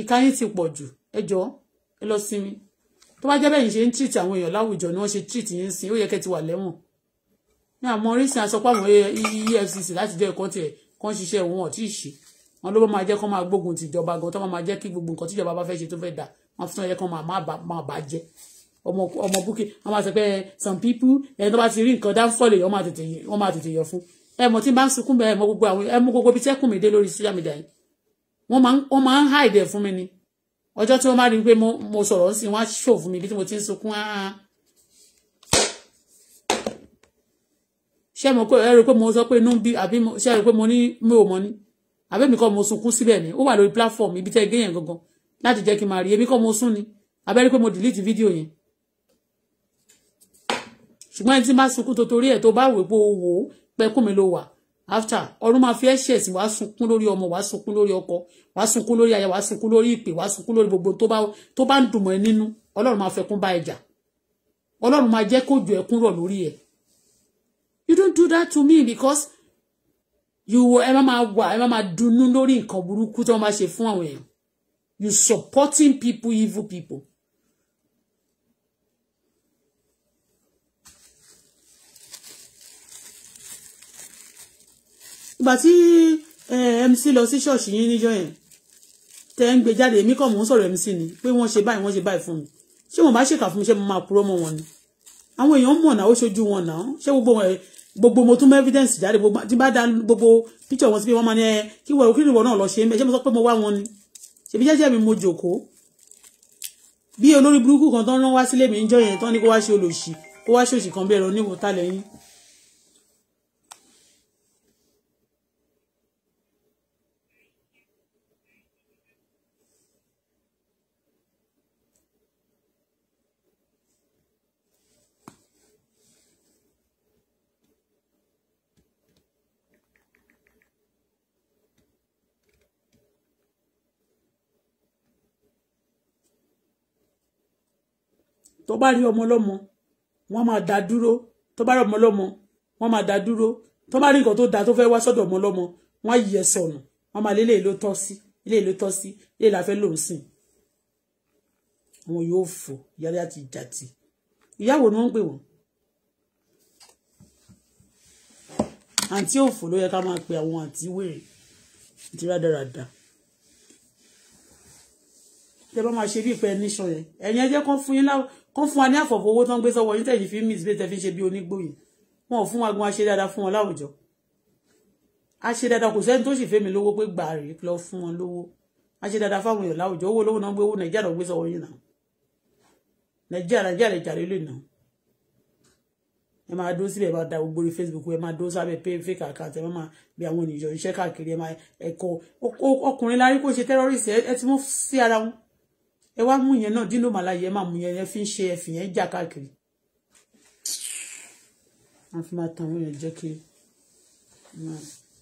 ìka yín ti pọ̀ jù ẹ jọ ẹ lọ sinmi tó bá jẹ́ bẹ́ẹ̀ yìí ṣe ń tírìtì àwọn èèyàn láwùjọ ni wọ́n ṣe tírìtì yín sin ó yẹ kẹ́ ti wà lẹ́wọ̀n wọn ló bá máa jẹ́ kó máa gbógun ti ìjọba gan tó máa máa jẹ́ kí gbogbo nǹkan tí ìjọba bá fẹ́ ṣe tó fẹ́ dà wọn fún ẹ̀yẹ kan máa máa bà jẹ́ ọmọ ọmọ búkì wọn máa sọ pé eh, some people ẹni eh, tó bá ti rí nǹkan dáńfọ́lẹ̀ wọn máa tètè yọ fún ẹ mọ̀ tí n bá ń sunkún bẹ́ẹ̀ mọ gbogbo àwọn ẹ mú gbogbo ibi tẹ́kùn mi dé lórí social media yìí wọ́n máa ń hide ẹ̀ fún mi ni ọjọ́ tí wọ́n bá rí i pé mo sọ̀rọ̀ sí wọ́n á ṣò fún mi bí mo ti ń sunkún áá ah, ah, ah. ṣé mo rò pé mo sọ pé inú bí àbí ṣé rò pé mo ní mi ò mọ ni àbẹ́mi kọ́ mo sunkún síbẹ̀ ni ó wà lórí platform ibi tẹ́ gbé yẹn gangan láti jẹ́ kí n máa rí èmi kọ́ mo sún ni àbẹ́rí pé mo delete fídíò yẹn ṣùgbọ́n ẹni tí má sunkún tó torí ẹ̀ tó bá wò pé o wò ó pẹ́kún mi ló wà after ọdún máa fi ẹ̀ṣẹ̀ sí wàá sunkún lórí ọmọ wàá sunkún lórí ọkọ wàá sunkún lórí aya wàá sunkún lórí ìpè wàá sunkún lórí gbogbo tó bá ń dùn ẹ nínú ọlọ́run máa fẹkún bá ẹ ọlọ́run máa jẹ́ kó jù ẹkún rọ̀ lórí ẹ you don't do that to me because you ẹ má máa wà ẹ má máa dunnú lórí nǹkan burúkú tó máa ṣe fún àwọn èèyàn you supporting people evil people. ìgbà tí MC lọ sí ṣọ́ọ̀ṣì yín níjọ́ yẹn tẹ́ ń gbé jáde èmi kàn mò ń sọ̀rọ̀ MC ni pé wọ́n ṣe báyìí wọ́n ṣe báyìí fún mi ṣé wọ́n bá ṣèkà fún mi ṣé mo máa purọ́ mọ́ wọn ni àwọn èèyàn mọ̀ náà ó ṣojú wọn náà ṣé gbogbo gbogbo mo tún mọ evidence jáde gbogbo tí bá da gbogbo picture wọn sí pé wọn máa ní ẹ kí wọ kí ìwọ náà lọ ṣe ń bẹ ṣé mo sọ pé mo wá wọn ni ṣèbí jẹ́jẹ́ mi mo jòkó bí olórí burúkú kan tó ń rán wá sílé mi ń jọ yẹn tán ní kó wá ṣe olòṣì kó wá ṣòṣì kan bí ẹ̀rọ oníwòta lẹ́yìn tó bá rí ọmọ ọlọ́mọ wọ́n máa dá dúró tó bá rí ọmọ ọlọ́mọ wọ́n máa dá dúró tó bá rí nǹkan tó dáa tó fẹ́ wá sọ́dọ̀ ọmọ ọlọ́mọ wọ́n á yí ẹsẹ̀ ọ̀nà wọ́n máa lé ilé ló tọ́ sí ilé ló tọ́ sí ilé la fẹ́ lòún sìn wọn yóò fò yálé àti ìjàtì ìyàwó ni wọ́n ń pè wọ́n àǹtí òfò ló yẹ ká máa pe àwọn àǹtí wèrè àti rádaràda tẹ bá máa ṣe bí ìpẹ níṣan yẹn ẹ̀yin ẹ jẹ́ fún yín láwọn kán fún wa ní àfọ̀fọ̀ owó tó ń gbé sọ́wọ́ yín tẹ̀yìn fi ń mìsí tẹ̀ fi ń ṣe bí onígbòyìn wọn ò fún wa gan aṣe dáadáa fún wọn láwùjọ aṣe dáadáa kò sẹ́ni tó sì fẹ́mi lówó pé gbà rè lọ fún wọn lówó aṣe dáadáa fáwọn èèyàn láwùjọ owó lówó náà gbé owó nàìjíríà lọ gbé sọ́wọ́ yín náà nàìjíríà nàìjíríà lè jàre lè nà ẹ máa dó síbẹ̀ bá da gbogbo orí Facebook ẹ máa dó sábẹ̀ pé fake account ẹ máa bí àwọn ènìyàn iṣẹ́ káàkiri ẹ máa ẹ̀kọ́ ọkùnrin lárí kò ṣe terrorist ẹ ti mú sí ara wọn ẹ wá mú yẹn náà dínú màláyé ẹ máa mú yẹn yẹn fi ń ṣe ẹ̀fìn yẹn jà káàkiri wọn fi máa tan àwọn jẹ kiri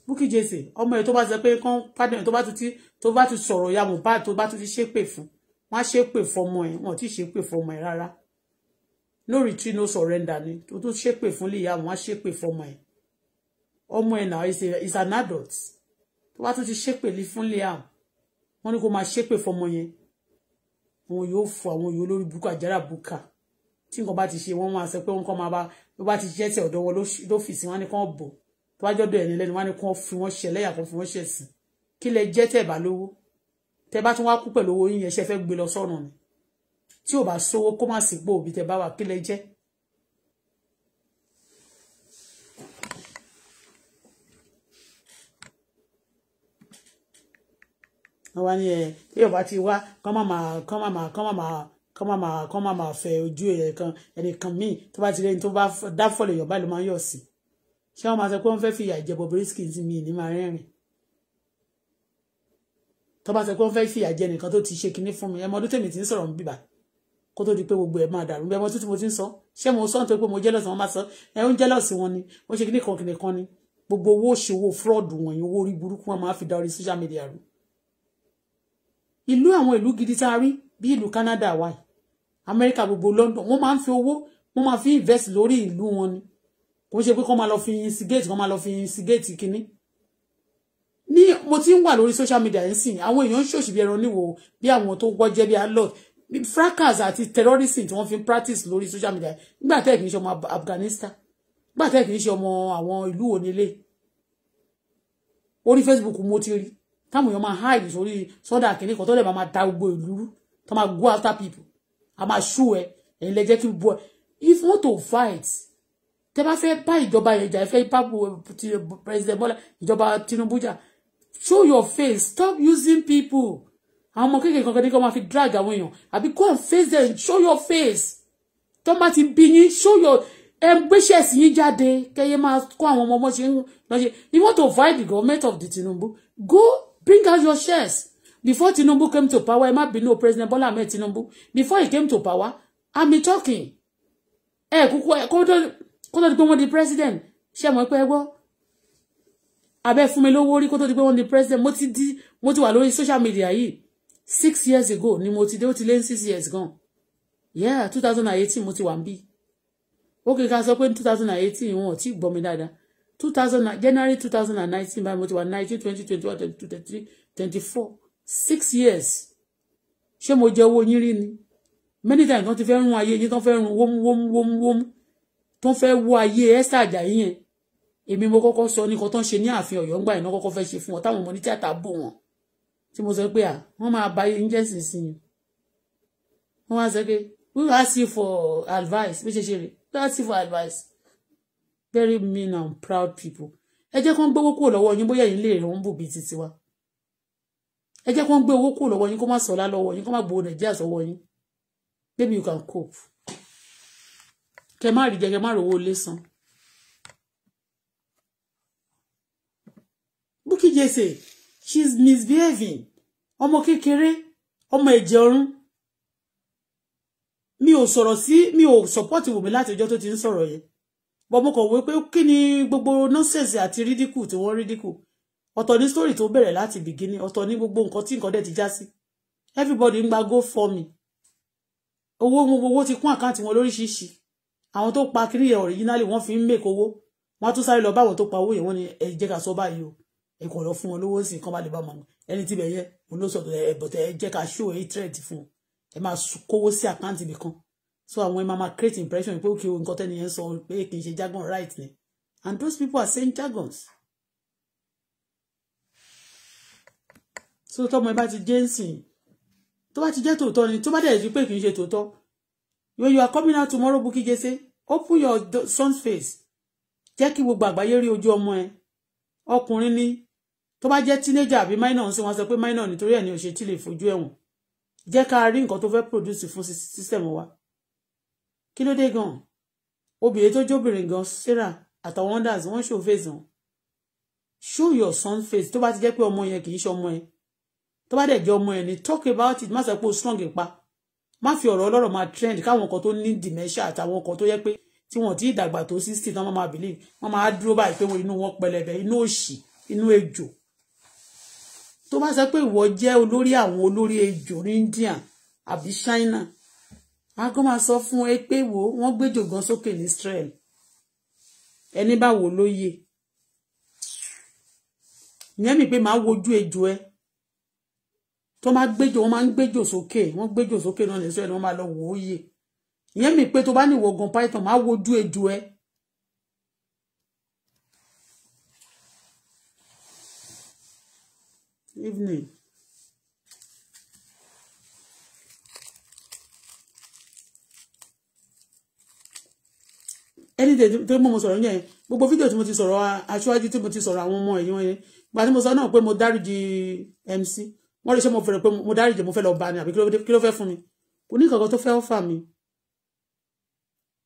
Bukky Jesse ọmọ yẹn tó bá sọ pé kán pádẹ́n tó bá tún ti tó bá tún sọ̀rọ̀ ya Mohbad tó bá tún ti ṣépè fún wọn á ṣépè fọmọ ẹ wọn ò tí ì ṣépè fọmọ ẹ rárá no retreat no surrender ni tó tún ṣépè fún lè ya wọn á ṣépè fọmọ ẹ ọmọ ẹ náà is an adult tó bá tún ti ṣépè fún lè ya wọn ni kó máa ṣépè fọmọ yẹn wọn yóò fọ àwọn yóò lórí búkà jára búkà tí nǹkan bá ti ṣe wọn máa sọ pé wọn kàn máa bá bí wọn bá ti ṣiṣẹ́ tẹ̀ ọ̀dọ́ wọn lọ́fíìsì wọn ni kàn bọ̀ tó bá jọ́dọ̀ ẹ̀yìn lẹ́nu wọn ni kàn fi wọn ṣe lẹ́yà kan fi wọn ṣe sìn kí lẹ jẹ́ tẹ̀ bá lówó tẹ bá tún wá kú pẹ̀lú owó yín yẹn ṣe fẹ́ gbé lọ sọ́run ni tí ò bá sówó kó má sí gbòòbí tẹ bá wà kí lẹ jẹ́ àwa ni ẹ tí yóò bá ti wá kán má máa kán má máa kán má máa kán má máa kán má máa fẹ ojú ẹ kan ẹnìkan míì tó bá ti rẹni tó bá dáfọlẹ yọba ló máa ń yọ sí ṣé wọn máa sọ pé wọn fẹẹ fi ìyà jẹ Bobrisky tí mi ní máa rẹ́rìn tó bá sọ pé wọn fẹẹ fi ìyà jẹ nìkan tó ti ṣe kinní fún mi ẹmọ ọdún tèmi ti ń sọ̀rọ̀ ń bìbà kó tó di pé gbogbo ẹ máa dàrú bí ẹmọ tó ti mo ti ń sọ ṣé mo sọ nítorí pé mo jẹ́lọ́sì wọn máa sọ ẹ ń jẹ́lọ́sì wọn ni wọ́n ṣe kinní kan kinní kan ni gbogbo owó òṣèwò fúrọ́ọ̀dù wọ̀nyí owó orí burúkú wọn máa fi da orí social media rú ìlú àwọn ìlú gidi tá a rí bí ìlú Canada wà yìí Amẹ́ríkà gbogbo London wọ́n máa ń fi owó wọ́n máa fi invest lórí ìlú wọn ni kò ṣe pé kọ́ máa lọ fi instigate kọ́ máa lọ fi instigate kínní ní mo ti ń wà lórí social media yìí sìn àwọn èèyàn ń ṣòṣì bí ẹran níwò bí àwọn tó wọ́jẹ́ bí alert fracas àti terrorism tí wọ́n fi ń practice lórí social media nígbà tẹ́ kì í ṣe ọmọ Afghanistan nígbà tẹ́ kì í ṣe ọmọ àwọn ìlú onílé orí Facebook mo ti rí táwọn èèyàn máa hide sórí sọ́dà kìnní kan tó lè máa da gbogbo ìlú rú tó máa go after people a máa ṣú ẹ ẹ̀yin lẹ jẹ́ kí bọ́ if wọ́n tó fight tẹ bá fẹ́ bá ìjọba yẹn jà ẹ fẹ́ bá president Bọ́lá ìjọba Tinubuja. show your face stop using people àwọn ọmọ kékeré kankan ní kí wọ́n máa fi drag àwọn èèyàn àbí go and face them show your face tó bá ti bí yín show your ẹ gbéṣẹ́ sí yín jáde kẹ́yẹ máa kó àwọn ọmọ ọmọ ṣe ń lọ ṣe fight the government of the Tinubu go Bring out your shares. Before Tinubu came to power, it might be no President Bola met Tinubu. Before he came to power, I'm mean talking. Ẹ Kuku, ẹ kó tó di pé wọ́n president. Ṣé mo pẹ́ gbọ́? Abẹ́ fún mi lówó rí kó tó di pé wọ́n di president. Mo ti di mo ti wà lórí social media yìí. Six years ago ni mo ti dé ó ti lé six years gan. Yeah, two thousand and eighteen mo ti wà ń bí. Ó kì í ká sọ pé two thousand and eighteen wọn ò tí gbọ́ mi dáadáa. 2000 january 2019 by and nineteen báyìí mo ti wà nineteen twenty twenty one twenty two twenty three twenty four six years ṣé mo jẹ owó yín ni many times don't ti fẹ́ run ayé yín kan fẹ́ run wóm wóm wóm wóm tó fẹ́ wọ ayé ẹ́sà àjàyí yẹn èmi mo kọ́kọ́ sọ ní kan tó ń ṣe ní ààfin ọ̀yọ́ ńgbà iná kọ́kọ́ fẹ́ ṣe fún wọn táwọn ọmọ ní tíátà bò wọn mo sọ pé à wọ́n máa ba yín jẹ́ sísìn yìí wọ́n wá we ask you for advice bí ṣe ṣe rè we ask you for advice very mean and proud people ẹ jẹ́ kó ń gbowó kúrò lọ́wọ́ yín bóyá yín lè rán bùbí títí wa ẹ jẹ́ kó ń gbé owó kúrò lọ́wọ́ yín kó má sọ̀lá lọ́wọ́ yín kó má gbowó nàìjíríà sọ́wọ́ yín maybe you can cope kẹ má rí jẹ kẹ má rówó lé san. Bukky Jesse she is misbehaving ọmọ kékeré ọmọ ẹ̀jẹ̀ ọ̀run mi ò sọ̀rọ̀ sí mi ò support wùmí láti ọjọ́ tó ti ń sọ̀rọ̀ yẹn but mo kàn wé pé kí ni gbogbo nonsense àti ridicule tí wọ́n ridicule ọ̀tọ̀ ní story tó bẹ̀rẹ̀ láti beginning ọ̀tọ̀ ní gbogbo nǹkan tí nǹkan dẹ̀ ti já sí everybody ń gba go for me owó owó ti kún àkáǹtì wọn lóríṣiríṣi àwọn tó pa kiri yẹn originally wọ́n fi ń make owó wọ́n á tún sáré lọ bá àwọn tó pa owó yẹn wọ́n ní ẹ jẹ́ ká sọ báyìí o ẹ kò lọ fún wọn lówó sí kán bá lè bá mọ ẹni tí bẹ yẹ olóṣọdọ ẹ bọtẹ ẹ jẹ́ ká show hatred fún ẹ máa kówó sí àkáǹtì nìkan so àwọn ẹ̀ máa create impression pé òkè nǹkan tẹ́ni yẹn sọ pé kì í ṣe jargon right ni and those people are saying jargons. so tọmọ ẹ bá ti jẹ́ ń sìn tó bá ti jẹ́ tòótọ́ ni tó bá dẹ̀ ju pé kì í ṣe tòótọ́ when you are coming out tomorrow Bukky Jesse open your son's face jẹ́ kí gbogbo àgbáyé rí ojú ọmọ ẹ ọkùnrin ni tó bá jẹ́ teenager àbí minor ń sọ wọn sọ pé minor nítorí ẹ̀ ní òṣè tí lè fojú ẹ̀wọ̀n jẹ́ ká rí nǹkan tó fẹ́ produce fún system wa kí ló dé gan obìnrin tó jóbìnrin gan sarah àtàwọn wonders wọn ṣò fèsì hàn show your son face tó bá ti jẹ́ pé ọmọ yẹn kì í ṣe ọmọ ẹ tó bá dẹ̀ jẹ́ ọmọ ẹ ni talk about it má sọ pé o strong pa má fi ọ̀rọ̀ ọlọ́rọ̀ máa trend káwọn kan tó ní dementia àtàwọn kan tó yẹ pé tí wọ́n ti dàgbà tó sixty tán wọ́n máa believe wọ́n máa dúró báyìí pé inú wọn pẹlẹbẹ inú òṣì inú ejò tó bá sọ pé ìwọ jẹ́ olórí àwọn olórí ejò ní India àbí China aago máa sọ fún ẹ pé wo wọ́n gbé jògan sókè ní Israel ẹni bá wò lóye ìyẹn mi pé màá wojú ejò ẹ tó máa gbéjò wọ́n máa ń gbéjò sókè wọ́n gbéjò sókè náà ní Israel wọ́n máa lọ wò ó yè ìyẹn mi pé tó bá ní ìwọ̀gàn python máa wojú ejò ẹ. evening. ẹni tó mọ̀ mo sọ̀rọ̀ yẹn gbogbo fídíò tí mo ti sọ̀rọ̀ aṣáájú tí mo ti sọ̀rọ̀ àwọn ọmọ ẹ̀yìn wọ̀nyẹn gba tí mo sọ náà pé mo dáríji MC wọ́n lè ṣe mo fẹ̀rẹ̀ pé mo dáríji mo fẹ́ lọ bá ni àbí kí ló fẹ́ fún mi kò ní kankan tó fẹ́ fà mí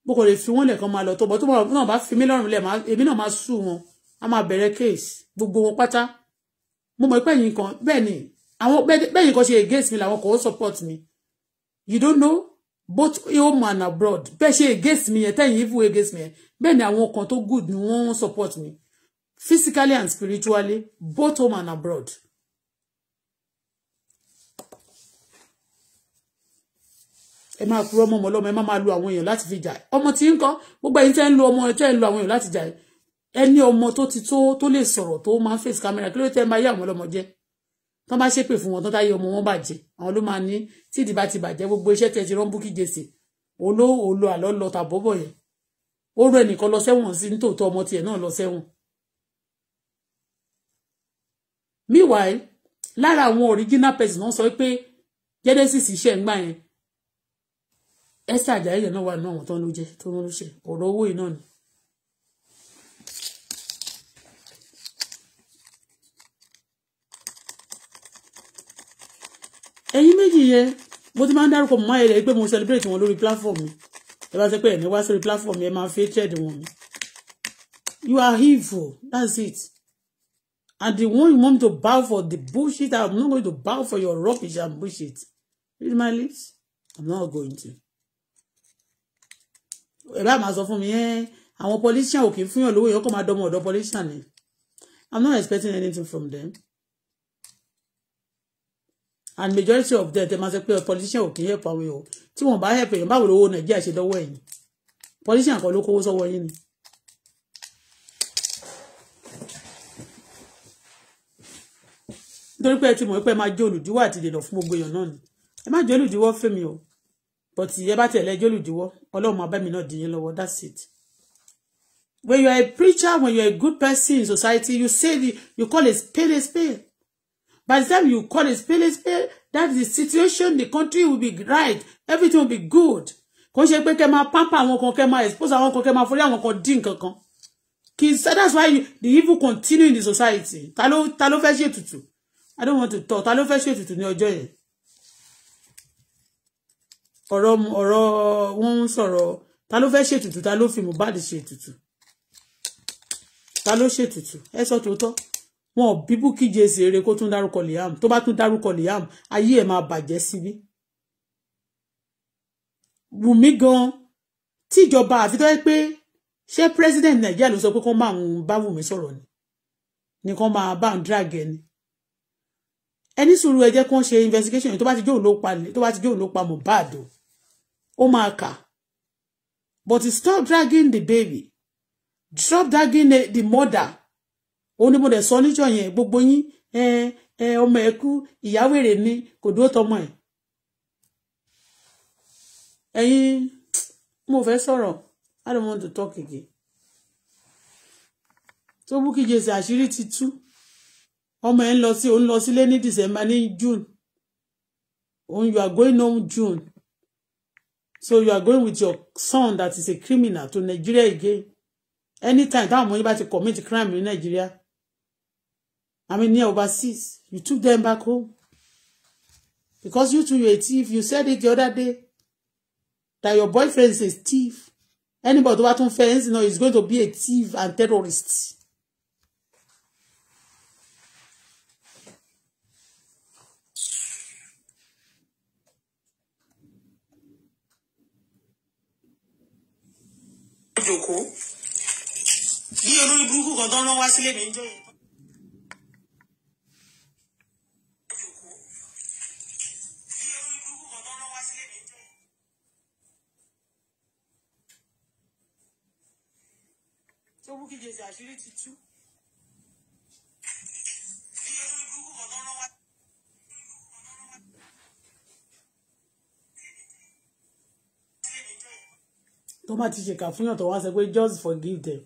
mo kò lè fi wọ́n lẹ̀kan máa lọ tó bọ́ tó náà bá fi mí lọ́rùn lẹ̀ èmi náà máa sùn wọn a máa bẹ̀rẹ̀ case gbogbo wọn pátá mo mọ̀ pé ẹ̀yìn kan bẹ́ẹ̀ ni àwọn bẹ́ẹ̀ yìí kan ṣe against mi làwọn kan ó support mi you don't know both home and abroad bẹ́ẹ̀ ṣe against me, yẹn tẹ̀yìn even against me. yẹn bẹ́ẹ̀ ni àwọn kan tó good ni wọ́n support me, physically and spiritually both home and abroad. ẹ máa kúrò ọmọ ọmọlọmọ ẹ má máa lo àwọn èèyàn láti fi jà ọmọ tí ń kọ gbogbo ẹ̀yin tẹ́ ń lo ọmọ tẹ́ ń lo àwọn èèyàn láti jà ẹni ọmọ tó ti tó tó lè sọ̀rọ̀ tó máa ń face camera kí ló tẹ́ máa yá àwọn ọmọlọmọ jẹ́ tán bá ṣépè fún wọn tán táyé ọmọ wọn bàjẹ́ àwọn ló máa ní tí ìdìbà ti bàjẹ́ gbogbo iṣẹ́ tẹ̀ ti rán Bukky Jesse olo olo àlọ́ lọ tàbọ̀bọ̀ yẹn ó rọ ẹnìkan lọ sẹ́wọ̀n sí nítòótọ́ ọmọ tiẹ̀ náà lọ sẹ́wọ̀n. meanwhile lára àwọn original person náà sọ pé Genesis iṣẹ́ ń gbà yẹn Esther Ajayi yẹn náà wà nínú àwọn tó ń lo jẹ tó ń lo ṣe ọ̀rọ̀ owó yìí náà ni ẹ̀yin méjì yẹn mo ti máa ń dárúkọ mọ́ ẹ̀rẹ́ pé mo celebrate wọn lórí platform mi ẹ bá sọ pé ẹ̀mí wá sórí platform mi ẹ máa fẹ́ trade wọn mi you are evil that's it and the one you want me to bow for the bullshit i'm not going to bow for your rubbish and bullshit read my lips i'm not going to ẹ bá máa sọ fún mi ẹ àwọn politician ò kì í fún yàn lówó yẹn kó máa dọmọ ọ̀dọ̀ politician ni i'm not expecting anything from them and majority of them tẹ̀mọ́ sọ pé politician ò kì í help àwọn èèyàn tí wọ́n bá help èèyàn báwo lówó nàìjíríà ṣe dọ́wọ́ ẹ̀yìn politician kan ló kówó sọ́wọ́ yín ni. nítorí pé ẹ ti mọ̀ pé ẹ máa jẹ́ olùdíwọ́ àti ìdènà fún gbogbo èèyàn náà ni ẹ má jẹ́ olùdíwọ́ fẹ́mi o but ẹ bá tẹ̀lé ẹjọ́ olùdíwọ́ ọlọ́run máa bá mi náà dìyẹn lọ́wọ́ that's it. when you are a preacher when you are a good person in society you say the, you call a spade a spade By the time you call a spade a spade, that's the situation, the country will be right, everything will be good. Kò ṣe pé kẹ́ ma pamper àwọn kan kẹ́ ma expose àwọn kan kẹ́ máa forí àwọn kan dín kankan. Kì that's why you, the evil continue in the society. Ta ló ta ló fẹ́ ṣe ètùtù? I don't want to talk. Ta ló fẹ́ ṣe ètùtù ní ọjọ́ yẹn? Ọ̀rọ̀ ọ̀rọ̀ wọ́n ń sọ̀rọ̀ ta ló fẹ́ ṣe tutu. ta ló fi Mohbad ṣe ètùtù? Ta ló ṣe ètùtù? Ẹ sọ tòótọ́ wọn ò bí Bukky Jesse eré kó tún dárúkọ Liam tó bá tún dárúkọ Liam ayé ẹ̀ máa bàjẹ́ síbí. Wùmí gan tíjọba àfi tó yẹ pé ṣé president Nàìjíríà ló sọ pé kó máa ń bá Wùmí sọ̀rọ̀ ni ni kó máa bá ń drag ẹni ẹni sùúrù ẹ jẹ́ ṣe investigation tó bá ti jóun ló pa tó bá ti jóun ló pa Mohbad o ó máa kà but stop dragging the baby stop dragging the, the mother òun ni mo dẹ̀ sọ níjọ́ yẹn gbogbo yín ọmọ ẹ kú ìyáwèrè ni kò dúró tọmọ ẹ ẹ̀yin mo fẹ́ sọ̀rọ̀ I don't want to talk again tó Bukky Jesse àṣírí ti tú ọmọ ẹ ń lọ sí òun lọ sílé ní December ní June òun you are going home June so you are going with your son that is a criminal to Nigeria again anytime táwọn ọmọ yín bá ti commit crime ní Nigeria I mean near overseas. You took them back home. Because you two, you're a thief. You said it the other day. That your boyfriend is a thief. Anybody who wants friends, you know, is going to be a thief and terrorist. Jókòó. Bí olórí burúkú kan tó ń rán wá sílé mi ń jọ yìí. tó Bukky Jesse àṣírí ti tú. tó má ti ṣèkà fún yàn tó wá sọ pé just forgive them.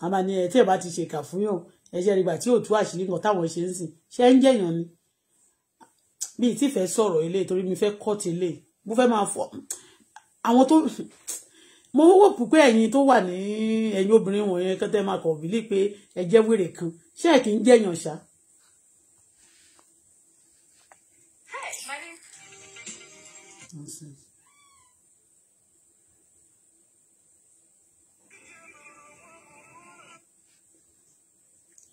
a máa ní ẹ tí ẹ bá to ṣèkà fún yàn ẹ ṣe ìgbà tí ò tú àṣírí kan táwọn ṣe ń sìn ṣe ń jẹyàn ni mi ì tí fẹ́ sọ̀rọ̀ ilé torí mi fẹ́ kọ́ ti ilé mo fẹ́ máa fọ àwọn tó mo wò pé ẹ̀yin tó wà ní ẹ̀yin obìnrin wọ̀nyẹn kẹtẹ máa kọ bílí pé ẹ jẹ́ wèrè kan ṣé ẹ kì í jẹyàn ṣá.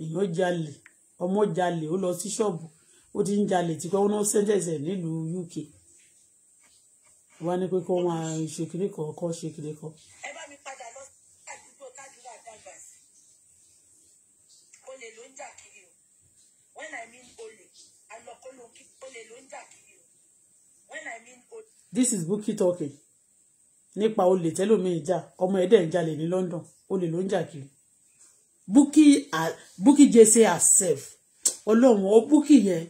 èèyàn jalè ọmọ jalè ó lọ sí ṣọ́ọ̀bù ó ti ń jalè tipẹ́ ó ná sẹ́ńtẹ̀sẹ̀ nílùú UK wá ní pé kó máa ṣe kinní kan kọ́ ṣe ẹ bá mi padà lọ sí àdúgbò kádùúrà dàgbà sí olè ló ń jà kiri o when I mean olè alọkọlọ olè ló ń jà kiri o when I mean olè. this is Bukky talking nípa olè tẹ́lómi ìjà ọmọ ẹ̀dẹ̀ ń jalè ní London olè ló ń jà kiri Bukky Bukky jese herself ọlọ́run ó Bukky yẹn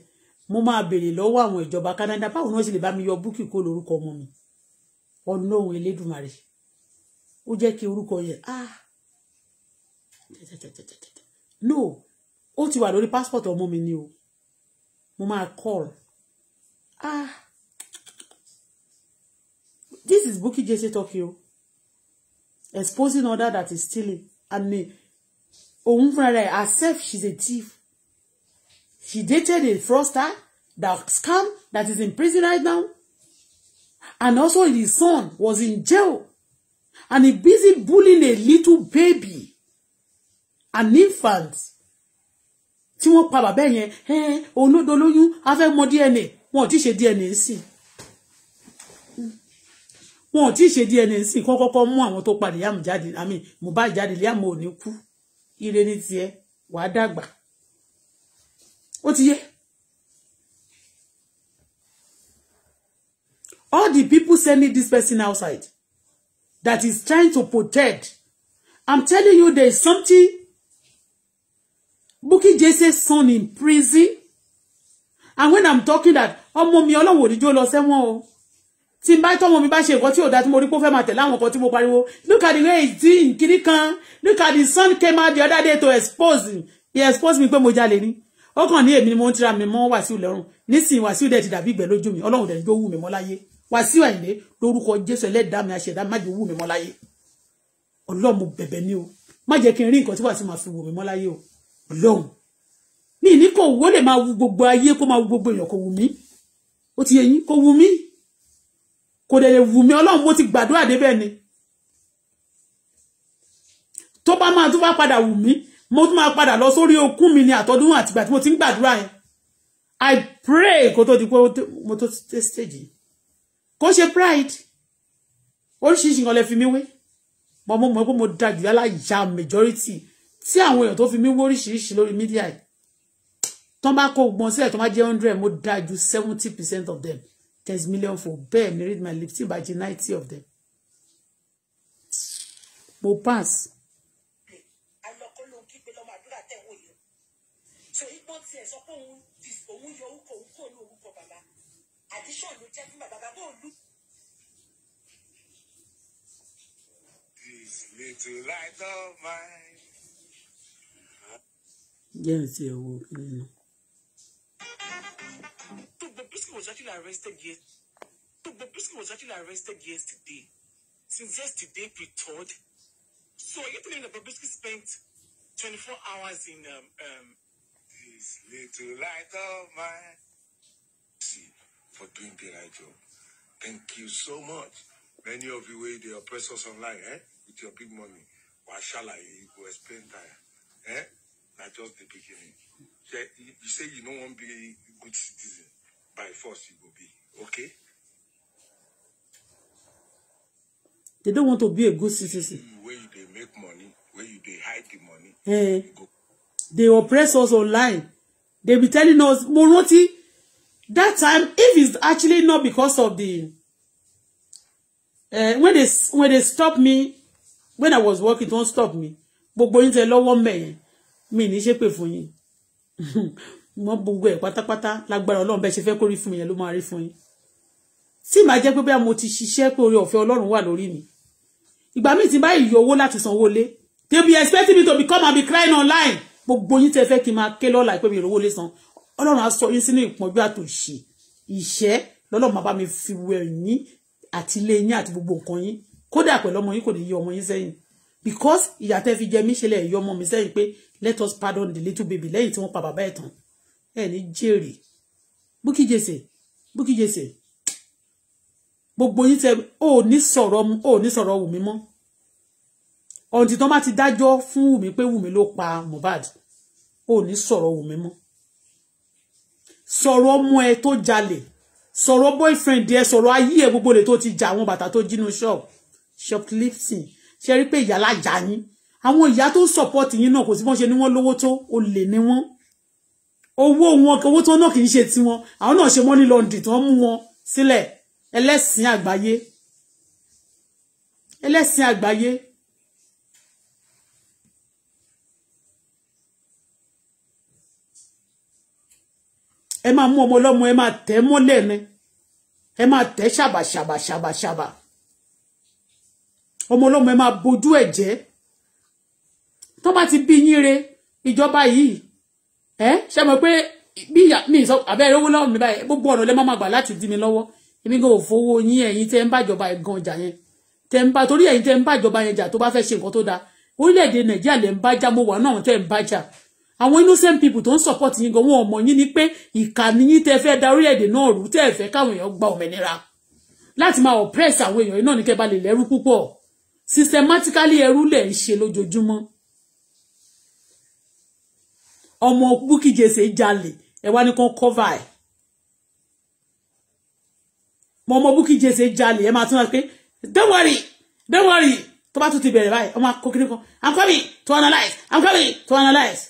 mo máa béèrè lọ́wọ́ àwọn ìjọba Canada báwo ni wọ́n ṣe lè bá mi yọ Bukky kó lórúkọ ọmọ mi ọlọ́run elédùnmarè ó jẹ́ kí orúkọ yẹn ah no ó ti wà lórí passport ọmọ mi ni o mo máa call ah this is Bukky Jesse O, exposing other that is stealing and me òun fúnra rẹ̀ herself she is a thief she dated a fraudster that scam that is in prison right now and also his son was in jail and he busy bullying a little baby an infant tí wọ́n pa bàbá yẹn ẹ olódo lóyún a fẹ́ mọ DNA wọn ò tí ṣe DNA sí wọn ò tí ṣe DNA sí kọ́kọ́kọ́ mú àwọn tó pa Liam jáde àmì Mohbad jáde Liam ò ní kú ire ní tiẹ̀ wàá dàgbà ó ti yẹ all the people sending this person outside that is trying to protect. I'm telling you, there is something. Bukky Jese's son in prison. And when I'm talking that, ọmọ mi Ọlọ́run òdìjọ́ lọ sẹ́wọ̀n o. Tí n bá tọ́mọ mi bá ṣe nǹkan tí ò dá tí mo rí pé ó fẹ́ máa tẹ̀lé àwọn nǹkan tí mo pariwo. Look at the way he's doing kiri kan. Look at the son came out the other day to expose him. He exposed mi pé mo jalè ni. Ó kàn ní èmi ni mo ń tira mi mọ́ Wàsíù lọ́rùn. Nísìnyí Wàsíù dẹ̀ ti dàbí ìgbẹ́ lójú mi. Ọlọ́run dẹ̀ ló wù mí mọ́ láyé. Wasiu Ayinde lórúkọ Jésù ẹlẹ́dàá mi aṣẹ̀dá má jẹ́ owó mi mọ́ láyé ọlọ́run mo bẹ̀bẹ̀ Ni o má jẹ́ kí n rí nǹkan tí Wasiu máa fi wò mí mọ́ láyé o ọlọ́run ní ìní kò wó lè máa wu gbogbo ayé kó máa wu gbogbo èèyàn kò wù mí ó ti yẹ yín kò wù mí kò dẹ̀ lè wù mí mo ti gbàdúrà débẹ̀ ni tó bá máa tún bá padà wù mí mo tún máa padà lọ sórí okún mi ni àtọ́dún àtìgbà tí mo ti ń gbàdúrà yẹn I pray kó tó di pé mo tó stage yìí kò ṣe pride oríṣiríṣi nǹkan lè fi mí wé mo mọ̀ mọ̀ pé mo da jù aláya majority tí àwọn èèyàn tó fi mí wé oríṣiríṣi lórí mídíà yìí tán bá kó gbọ́n sílẹ̀ tó bá jẹ́ hundred mo da jù seventy percent of them ten million for bẹ́ẹ̀ ni read my lips tí ìbàjẹ́ ninety of them mo pass. alọkọ ló ń kí pé lọmọ àdúrà tẹ yìí so igbó tiẹ̀ sọ pé òun yọ addition ló jẹ́ fún bàbá bàbá òlu. this little light of mine. jẹ́ ẹ̀ tí ẹ nínú. Togbo Brisky was actually arrested yesterday. Togbo Brisky was actually arrested yesterday. Since yesterday, pre-third. So are you telling me that Bobrisky spent twenty four hours in um, um, this little light of mine? for doing the right job. Thank you so much. Many of you where they oppress us online, eh? With your big money. Why shall I go explain that? Eh? That's just the beginning. You say you don't want to be a good citizen. By force you will be. Okay? They don't want to be a good citizen. Hmm, where they make money, where they hide the money. Eh. They oppress us online. They be telling us, Moroti, that time if it's actually not because of the uh, when they when they stop me when I was working don't stop me But gbogbo yín tẹ lọ́wọ́ mẹ́yẹn mi ní ṣépè fún yín mo gbogbo ẹ̀ pátápátá lágbára Ọlọ́run bẹ́ẹ̀ ṣe fẹ́ kó rí fún yẹn ló máa rí fún yín tí màá jẹ́ pé bẹ́ẹ̀ mo ti ṣiṣẹ́ pé oore ọ̀fẹ́ Ọlọ́run wà lórí mi ìgbà míì tí bá yọ owó láti sanwó lé they be expecting me to become and be crying online gbogbo yín tẹ fẹ́ kí n máa ké lọ́la pé mi ìrówó lé san ọlọ́run á sọ yín sínú ìpọ́njú àtòṣì ìṣẹ́ lọ́lọ́run máa bá mi fi wẹ̀ yín àti ilé yín àti gbogbo nǹkan yín kódà pẹ̀lú ọmọ yín kò ní yí ọmọ yín sẹ́yìn because ìyà tẹ́ fi jẹ mí ṣe lẹ̀ yí ọmọ mi sẹ́yìn pé let us pardon the little baby lẹ́yìn tí wọ́n pa bàbá ẹ̀ tán ẹ̀ ní jèrè Bukky Jesse Bukky Jesse gbogbo yín tẹ ò ní sọ̀rọ̀ ò ní sọ̀rọ̀ Wùmí mọ́ ọ̀ǹtì tán bá ti dájọ́ fún Wùmí pé Wùmí ló pa Mohbad ò ní sọ̀rọ̀ Wùmí mọ́ sọ̀rọ̀ ọmọ ẹ tó jalè sọ̀rọ̀ boyfriend ẹ sọ̀rọ̀ ayé ẹ gbogbo lè tó ti jà àwọn bàtà tó jínú shop shoplifting ṣe rí pé ìyá lájà yín àwọn ìyá tó ń support yín náà kò sí bọ́n ṣe ní wọ́n lówó tó olè ni wọ́n owó wọn owó tó náà kì í ṣe tiwọn àwọn náà ṣe money laundry tó ń mú wọn sílẹ̀ ẹlẹ́sìn àgbáyé ẹlẹ́sìn àgbáyé ẹ máa mú ọmọ ọlọ́mọ ẹ máa tẹ̀ mọ́lẹ̀ ni ẹ máa tẹ̀ ṣàbàṣàbàṣàbàṣàbà ọmọ ọlọ́mọ ẹ máa bojú ẹ̀ jẹ́ tó bá ti bí yín re ìjọba yìí ẹ ṣe mọ̀ pé bí ìyá mi sọ àbẹ́rẹ́ owó lọ́wọ́ mi báyìí gbogbo ọ̀nà lẹ́ máa gbà láti dí mi lọ́wọ́ èmi kò fowó yín ẹ̀yin tẹ́ ń bàjọba ẹ̀gan ọjà yẹn tẹ́ ń bá torí ẹ̀yin tẹ́ ń bàjọba yẹn jà tó bá fẹ́ ṣe nǹkan tó dáa orílẹ̀-èdè nàìjíríà lè ń bájà mo wà náà tẹ́ ń bájà àwọn innocent people tó ń support yín gan wọn ọmọ yín ni pé ìkà ni yín tẹ́ fẹ́ da orílẹ̀-èdè náà rú tẹ́ fẹ́ káwọn èèyàn gba òmìnira láti máa oppress àwọn èèyàn náà ní kẹ́ bá lè lẹ́rú púpọ̀ systematically ẹrú lẹ̀ ń ṣe lójoojúmọ́ ọmọ Bukky Jesse jalè ẹ wá ní kàn cover ẹ̀ mọ ọmọ Bukky Jesse jalè ẹ máa tún wá pé don't worry don't worry tó bá tún ti bẹ̀rẹ̀ báyìí ọmọ akókèrè kan i'm coming to analyse i'm coming to analyse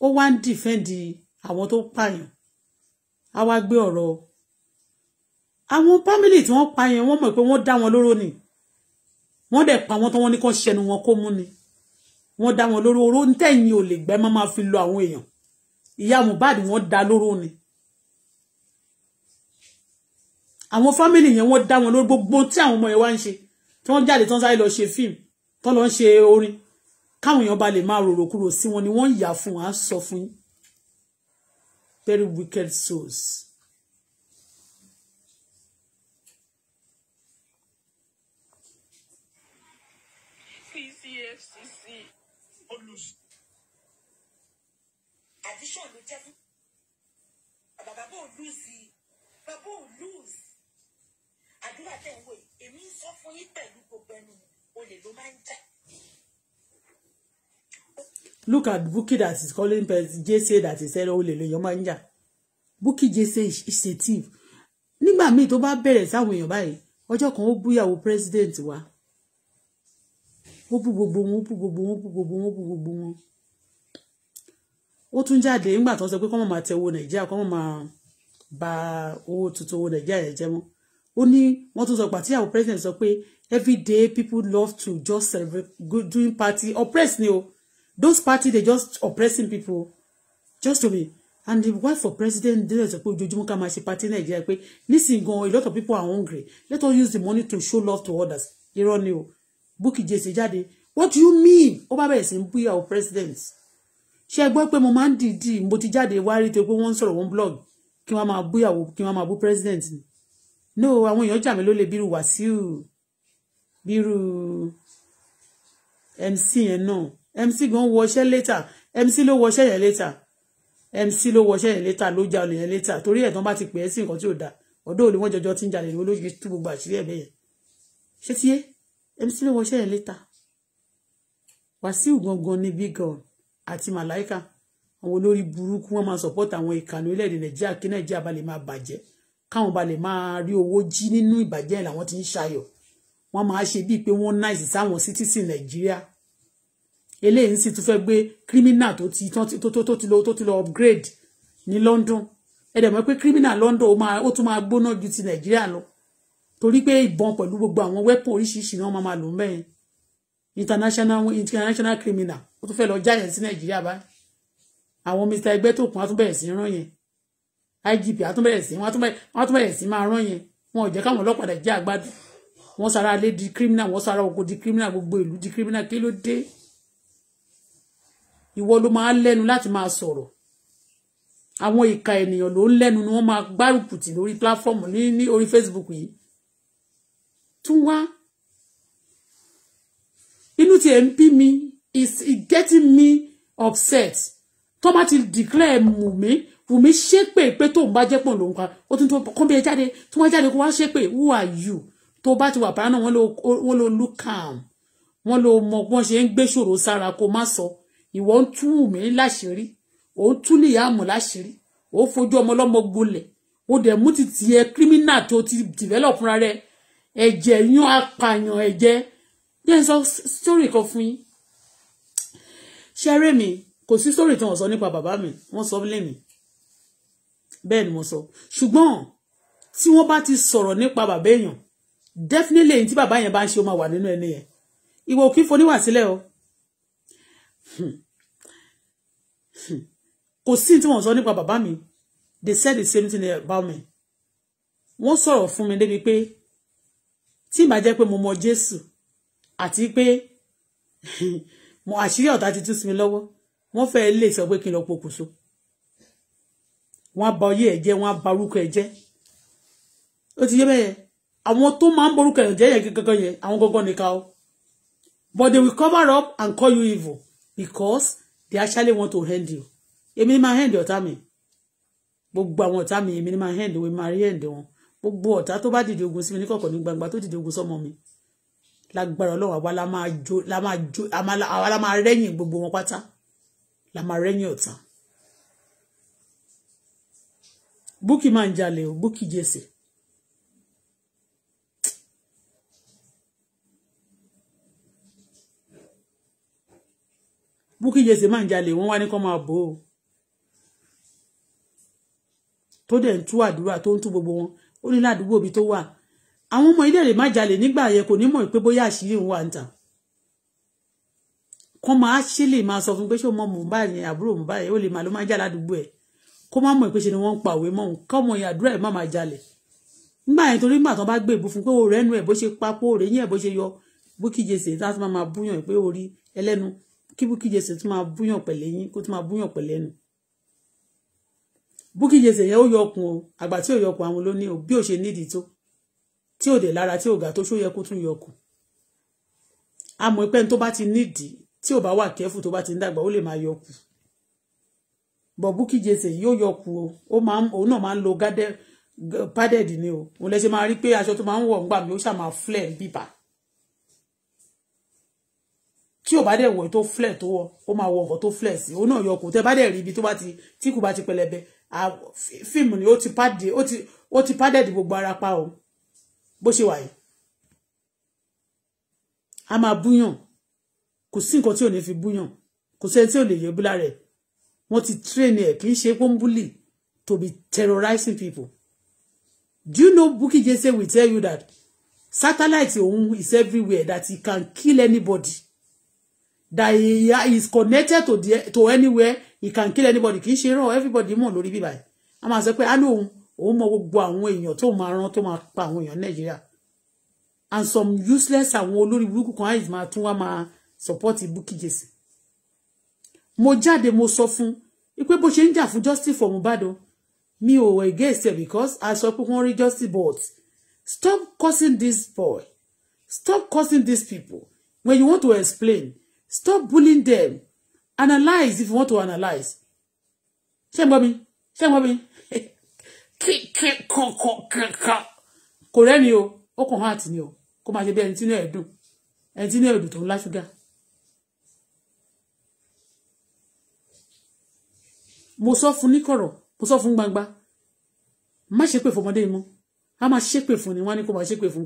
ó wá ń dìfẹ́ǹdì àwọn tó pààyàn á wá gbé ọ̀rọ̀ àwọn fámìlì tí wọ́n pààyàn wọ́n mọ̀ pé wọ́n dá wọn lóró ni wọ́n dẹ̀ pa wọ́n tó wọ́n ní kó ṣẹnu wọn kó mú ni wọ́n dá wọn lóró oró tẹ̀yìn ò lè gbẹ́ má máa fi lo àwọn èèyàn ìyá Mohbad wọ́n dá lóró ni àwọn fámìlì yẹn wọ́n dá wọn lóró gbogbo tí àwọn ọmọ yẹn wá ń ṣe tí wọ́n jáde tán sáré lọ ṣe fíìmù tán lọ ń ṣe orin káwọn èèyàn bá lè máa rorò kúrò sí wọn ni wọ́n ń yà fún wọn á sọ fún yín very wicked souls. CCFCC olùsí àdíṣàn ló jẹ́ fún bàbá bò lùsí bàbá ò lùsí àdúrà tẹ̀ ń wò èmi ń sọ fún yín pẹ̀lú gbogbo ẹnu olè ló máa ń jà look at Bukky that is calling Jesse that is ẹ̀rọ olè lèèyàn máa ń jà Bukky Jesse is a thief nígbà míì tó bá bẹ̀rẹ̀ sáwọn èèyàn báyìí ọjọ́ kan ó búyàwó president wa ó bú gbogbo wọn ó bú gbogbo wọn ó bú gbogbo wọn ó bú gbogbo wọn ó tún jáde nígbà tó ń sọ pé kọ́mọ̀ máa tẹ owó nàìjíríà kọ́mọ̀ máa ba owó tuntun owó nàìjíríà yẹn jẹ́ mọ́ ó ní wọ́n tún sọ pàtíyàwó president sọ pé everyday people love to just celebrate doing party or press ni o those party they just oppressing people just to be and the wife of president dey sọ pé ojoojúmọ́ ká máa ṣe party nàìjíríà pé nísìnyí gan a lot of people are hungry let us use the money to show love to others irọ́ ni o Bukky Jesse jáde what do you mean ó bá bẹ̀rẹ̀ sí ń bú our president ṣé ẹ gbọ́ pé mo máa ń dìídì mo ti jáde wá rí i pé wọ́n ń sọ̀rọ̀ wọ́n blog kí wọ́n máa bú ìyàwó kí wọ́n máa bú president ni no àwọn èèyàn jà mí ló lè bírú Wàsíù bírú MC yẹn náà mc gan wọṣẹ́ later mc ló wọṣẹ́ yẹn later mc ló wọṣẹ́ yẹn later ló jalè yẹn later torí ẹ̀ tán bá ti pè é sí nǹkan tí ò dáa ọ̀dọ́ òní wọ́n jọjọ́ tí ń jalè ní olóṣèlú tó gbogbo àṣírí ẹ̀ bẹ́yẹn ṣé tiẹ́ mc ló wọṣẹ́ yẹn later wàsíù gangan ni big gun àti màláìka àwọn olórí burúkú wọn máa support àwọn ìkànnì orílẹ̀-èdè nàìjíríà kí nàìjíríà bá lè máa bàjẹ́ káwọn bá lè máa rí owó jí nínú ìbàjẹ́ làwọn ti ń ṣayọ̀ wọ́n máa ṣe bíi pé wọ́n náìsì sáwọn citizen nàìjíríà eléyìí ń sì tún fẹ́ gbé criminal tó ti tó ti lọ tó ti lọ upgrade ní London ẹ dẹ̀ mọ̀ pé criminal London ó tún máa gbóná ju ti Nàìjíríà lọ torí pé ìbọn pẹ̀lú gbogbo àwọn weapon oríṣiríṣi náà máa máa lò mẹ́rin international international criminal ó tún fẹ́ lọ jáyẹ̀ sí Nàìjíríà báyìí àwọn mr ẹgbẹ́ tó kún àtúbẹ̀rẹ̀ sí rán yẹn IGP àtúbẹ̀rẹ̀ sí wọn àtúbẹ̀rẹ̀ sí máa rán yẹn wọn ò jẹ́ káwọn ọlọ́pàá Nàìjíríà gbádùn wọn sara alé di criminal wọn sara oko di criminal gbogbo ìlú di criminal kí ló dé ìwọ ló máa lẹ́nu láti máa sọ̀rọ̀ àwọn ìka ènìyàn ló ń lẹ́nu ni wọ́n máa gbárùkù tì lórí platform ní ní orí Facebook yìí tún wá inú ti ẹ̀ ń bí mi is it getting me upset tó bá ti declare mù mí Wùmí ṣépè pé tóun bá jẹ́ pọ̀ lòun pa ó tún tó kọ́ bí ẹ jáde tó wá jáde kó wá ṣépè who are you tó bá ti wà pàrọ̀ náà wọ́n lo look calm wọ́n lo mọ̀ bọ́n ṣe ń gbé ṣòro sára kó má sọ. So ìwọ ń tú mi láṣìírí ò ń tú Liam láṣìírí ò ń fojú ọmọ ọlọ́mọ gbolẹ̀ ó dẹ̀ mú títí ẹ kírímínà tó ti develop fúnra rẹ ẹ̀jẹ̀ yún apààyàn ẹ̀jẹ̀ yẹn sọ story kan fún yín ṣẹ́rẹ́ mi kò sí story tí wọ́n sọ nípa bàbá mi wọ́n sọ lẹ́mí bẹ́ẹ̀ ni mo sọ ṣùgbọ́n tí wọ́n bá ti sọ̀rọ̀ nípa bàbá èèyàn definitely èyí tí bàbá yẹn bá ń ṣe ó máa wà nínú ẹni yẹn ìwọ òkè foníwà sílẹ̀ o. Hmm kò sí tí wọ́n sọ nípa bàbá mi they said the same thing about me wọ́n sọ̀rọ̀ fún mi débi pé tí ìbá jẹ́ pé mo mọ Jésù àti pé mo àṣírí ọ̀tá ti tú sí mi lọ́wọ́ wọ́n fẹ́ lè sọ pé kí n lọ pokùnso wọ́n á ba oyé ẹ̀ jẹ́ wọ́n á ba orúkọ ẹ̀ jẹ́ ó ti yé bẹ́ẹ̀ àwọn tó máa ń borúkọ ẹ̀ jẹ́ yẹn gangan yẹn àwọn gangan nìkan o but they will cover up and call you evil because they actually want to end you èmi ni máa hand ọ̀tá mi gbogbo àwọn ọ̀tá mi èmi ni máa hand wọn máa rí hand wọn gbogbo ọ̀tá tó bá dìde ogun sí mi ní kọ̀kọ̀ ní gbangba tó dìde ogun sọ́mọ mi lágbára ọlọ́run àwa la máa jó la àwa la máa rẹ́yìn gbogbo wọn pátá la máa rẹ́yìn ọ̀tá búkì máa ń jalè o búkì jẹsẹ̀ búkì jẹsẹ̀ máa ń jalè wọ́n wá ní kó máa bò ó tó dẹ̀ ń tú àdúrà tó ń tú gbogbo wọn ó ní ládùúgbò bí tó wà àwọn ọmọ ilé rẹ̀ má jalè nígbà yẹn kò ní mọ̀ pé bóyá àṣírí òun wà ń tà kọ́ máa ṣílè máa sọ fún pé ṣé o mọ Mohbad yẹn àbúrò Mohbad yẹn ó lè máa ló máa jà ládùúgbò ẹ̀ kó má mọ̀ pé ṣe ni wọ́n ń pa òwe mọ́ òun kọ́mọ yẹn àdúrà ẹ̀ má máa jalè nígbà yẹn torí nígbà tó bá gbé ìbú fún pé òòrẹ́ nu ẹ̀ bó ṣe papò òòrẹ́ yẹn bó ṣe yọ búkìjẹsẹ̀ tá a ti máa búyàn pé orí ẹlẹ́nu kí búkìjẹsẹ̀ tó máa búyàn pẹ̀lẹ́yìn kó tó máa búyàn pẹ̀lẹ́nu Bukky Jesse yẹn ó yọkùn o àgbà tí ò yọkùn àwọn ló ní o bí ò ṣe nídìí tó tí ò dé lára tí ò ga tó ṣó yẹ kó tún yọkùn àmọ́ pé tó bá ti nídìí tí ò bá wà kẹ́fù tó bá ti ń dàgbà ó lè máa yọkùn bọ̀ Bukky yóò yọkùn o ó máa òun náà máa ń lo gádẹ́ padded ni o òun lẹ́sẹ̀ máa rí pé aṣọ tó máa ń wọ̀ ńgbà mi ó ṣàmà flẹ̀ bíbà tí ò bá dẹ̀ wọ̀ tó flẹ̀ tó wọ̀ ó máa wọ̀ ọ̀kọ̀ tó flẹ̀ sí òun náà yọkùn tẹ bá dẹ̀ rí ibi tó bá ti tí bá ti pẹlẹbẹ fíìmù ni ó ti pàdé ó ti ó ti pàdédì gbogbo ara pa o bó ṣe wà yìí a máa búyàn kò sí nǹkan tí ò ní fi búyàn kò sẹ́ni tí ò lè yẹ búlá rẹ̀ wọ́n ti train ẹ̀ kì í ṣe pọ́ńbúlì to be terrorizing people do you know Bukky Jesse will tell you that satellite òun is everywhere that he can kill anybody that he is connected to, the, to anywhere You can kill anybody kì í ṣe rọ everybody mọ̀ lórí bíbá ẹ̀ a máa sọ pé á lóun òun mọ gbogbo àwọn èèyàn tó máa rán tó máa pa àwọn èèyàn nàìjíríà and some useless àwọn olórí burúkú kan àìsàn máa tún wá máa support Bukky Jesse mo jáde mo sọ fún pé bó ṣe ń jà fún justice for Mohbad mi ò wẹ̀ against because a sọ pé wọ́n rí justice but stop cursing this boy stop cursing these people when you want to explain stop bullying them Analyze if you want to analyze. Same Bobby, same Bobby. Ṣé ń gbọ́ mi? Kò rẹ́ni o, ó kàn hàn àtìní o, kó máa ṣe bí ẹni tí inú ẹ̀ dùn, ẹni tí inú ẹ̀ dùn tó ń lá ṣúgà. Mo sọ fún níkọ̀rọ̀, mo sọ fún gbangba, má ṣépè fún ọmọdé mọ́, a máa ṣépè fún ni wọ́n á ní kó máa ṣépè fún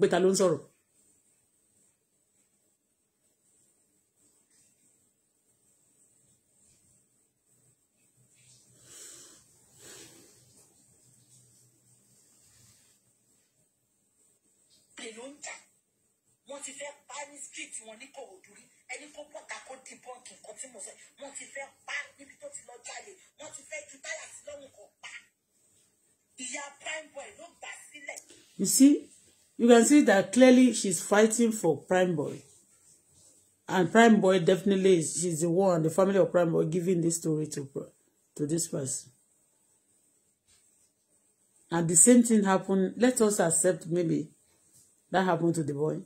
wọ́n ti fẹ́ pa ní street wọn ní Kòròdú rí ẹni kó bọ́ta kó di bọ́ǹkì nǹkan tí mo sọ wọ́n ti fẹ́ pa níbi tó ti lọ jáde wọ́n ti fẹ́ ju táyà sí lọ́rùn kan pa ìyá prime boy ló gbà sílẹ̀. You see, you can see that clearly she's fighting for prime boy and prime boy definitely is she's the one the family of prime boy giving this story to to this person. And the same thing happened. Let us accept maybe that happened to the boy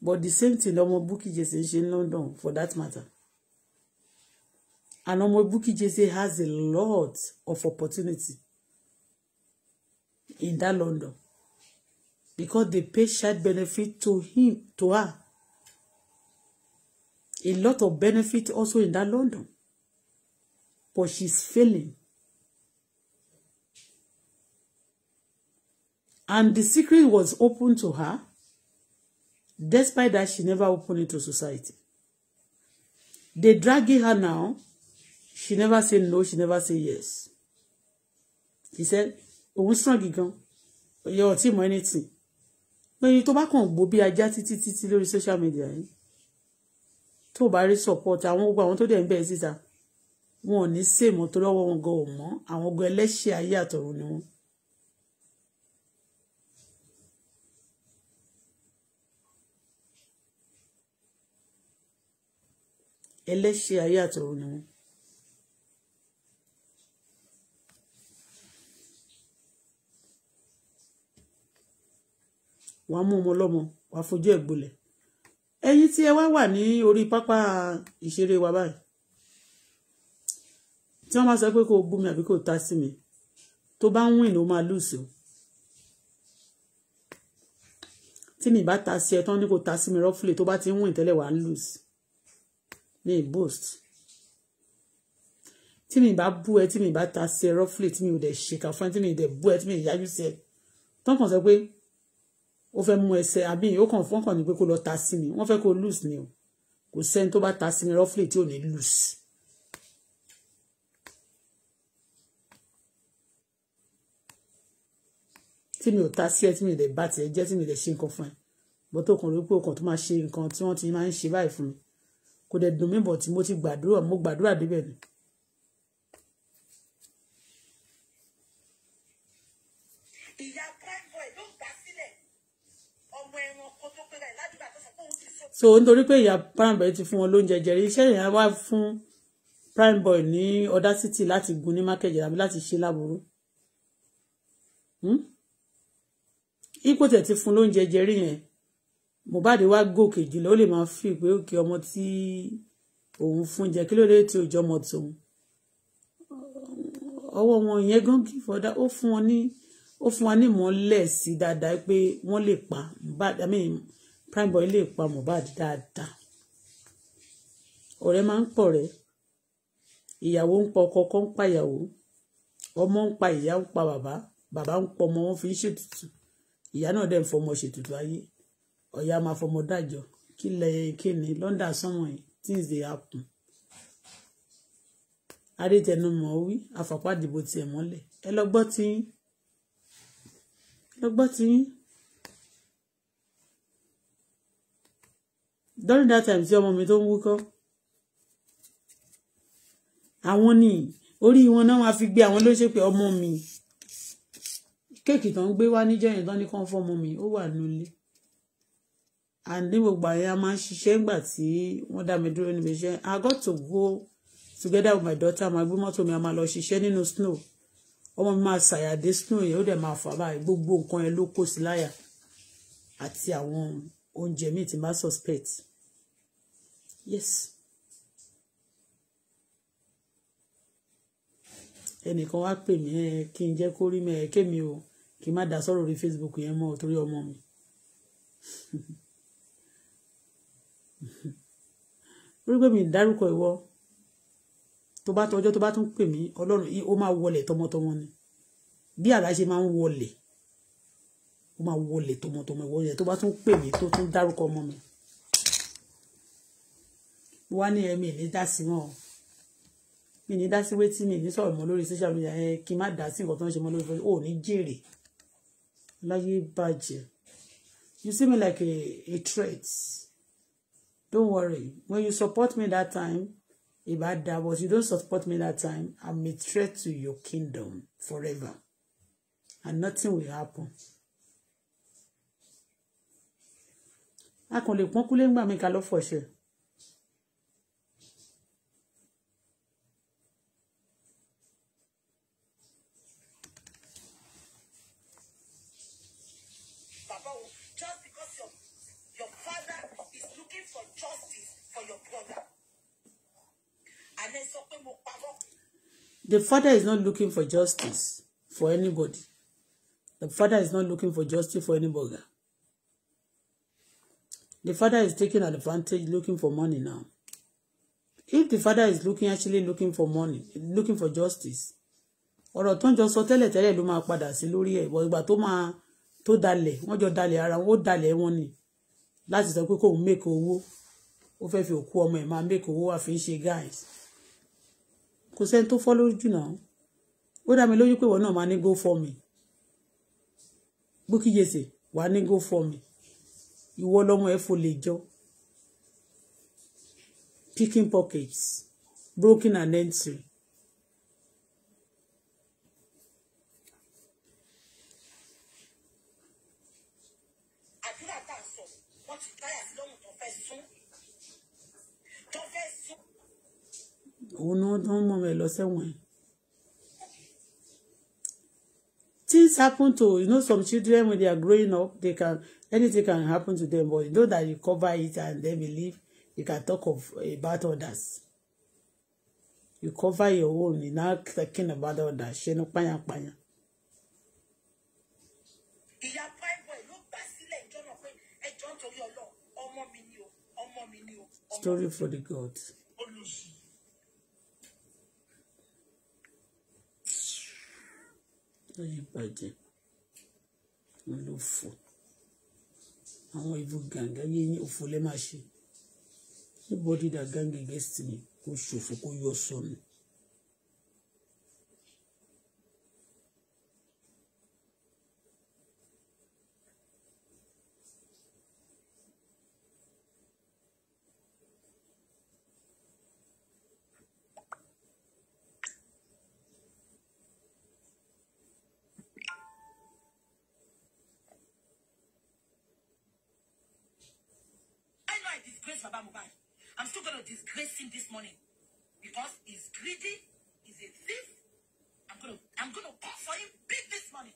but the same thing lọmọ Bukky Jesse ń in London for that matter and ọmọ Bukky Jesse has a lot of opportunity in that London because they pay shared benefit to him to her a lot of benefit also in that London but she's failing and the secret was open to her Despite that, she never opened it to society. They dragging her now. She never say no. She never say yes. He said, "Òun strong again. Your team or anything." When Lẹ́yìn tó bá kàn gbó bí ajá títí títí lórí social media yìí. Tó bá support I gbogbo àwọn tó to ń bẹ̀ síta. Wọn ò ní sèmọ̀ tó lọ́wọ́ wọn gan I mọ́. Àwọn gan share. ayé àtọ̀run ni ẹlẹ́ṣẹ̀ ayé àtọ̀run ni wọ́n. wàá mú ọmọ ọlọ́mọ wàá fojú ẹ̀ gbolẹ̀ ẹ̀yin tí ẹ wá wà ní orí pápá ìṣeré wa báyìí tí wọ́n máa sọ pé kò bú mi àbí kò ta sí mi tó bá ń wìn ló máa lùsì o tí mi bá ta sí ẹ tán ní kò ta sí mi rọ́fúlẹ̀ tó bá ti ń wìn tẹ́lẹ̀ wàá lùsì ní boost. tí mi bá bú ẹ tí mi bá ta sí ẹ roughly tí mi ò dẹ̀ ṣèkà fún ẹ tí mi ò dẹ̀ bú ẹ tí mi ò yájú sí ẹ tán kàn sọ pé ó fẹ́ mú ẹsẹ̀ àbí ó kàn fún ọkàn ní pé kó lọ ta sí mi wọ́n fẹ́ kó lose ni o kò sẹ́ni tó bá ta sí mi roughly tí ò ní lose. tí mi ò ta sí ẹ tí mi ò bá tiẹ̀ jẹ́ tí mi ò ṣe nǹkan fún ẹ bó tó kàn rí pé ọkàn tó máa ṣe nǹkan tí wọ́n ti máa ń ṣe báyìí fún mi kò dẹ̀ dùn mí bọ̀ tí mo ti gbàdúrà mo gbàdúrà débẹ̀ ni. so nítorí pé ìyá PrimeBoy ti fún wọn lóúnjẹ jẹrí iṣẹ́ yẹn wá fún PrimeBoy ní audacity láti gun ní mákẹ́jẹ àbí láti ṣe láburú hmm? ipò tẹ̀ ti fún lóúnjẹ jẹrí yẹn Mohbad wá gòkè jùlọ ó lè máa fi pé òkè ọmọ tí òun fún jẹ kí ló dé tí òjò ọmọ tòun ọwọ́ wọn yẹn gan kì í fọdá ó fún wọn ní ó fún wa ní ìmọ̀lẹ̀ sí dáadáa pé wọ́n lè pa Mohbad I mean boy lè pa Mohbad dáadáa ọ̀rẹ́ máa ń pọ̀ rẹ́ ìyàwó ń pa ọkọ ọkọ ń pa ìyàwó ọmọ ń pa ìyá ń pa bàbá bàbá ń pọ ọmọ wọn fi ń ṣètùtù ìyá náà dẹ̀ ń fọmọ ṣètùtù ayé ọ̀yà máa fọmọ dájọ́ kí lẹ kí ni london sọ́wọ́n yìí things dey happen adétẹnumọ̀ wí àfàpá dìbò tiẹ̀ mọ́lẹ̀ ẹ lọ gbọ́ tí ẹ lọ gbọ́ tí during that time tí ọmọ mi tó ń wúkọ́ àwọn ni orí wọn náà wá fi gbé àwọn ló ṣe pé ọmọ mi kéèkì tó ń gbé wá níjọ́ yẹn tán ní kán fọ́mọ mi ó wà nílé and ní gbogbo àyà máa ń ṣiṣẹ́ nígbà tí wọ́n dá mi dúró níbi iṣẹ́ I got to go together with my daughter my grandma mọ́tò mi a máa lọ ṣiṣẹ́ nínú snow ọmọ mi máa ṣàyàdé snow yẹn ó dẹ̀ máa fà báyìí gbogbo nǹkan yẹn ló kó sí láyà àti àwọn oúnjẹ míì tí n bá suspect yes ẹnìkan wá pè mí ẹ kí n jẹ́ kó rí mi ẹ kémi o kí n má dá sọ̀rọ̀ orí Facebook yẹn mọ́ torí ọmọ mi. orí pé mi dárúkọ ìwọ tó bá tọjọ́ tó bá tún pè mí ọlọ́run ó máa wọlé tọmọtọmọ ni bí àlá máa ń wọlé ó máa wọlé tọmọtọmọ ìwọ tó bá tún pè mí tó tún dárúkọ ọmọ mi mo wá ní ẹ̀mí ní dá wọn mi ní dá sí wétí mi ní sọ̀rọ̀ mọ́ lórí social media ẹ kí n má dá sí nǹkan tó ń ṣe mọ́ lórí fẹ́ẹ́ ò ní jèrè láyé bàjẹ́ you see me like a a threat don't worry when you support me that time if I die but you don't support me that time I'm a threat to your kingdom forever and nothing will happen. a kàn lè pọ́n kúlé ńgbà mi ká The father is not looking for justice for anybody. The father is not looking for justice for anybody. The father is taking advantage looking for money now. If the father is looking actually looking for money, looking for justice, ọ̀rọ̀ tó ń jọ sọ tẹ́lẹ̀tẹ́lẹ̀ ló máa padà sí lórí ẹ̀ wọ ìgbà tó máa tó dalẹ̀ wọ́n jọ dalẹ̀ ara wọn ó dalẹ̀ wọn ni láti sọ pé kóun mèkó owó ó fẹ́ guys kò sẹ́ni tó fọ́ lójú náà ó dá mi lójú pé ìwọ náà máa ní go for me Bukky Jesse wà ní go for me ìwọ lọ́mọ ẹ̀ fò lè jọ picking pockets broken and empty òun náà tó ń mú rẹ̀ lọ sẹ́wọ̀n ẹ̀. things happen to you know some children when they are growing up they can anything can happen to them but you know that you cover it and then believe you can talk of about others you cover your own you now talking about others ṣe ní pányápányá. ìyá pàìpọ̀ ló gbà sílẹ̀ ìjọ náà pé ẹjọ́ nítorí ọlọ́ ọmọ mi ni o ọmọ mi ni o. story for the gods. olùsí láyé bàjẹ́ wọn ló fò àwọn ìbò gàǹgà yé yín òfò lẹ́ máa ṣe anybody that gang against me kó ṣòfò kó yọ sọnù. So grace him this morning because he's greedy, he's a thief. I'm gonna I'm gonna call for him big this morning.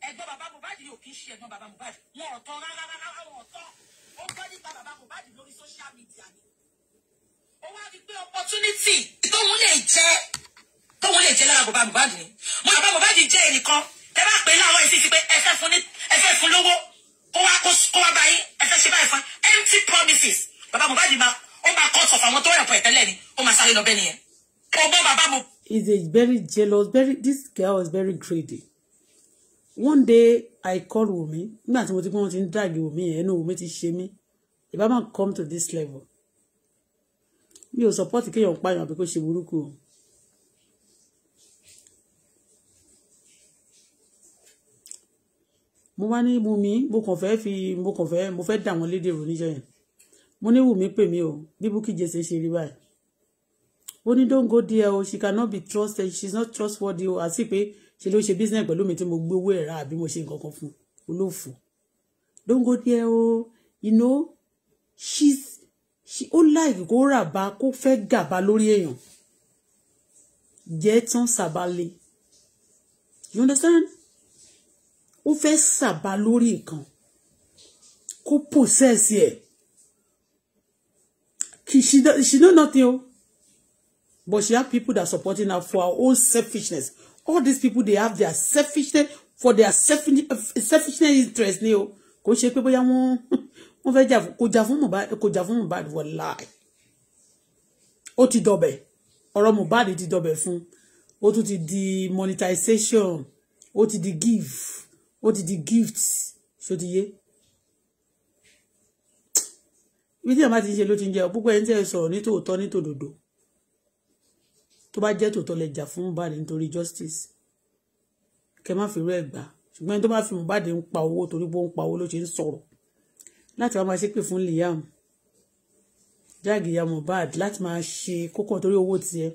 Ẹ̀gbọ́n bàbá Mohbad yóò kí n ṣe ẹ̀gbọ́n bàbá Mohbad wọn ò tán rárá rárá wọn ò Ó gbọ́ nípa bàbá Mohbad lórí social media ni. Ó wá rí pé opportunity tóun lè jẹ tóun lè jẹ lára bàbá Mohbad ni. Mo bàbá Mohbad jẹ́ ẹnìkan tẹ bá pè é láwọn èsì sí pé ẹ fẹ́ fún ní ẹ fún lówó kó wá kó wá báyìí ẹ ṣe báyìí fún empty promises bàbá Mohbad máa ó is a very jealous very this girl is very greedy one day i call Wumi. nígbà tí mo ti pé wọn ti ń dàgé Wunmi yẹn ẹnu Wunmi ti ṣe mí if i come to this level mi ò support kéèyàn pààyàn àbí kó ṣe burúkú o. mo wá ní Wunmi mo kàn fẹ́ fi mo kàn fẹ́ mo fẹ́ dà wọ́n lédè rò yẹn mo ní Wùmí pè mí o bí Bukky Jesse ṣe rí báyìí ó ní don't go there o she cannot be trusted she is not trustworthy o àti pé ṣe ló ṣe business pẹ̀lú mi tí mo gbé owó ẹ̀ rà àbí mo ṣe nǹkan kan fún olófò don't go there o you know she's she ó láì kó rà bá kó fẹ́ gàba lórí èèyàn jẹ́ tán sàbálẹ̀ you understand ó fẹ́ sàbá lórí nǹkan kó possess ẹ̀ she she she know nothing oh. but she have people that supporting her for her own selfishness all these people they have their selfishness for their selfish selfishness interest ni o oh. kò ṣe pé bóyá wọ́n wọ́n fẹ́ jà kò jà fún Mohbad kò jà fún Mohbad wallahi ó ti dọ̀bẹ̀ ọ̀rọ̀ Mohbad ti dọ̀bẹ̀ fún ó tún ti di monetization ó ti di give ó ti di gift ṣó ti yé ibi tí èèyàn bá ti ń ṣe ló ti ń jẹ púpọ̀ ẹni tẹ́ ẹ sọ̀rọ̀ ní tòótọ́ ní tòdòdó tó bá jẹ́ tòótọ́ lẹ jà fún Mohbad nítorí justice kẹ má fi rẹ́ gbà ṣùgbọ́n tó bá fi Mohbad ń pa owó torí bó ń pa owó ló ṣe ń sọ̀rọ̀ láti wá máa ṣépè fún Liam jáàgì ya Mohbad láti máa ṣe kókó torí owó tiẹ̀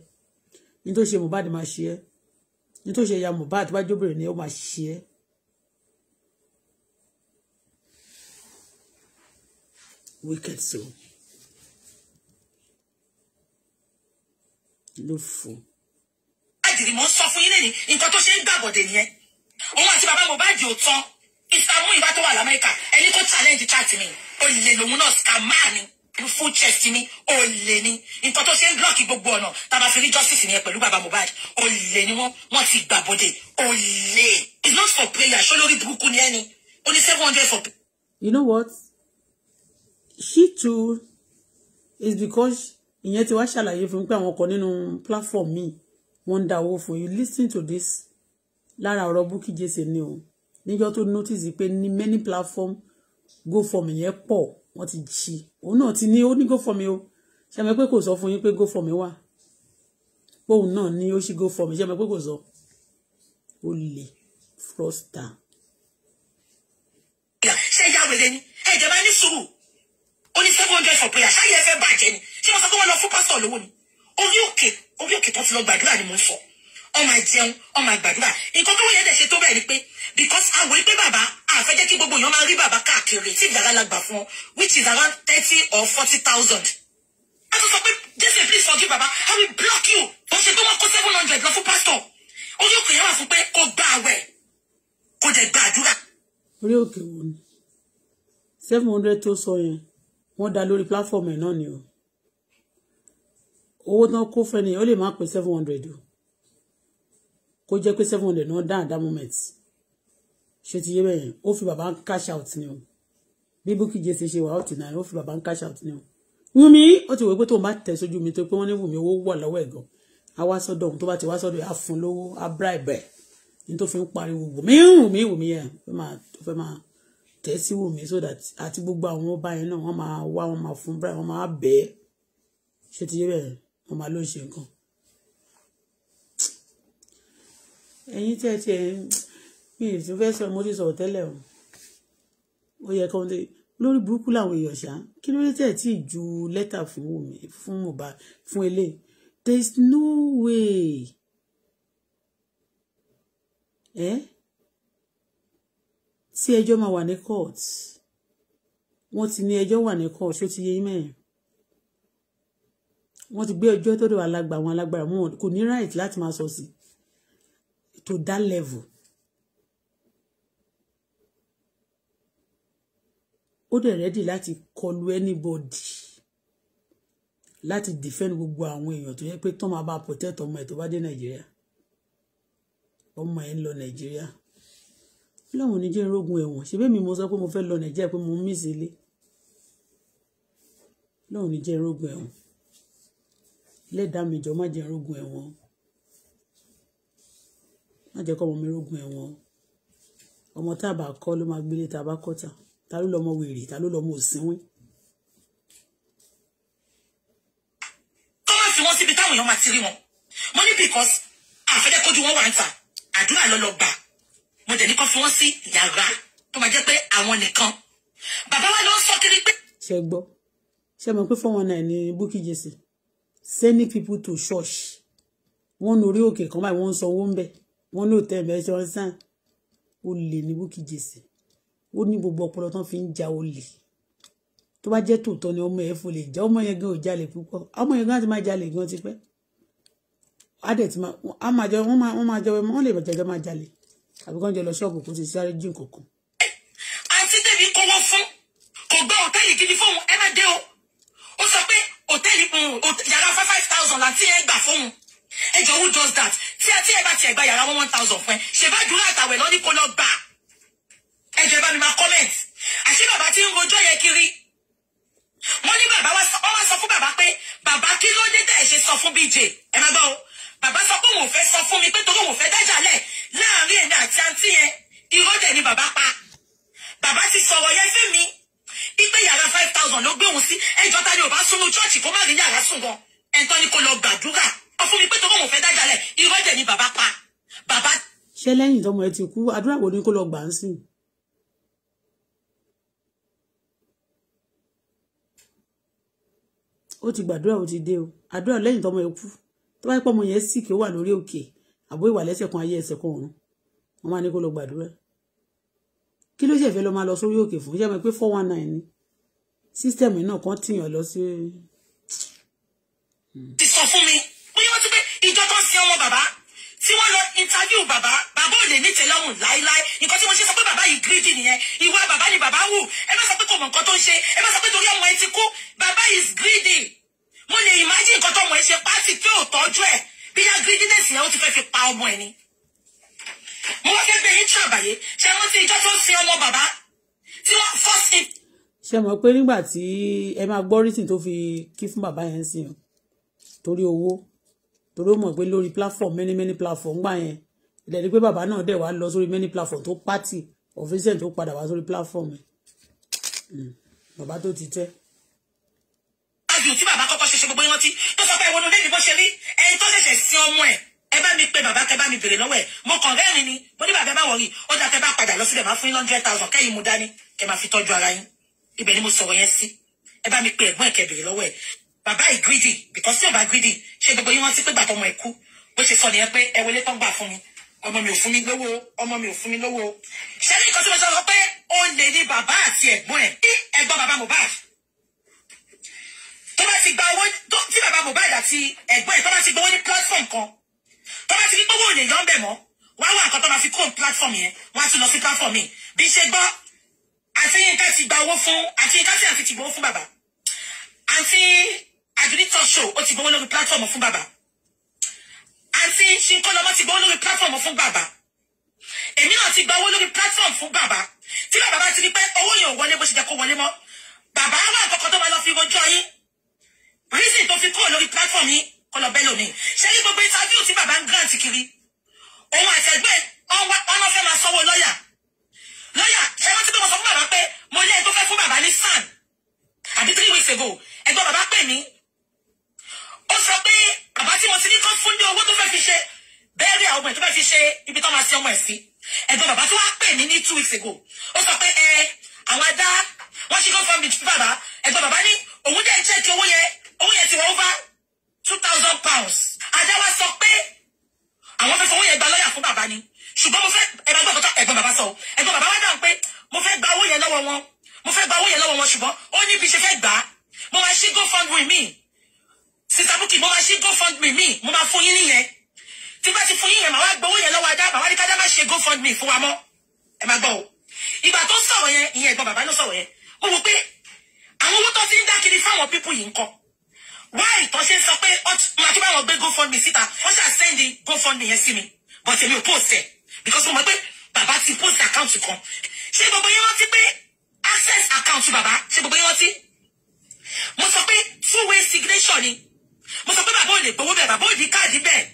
ní tó ṣe Mohbad máa ṣe é ní tó ṣe ya Mohbad tó bá jóbìnrin ni ó máa ṣe é wicked soul ló fún. àdìrí mo ń sọ fún yín lẹ́yìn nǹkan tó ṣe ń gbàbọ̀dẹ̀ nìyẹn òun àti bàbá Mohbad ò tán Mr. Muyiwa tó wà l'Amẹ́ríkà ẹni tó challenge chat mi olè lòun náà scammer ni full chest ni olè ni nǹkan tó ṣe ń block gbogbo ọ̀nà tá a bá fi justice nìyẹn pẹ̀lú bàbá Mohbad olè ni wọ́n wọ́n ti gbàbọ̀dẹ̀ olè it's not for prayer ṣó lórí burúkú ni ẹni ó ní seven hundred for. you know what she too is because ìyẹn ti wá ṣàlàyé fún mi pé àwọn ọkọ̀ nínú platform mi wọ́n ń da owó fún you listen to this lára ọ̀rọ̀ Bukky Jesse ni o níjọ́ tó notice pé ní many platform GoFundMe mi yẹn pọ̀ wọ́n ti jí òun náà ti ní ó ní GoFundMe o ṣe mọ̀ pé kò sọ fún yín pé GoFundMe wà òun náà ní ó ṣe GoFundMe ṣe mọ̀ pé kò sọ ó lè frosta. ṣé ìyá wèrè ni ẹ̀jẹ̀ bá ní sùúrù ó ní seven hundred for prayer ṣáà yẹn fẹ́ bàjẹ́ ni ṣé mo sọ pé wọ́n lọ fún pásítọ̀ lówó ni orí òkè orí òkè tó ti lọ gbàdúrà ni mo ń sọ ọmọ àjẹun ọmọ àgbàdúrà nǹkan tó wọlé dẹ̀ ṣe tó bẹ́ẹ̀ ni pé because àwọn ìpè bàbá àfẹ́ jẹ́ kí gbogbo èèyàn máa rí bàbá káàkiri tí ìdára la gbà fún ọ which is around thirty or forty thousand. a tún sọ pé jésù please forgive Baba. i will block you bó ṣe pé wọ́n kó seven hundred lọ fún pásítọ̀ orí òkè yẹn wà fún pé kó gba àwẹ̀ kó dẹ̀ gbàdúrà. orí òkè wo ni seven hundred tó sọ yẹn wọ́n dá lórí platform ẹ̀ náà ni o owó tán kó fẹ́ni ó lè má pé seven hundred o kó jẹ́ pé seven hundred náà dáhùn that moment ṣé ti yé bẹ́ẹ̀ yẹn ó fi bàbá ń cash out ni o bí Bukky Jesse ṣe wà ó ti náà ó fi bàbá ń cash out ni o Wùmí ó ti wò pé tóun bá tẹ̀ sójú mi tó pé wọ́n ní Wùmí owó wà lọ́wọ́ ẹ̀gàn á wá sọ́dọ̀ òun tó bá ti wá sọ́dọ̀ á lówó á bribe ẹ̀ ní tó fi ń pariwo Wùmí Wùmí Wùmí ẹ̀ tó fẹ́ máa tẹ́síwò mi so that àti gbogbo àwọn ọba yẹn náà wọ́n máa wá wọ́n máa fún Brian wọ́n máa bẹ́ẹ̀ ṣé ti yé bẹ́ẹ̀ wọ́n máa ló ń ṣe nǹkan. ẹ̀yin tí ẹ ti ẹ̀ mi ì tún fẹ́ sọ mo ti sọ̀rọ̀ tẹ́lẹ̀ o ó yẹ kọ́ńté lórí burúkú làwọn èèyàn ṣá kí ló dé tẹ̀ tí ju lẹ́tà fún omi fún ọba fún eléyìí there is no way. Eh? sí ẹjọ́ máa wà ní court wọ́n ti ní ẹjọ́ wà ní court ó ti yé yín mẹ́rin wọ́n ti gbé ẹjọ́ tó dẹ̀ wà lágbà àwọn alágbára wọn kò ní right láti máa sọ sí to that level. ó dẹ̀ rẹ́dì láti kọlu anybody láti defend gbogbo àwọn èèyàn tó yẹ pé tán máa bá protect ọmọ ẹ̀ tó bá dé nàìjíríà ọmọ ẹ̀ ń lọ nàìjíríà ọlọ́run ò ní jẹ́ irógun ẹ̀wọ̀n ṣebí mi mo sọ pé mo fẹ́ lọ nàìjíríà pé mo ń mí sí ilé ọlọ́run ò ní jẹ́ irógun ẹ̀wọ̀n lẹ́dàá mi jọ má jẹ́ irógun ẹ̀wọ̀n má jẹ́ kọ́ ọmọ mi irógun ẹ̀wọ̀n ọmọ tá a bá kọ́ ló máa gbélé tá a bá kọ́ tà ta ló lọ́mọ wèrè ta ló lọ́mọ òsínwín. tó wá sí síbi táwọn èèyàn máa ti rí wọn mo ní because àfẹ́dẹ́kọ́jú wọn wà ń ta àdúrà lọ́lọ́ gbà mo dẹ̀ ní kó fọwọ́ sí yàrá tó máa jẹ́ pé àwọn nìkan bàbá wa ló ń sọ kiri pé. ṣe gbọ́ ṣe mọ̀ pé four one nine ní Bukky Jesse sending people to church wọ́n ní orí òkè kan báyìí wọ́n ń sanwó ń bẹ̀ wọ́n ní òtẹ́ ẹ̀mẹ́ ṣe wọ́n sàn olè ní Bukky Jesse ó ní gbogbo ọpọlọ tán fi ń ja olè tó bá jẹ́ tòótọ́ ni ọmọ yẹn fò lè jẹ́ ọmọ yẹn gan ò jalè púpọ̀ ọmọ yẹn gan ti máa jalè gan ti pẹ́ á dẹ̀ ti máa á máa jọ wọ́n máa jọ wọ́n lè bàjẹ́ jọ máa jalè àbíkọ́ ń jẹ lọ ṣọ́ọ̀bù kó ti sáré jí nǹkan kan. àǹtí tèmi kọ́wọ́ fún kò gbọ́ hòtẹ́ẹ̀lì gidi fóun ẹ má dé o ó sọ pé hòtẹ́ẹ̀lì mm, yàrá five five thousand àti ẹ gbà fóun ẹ jọ who does that tí àti ẹ bá tiẹ̀ gba yàrá one one thousand fún ẹ ṣèbádùn àtàwẹ̀ lọ́ní kó lọ gbà ẹ jẹ́ bá mi máa comment àṣé bàbá tí ń rojọ́ yẹ kiri wọ́n ní bàbá wá sọ fún bàbá pé bàbá kí ló dé tẹ̀ ṣe sọ fún bíjè ẹ má gbọ́ o bàbá sọ pé òun fẹ́ sọ fún mi pé torí òun fẹ́ dájà lẹ̀ láàrin èmi àti àǹtí yẹn irọ́ ni bàbá pa bàbá ti sọ̀rọ̀ yẹn fún mi ipe yàrá five thousand ló gbé òun sí ẹjọ́ ta ni ò bá súnmú chọ́ọ̀chì kó má rí yàrá sùn gan ẹ̀ńtọ́ ni kò lọ gbàdúrà ọ fún mi pé torí òun fẹ́ dájà lẹ̀ irọ́ ni bàbá pa bàbá. ṣé lẹ́yìn tọmọ ẹ ti kú àdúrà wo ni kó lọ gbà ń sìn. ó ti gbàdúrà ó ti dé o àdúrà lẹ́yìn tọmọ ẹ kú tó bá pọ̀ ọmọ yẹn sì kí ó wà lórí òkè àbó ìwà lẹ́sẹ̀ kan ayé ẹsẹ̀ kan ọ̀run wọn máa ní kó lọ gbàdúrà kí ló ṣẹ̀fẹ́ lọ máa lọ sórí òkè fún yẹ́mọ̀ pé four one nine ni system náà kan tìyàn lọ sí. Hmm. ti sọ fún mi bóyá wọ́n ti pé ìjọ tó ọmọ bàbá tí wọ́n lọ interview bàbá bàbá ò lè ní tẹ́lọ́rùn láéláé nǹkan tí mo ṣe sọ pé bàbá yìí greedy nìyẹn ìwà bàbá ni bàbá wù ẹ má sọ pé kò mọ nǹkan tó ń ṣe ẹ má sọ pé torí ọmọ ẹ ti kú bàbá is greedy mo lè imagine nǹkan tọmọ ẹ ṣe pátì tí ò tọ́jú ẹ̀ bí yá greediness yẹn ó ti fẹ́ fi pa ọmọ ẹ ni mo wá fẹ́ gbé yín ṣàbàyé ṣé wọ́n ti ìjọ tó sin ọmọ bàbá tí wọ́n fọ́ sí. ṣé mọ̀ pé nígbà tí ẹ máa gbọ́ reason tó fi kí fún bàbá yẹn sìn o torí owó torí ó mọ̀ pé lórí platform many many platform gbà yẹn ilẹ̀ ni pé bàbá náà dẹ̀ wá lọ sórí many platform tó pátì ọ̀fíìsẹ̀ tó padà wá sórí platform ẹ̀ hmm. bàbá tó ti tẹ́ interview tí bàbá kọ́kọ́ ṣẹṣẹ gbogbo yẹn ti tó sọ pé ìwọ ló lébi bó ṣe rí ẹni tó ṣẹ̀ṣẹ̀ sin ọmọ ẹ̀ ẹ bá mi pe bàbá kẹ bá mi bèrè lọ́wọ́ ẹ̀ mo kàn rẹ́rìn ni mo ní bàbá bá wọ̀ rí ó dá tẹ bá padà lọ sílẹ̀ máa fún yín hundred thousand kẹ́yìn mu dání kẹ máa fi tọ́jú ara yín ibẹ̀ ni mo sọ̀rọ̀ yẹn sí ẹ bá mi pe ẹ̀gbọ́n ẹ̀ kẹ bèrè lọ́wọ́ ẹ̀ bàbá ì greedy because tí ò bá greedy ṣe gbogbo yín wọ́n ti pé gbàtọ́ ọmọ ẹ̀ kú bó ṣe sọ nìyẹn pé ẹ wọlé tán gbà fún mi ọmọ mi ò fún mi lówó ọmọ mi ò fún mi lówó ṣẹ́ni nǹkan tí mo sọ pé ó lè ní bàbá àti ẹ̀gbọ́n ẹ̀ ẹ̀gbọ́n bàbá Mohbad tó bá ti gba owó tí bàbá Mohbad àti ẹ̀gbọ́n ẹ̀ tó bá ti gbowó ní platform kan tó bá ti ní gbowó òlè yọ̀ ń bẹ̀ mọ́ wọ́n wá nǹkan tó máa fi kóòn platform yẹn wọ́n á tún lọ sí platform mi bí ṣe gbọ́ àti Yínká ti gba owó fún àti Yínká tí àfi ti gbowó fún bàbá àti àdúrítọ̀ show ó ti gbowó lórí platform fún bàbá àti ṣinkọ́lọ́mọ́ ti gbowó lórí platform fún bàbá èmi náà ti gba owó lórí platform fún bàbá tí bàbá bá ti rí pé owó yẹn ò wọlé bó ṣe jẹ́ kó wọlé mọ́ bàbá wà nǹkan kan tó máa lọ fi rojú ọyìn reason tó fi kúrò lórí platform yìí kọ́ lọ bẹ́ẹ̀ lónìí ṣé ní gbogbo interview tí bàbá ń grant kiri òun àtẹ̀gbẹ́ ọ̀nà fẹ́ máa sanwó lọ́yà lọ́yà ṣé wọ́n ti gbé wọn sọ fún bàbá pé mo lé ẹgbẹ́ fẹ́ fún bàbá ní sàn àbí three weeks ago ẹgbẹ́ bàbá pè mí ó sọ pé bàbá tí mo ti ní kán fún ní owó tó fẹ́ fi ṣe bẹ́ẹ̀rì àwọn ọmọ ẹ̀ tó fẹ́ fi ṣe ibi tó máa ṣe ọmọ ẹ̀ sí ẹ̀gbọ́n bàbá tó wá pè mí ní two weeks ago ó sọ pé ẹ àwọn adá wọ́n ṣe kó fún mi bàbá ẹ̀gbọ́n bàbá ní òun dẹ̀ ń ṣètì owó yẹn owó yẹn ti wọ over two thousand pounds adáwà sọ pé àwọn fẹ́ fowó yẹn gba lọ́yà fún bàbá ni ṣùgbọ́n mo fẹ́ ẹ̀gbọ́n gbọ́dọ̀ tó ẹ̀gbọ́n bàbá sọ ẹ̀gbọ́n bàbá wá dáhùn pé mo fẹ́ gba owó yẹn lọ́wọ́ wọn mo fẹ́ gba owó yẹn lọ́wọ́ wọn ṣùgbọ́n ó ní bí ṣe fẹ́ gbà á mo máa ṣí GoFundMe mi sísá búkì mo máa ṣí GoFundMe mi mo máa fún yín nìyẹn tí bá ti fún yín yẹn màá wá gbowó yẹn lọ́wọ́ adá màá wá ní kájá má ṣe GoFundMe fún wa mọ́ ẹ máa gbọ́ o ìgbà tó sọ̀rọ̀ yẹn ìyẹn ẹ̀gbọ́n bàbá ló sọ̀rọ̀ yẹn mo wò pé àwọn owó tó ti ń dá kiri fáwọn pípù yìí ń kọ́ Why, wáyé tó ṣe ń sọ pé máa tún bá wọn gbé gofundme síta wọ́n go fund me yẹn sí mi but èmi ò post ẹ̀ because mo mọ̀ pé bàbá ti post account kan ṣé gbogbo yín rántí pé access account Baba. ṣé gbogbo yín rántí mo sọ pé two way signature ni mo sọ pé bàbá ò lè gbowó bẹ́ẹ̀ bàbá ò ní káàdì bẹ́ẹ̀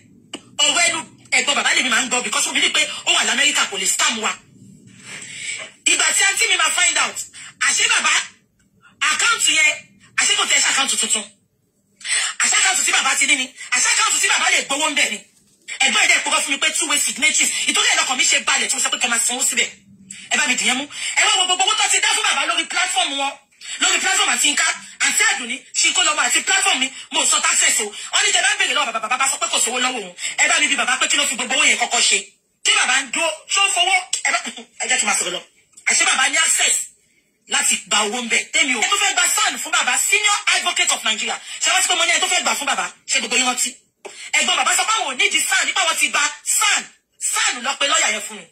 ọ̀rọ̀ ẹnu ẹ̀gbọ́n bàbá lèmi máa ń gbọ́ because omi ní pé ó wà lamẹ́ríkà kò lè scam wa ìgbà tí àǹtí mi máa find out àṣé bàbá àkáǹtì yẹn àṣé kò tẹ̀ ṣe àkáǹtì tuntun àṣàkáǹtù tí bàbá ti ní ni àṣàkáǹtù tí bàbá lè gbowó ń bẹ̀ ni ẹ̀gbọ́n ẹ̀dá ìpọ́kọ́ fún mi pé two way signatures ìtọ́jú ẹ̀dá kan mi ṣe balẹ̀ tí mo sọ pé kẹ́ máa sanwó síbẹ̀ ẹ bá mi dìyẹn mú ẹ wá gbogbo owó tó ti dá fún bàbá lórí platform wọn lórí platform àti nká àti àdùnní ṣìkọlọmọ àti platform mi mo sọ taxes o wọn ní tẹ bá ń bèrè lọ́wọ́ bàbá bàbá sọ pé kò sówó lọ́wọ́ òun ẹ bá mi bí bàbá pé kí ló fi gbogbo owó yẹn kọ́kọ́ ṣe tí bàbá ń dúró tó fowó ẹ jẹ́ kí n máa sọ̀rọ̀ lọ àṣẹ bàbá ní access láti gba owó ń bẹ tẹ́mi o. ẹni tó fẹ́ gba SAN fún bàbá senior advocate of Nigeria ṣe wá sí pé mo ní ẹni tó fẹ́ gbà fún bàbá ṣe gbogbo yín rántí. ẹ̀gbọ́n bàbá sọ pé àwọn ò ní di SAN nípa wọn ti gba SAN SAN lọ pé lọ́ọ̀yà yẹn fún un.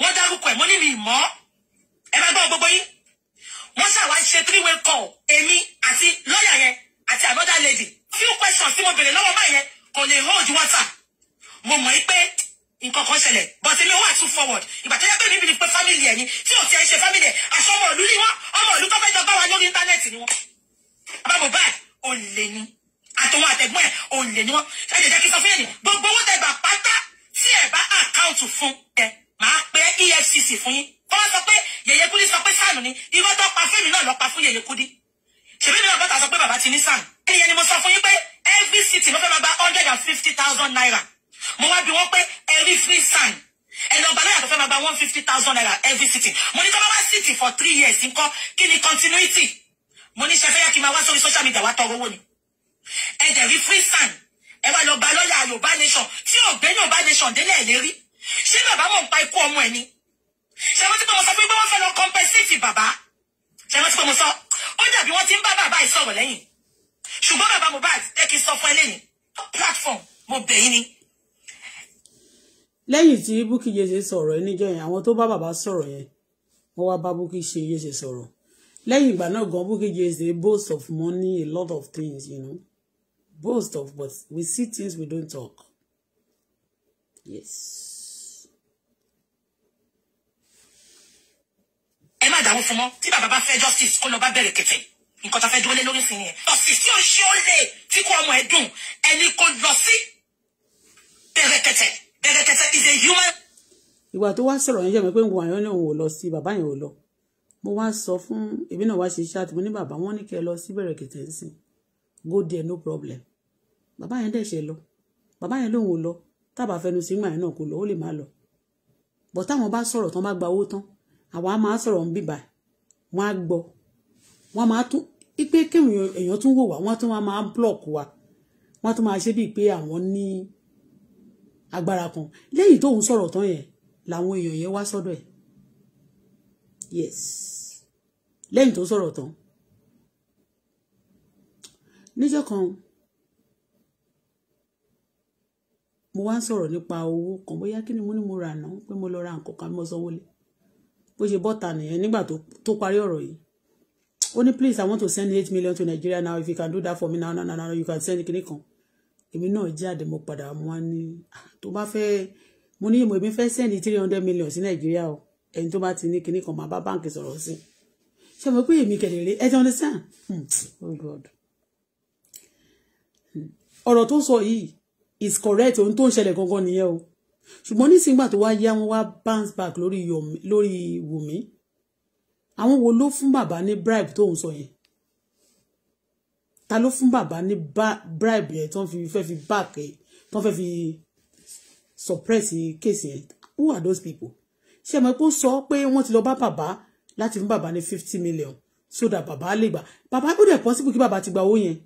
wọ́n dárúkọ ẹ̀ mo ní mi mọ́ ẹ máa gbọ́ gbogbo yín. wọ́n ṣàwá ṣe three way call èmi àti lọ́ọ̀yà yẹn àti another lady. few questions tí mo béèrè lọ́wọ́ báyẹn kò lè hold water. mo mọ̀ pé nǹkan kan ṣẹlẹ̀ but èmi ò wà too forward ìgbà tó yẹ pé níbi ni pé family ẹ̀ ni tí ò ti ẹ̀ ṣe family ẹ̀ aṣọ ọmọ ìlú ni wọ́n ọmọ ìlú tó fẹ́ jọ bá wa lórí íńtánẹ́ẹ̀tì ni wọ́n bàbá Mohbad ò lè ní àtọwọn àtẹ̀gbọ́n ẹ̀ ò lè ní wọ́n ẹ jẹ́ kí n sọ fún yẹn ni gbogbo owó tẹ̀gbà pátá tí ẹ̀ bá àkáǹtì fún ẹ máa pẹ́ EFCC fún yín wọ́n sọ pé yèyé kúdí sọ pé sànù ni irọ́ tó pa fẹ́mi náà lọ pa fún yèyé kúdí ṣèbí mi náà bọ́tà sọ pé bàbá ti ní sànù ẹnìyẹn ni mo every city ló fẹ́ máa hundred and fifty thousand naira mo wá bí wọ́n pé every free sign ẹni ọba lọ́yà tó fẹ́ máa gba one fifty thousand naira every city. mo ní kí wọ́n wá sitting for three years nǹkan kí ni continuity mo ní ṣe fẹ́ yá kí n máa wá sórí social media wá tọrọ owó ni ẹ rí free sign ẹ wá lọ ba lọ́yà Yorùbá nation tí ò gbé Yorùbá nation délé ẹ̀ lérí ṣé bàbá mọ̀ nípa ikú ọmọ ẹ̀ ni ṣé wọ́n ti pé mo sọ pé wọ́n fẹ́ lọ compensate bàbá ṣé wọ́n ti pé mo sọ ó dàbí wọ́n ti ń bá bàbá yìí sọ̀rọ̀ lẹ́yìn ṣùgbọ́n bàbá Mohbad ẹ kì í sọ fún ẹ platform mo bẹ̀ ni lẹ́yìn tí Bukky Jesse sọ̀rọ̀ ẹ níjọ́ yẹn àwọn tó bá bàbá sọ̀rọ̀ yẹn wọ́n wá bá Bukky Jesse sọ̀rọ̀ lẹ́yìn ìgbà náà gan Bukky Jesse boast of money a lot of things you know boast of but we see things we don't talk yes. ẹ má dààmú fún mọ́ tí bàbá bá fẹ́ justice kó lọ bá bẹ̀rẹ̀ kẹfẹ́ nǹkan tó fẹ́ dúró lé lórí sí yẹn ọ̀sìn tí ó ṣe ó lè tí kò ọmọ ẹ̀ dùn ẹni kò lọ sí bẹ̀rẹ̀ kẹtẹ̀ kẹ̀kẹ̀kẹ̀tẹ̀ is a human. ìwà tó wá sọ̀rọ̀ yẹn ṣe mi pé ń wo àyàn náà ò lọ sí bàbá yẹn ò lọ mo wá sọ fún èmi náà wá ṣe iṣẹ́ àti mo ní bàbá wọn ní kẹ́ lọ sí bẹ̀rẹ̀ kẹ̀tẹ̀ ń sìn go there no problem bàbá yẹn dẹ̀ ṣe lọ bàbá yẹn lòun ò lọ tábà fẹnu sí ìgbà yẹn náà kò lọ ó lè má lọ bọ̀ táwọn bá sọ̀rọ̀ tán bá gba owó tán àwa máa sọ̀rọ̀ ń bìbà wọn á gbọ́ wọn máa tún ipe kéwọn èèyàn tún wò wá wọn tún máa blọọkù wa wọn tún máa ṣe bíi pé àwọn ní agbára kan lẹ́yìn tóun sọ̀rọ̀ tán yẹn làwọn èèyàn yẹn wá sọ́dọ̀ ẹ̀ yes lẹ́yìn tó sọ̀rọ̀ tán níjọ́ kan mo wá ń sọ̀rọ̀ nípa owó kan bóyá kí ni mo ní mo rà náà pé mo lọ ra nǹkan kan mo sanwó lé bó ṣe bọ́ta nìyẹn nígbà tó parí ọ̀rọ̀ yìí ó ní please i want to send eight million to nigeria now if you can do that for me now now now you can send kinní kan èmi náà jáde mo padà wá ní ah, tó bá fẹ́ mo ní ìmọ̀ èmi fẹ́ sẹ́ndì three hundred million sí nàìjíríà o ẹni tó bá ti ní kinní kan máa bá báǹkì sọ̀rọ̀ sí ṣe mo pé èmi kẹ̀lé ẹ ti understand hmm, oh god hmm, ọ̀rọ̀ tó sọ yìí is correct ohun tó ń ṣẹlẹ̀ gangan nìyẹn o ṣùgbọ́n nísìngbà tó wá yá wọn wá bounce back lórí Wùmí àwọn wo ló fún bàbá ní bribe tó ń sọ yẹn ta ló fún bàbá ní bribe yẹn tó ń fi fẹ́ fi back ẹ̀ tó ń fẹ́ fi suppress case yẹn who are those people ṣé ẹ mọ̀ pé ó sọ pé wọ́n ti lọ bá bàbá láti fún bàbá ní fifty million so that bàbá lè gbà bàbá ó dẹ̀ possible kí bàbá ti gba owó yẹn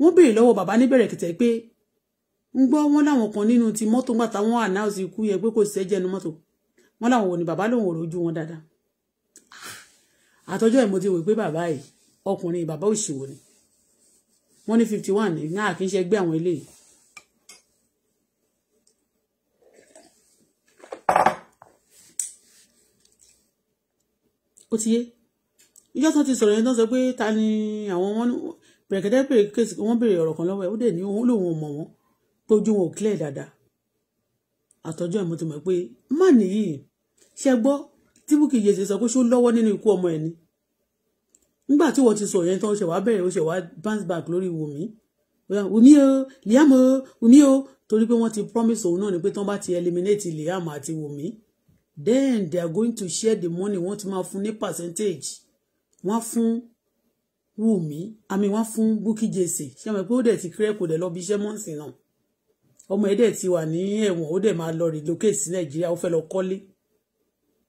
wọ́n béèrè lọ́wọ́ bàbá níbẹ̀rẹ̀ kìtẹ̀ pé ń gbọ́ wọn láwọn kan nínú ti mọ́tò ńgbà táwọn ànáàsì ikú yẹn pé kò sẹ́jẹ̀ nu mọ́tò wọn láwọn ò ní bàbá lòun ò rojú wọn dáadáa ah, àtọjọ́ ẹ̀ mo ti wò pé bàbá yìí ọkùnrin bàbá òṣìwò ni wọ́n ní fifty one náà kì í ṣe ẹgbẹ́ àwọn eléyìí. ó ti yé ìjọ tán ti sọ̀rọ̀ yẹn tán sọ pé ta ni àwọn wọn bẹ̀rẹ̀kẹ́dẹ́ bèrè kéèsì wọ́n bèrè ọ̀rọ̀ kan lọ́wọ́ ẹ̀ ó dẹ̀ ní òun lòun ò mọ̀ wọ́n pé ojú wọn ò clear dáadáa àtọ́jọ́ ẹ̀ mo ti mọ̀ pé má nìyí ṣe gbọ́ tí Bukky Jesse sọ pé ṣó lọ́wọ́ nínú ikú ọmọ ẹ̀ ni nígbà tí wọ́n ti sọ yẹn tán ó ṣe wá bẹ̀rẹ̀ ó ṣe wá bounce back lórí Wùmí Wùmí o Liam o Wùmí o torí pé wọ́n ti promise òun náà ni pé tán bá ti eliminate Liam àti Wùmí then they are going to share the money wọ́n ti máa fún ní percentage wọ́n fún Wùmí àmì wọ́n fún Bukky Jesse ṣé mo pé ó dẹ̀ ti kírẹ́ kò dẹ̀ lọ bí iṣẹ́ mọ́ǹsì náà ọmọ ẹ̀ dẹ̀ ti wà ní ẹ̀wọ̀n ó dẹ̀ máa lọ relocate sí Nàìjíríà ó fẹ́ lọ kọ́lé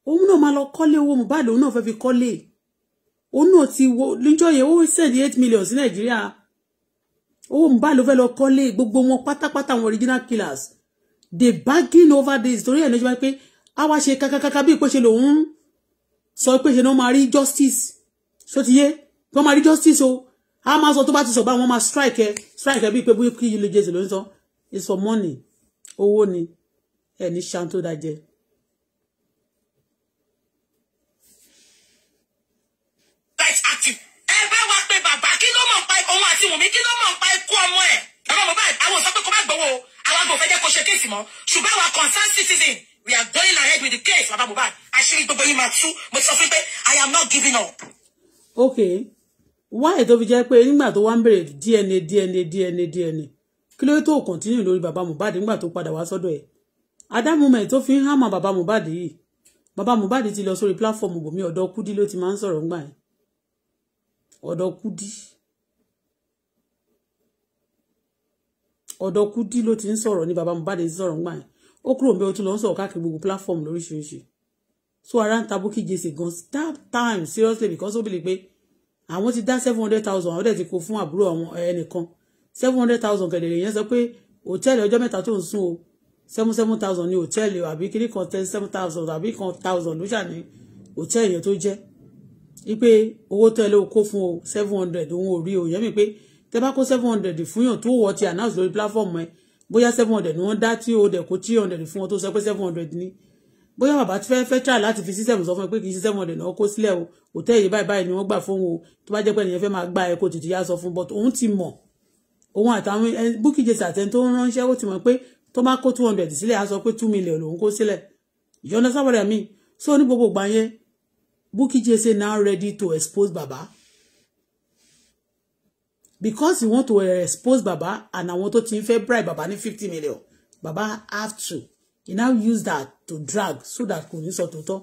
òun náà máa lọ kọ́lé owó Mohbad òun náà fẹ́ fi kọ́lé òun náà ti wo níjọ́ yẹn ó send eight million sí nàìjíríà owó ń bá ló fẹ́ lọ kọ́lé gbogbo wọn pátápátá àwọn original killers they bagging over this torí ẹ̀ ní ọjọ́ pé a wá ṣe kakakaka bí ìpèsè lòun sọ ìpèsè náà máa rí justice ṣó ti yé wọ́n máa rí justice o a máa sọ tó bá ti sọ bá wọn máa strike ẹ strike ẹ bí pé bóyá kí ilé jésù ló ń sọ it's for money owó ni ẹ ní ṣan tó dájẹ́ àwọn sọ pé kó má gbowó o àwọn agbófẹ́ jẹ́ kó ṣe kéèsì mọ́ ṣùgbọ́n àwọn concerned citizen we are going ahead with the case baba Mohbad àṣírí gbogbo yìí máa tú mo sọ fún pé I am not giving up. okay why tó fi jẹ́ pé nígbà tó wá ń bèrè DNA DNA DNA DNA kí ló tó continue lórí baba Mohbad nígbà tó padà wá sọ́dọ̀ ẹ̀ adámúmẹ̀ tó fi ń hàn mọ́ baba Mohbad yìí baba Mohbad ti lọ sórí platform bòmí ọ̀dọ̀ kúdí ló ti máa ń sọ̀rọ̀ ńgbà yẹn ọ̀dọ̀ kúdí ọ̀dọ̀ Kudi ló ti ń sọ̀rọ̀ ní baba Mohbad ń sọ̀rọ̀ ńgbà yẹn ó kúrò níbẹ̀ ó tún lọ sọ̀rọ̀ káàkiri gbogbo platform lóríṣiríṣi so ara ń ta Bukky Jesse gan that time seriously because ó bìlì pé àwọn ti dá seven hundred thousand àwọn dẹ̀ ti kó fún àbúrò àwọn eh, ẹnìkan seven hundred thousand kẹ̀dẹ̀rẹ̀ yẹn sọ pé hòtẹ́ẹ̀lì ọjọ́ mẹ́ta tó ń sùn o seven seven thousand ní hòtẹ́ẹ̀lì àbí kiri kan ten seven thousand àbí kan thousand ló ṣà ní hòtẹ́ẹ̀lì yẹn tó jẹ́ wípé owó tó ẹ kó fún o seven hundred òun ò rí o yẹn mi pé tẹ bá kó seven hundred fún yàn tó wọ ti announce lórí platform ẹ bóyá seven hundred ni wọ́n dá tí o dẹ̀ kó three hundred fún wọn tó sọ pé seven hundred ni bóyá bàbá ti fẹ́ fẹ́ try láti fi sísẹ̀mù sọ fún ẹ pé kì í sísẹ̀mù ọ̀dẹ̀ náà kó sílẹ̀ o òtẹ́ẹ̀lì báyìí báyìí ni wọ́n gbà fóun o tó bá jẹ́ pé ẹnìyẹn fẹ́ máa gba ẹ̀kọ́ tètè yá sọ fún but òun ti mọ̀ òun àtàwọn Bukky Jesse àtẹni to ń ránṣẹ́ ó ti mọ̀ pé to bá kó two hundred sílẹ̀ á sọ pé two million lòun kó sílẹ̀ you understand what I mean so ní gbogbo ìgbà yẹn Bukky Jesse now ready to expose bàbá because you want to expose baba and àwọn to ti ń fẹ́ bribe baba ní fifty million baba have to he now use that to drag so that kò ní sọ tòótọ́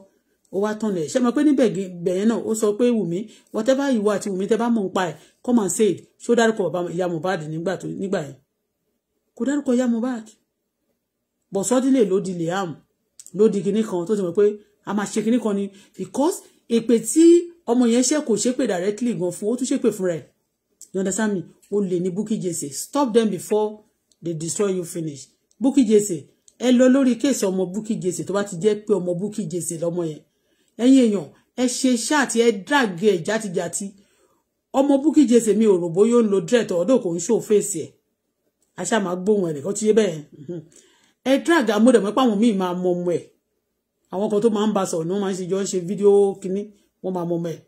ó wá tán nìyẹn ṣe mọ̀ pé níbẹ̀ bẹ̀yẹn náà ó so pé wùmí whatever you àti wùmí tẹ bá mọ̀ ń pa come and say it ṣó dárúkọ bàbá ìyá Mohbad nígbà tó nígbà yẹn kò dárúkọ ìyá Mohbad bọ̀ sọ́dílé ló di liam ló di kinní kan tó ti mọ̀ pé a máa ṣe kinní kan ni because èpè tí ọmọ yẹn ṣe kò ṣépè directly gan fún ó tún ṣépè fúnra ẹ̀ you understand me ó ni buki Bukky Jesse stop them before they destroy you finish Buki Jesse ẹ lọ lórí kéèsì ọmọ Bukky Jesse tó bá ti jẹ́ pé ọmọ Bukky Jesse lọ́mọ yẹn ẹ̀yin èèyàn ẹ ṣe iṣẹ́ àti ẹ drag ẹ játijàti ọmọ Bukky Jesse mi ò rò bóyá ó ń lo dread ọ̀dọ̀ kò ń ṣó fèsì ẹ̀ aṣá máa gbóhùn ẹ̀rẹ̀ ti yé bẹ́ẹ̀ drag amúdẹ̀mọ́ pàwọn míì máa mọ ọmọ ẹ̀ àwọn kan tó máa ń ba sọ̀rọ̀ ni wọ́n máa ń ṣe jọ ń ṣe fídíò kínní wọ́n máa mọ ọmọ ẹ̀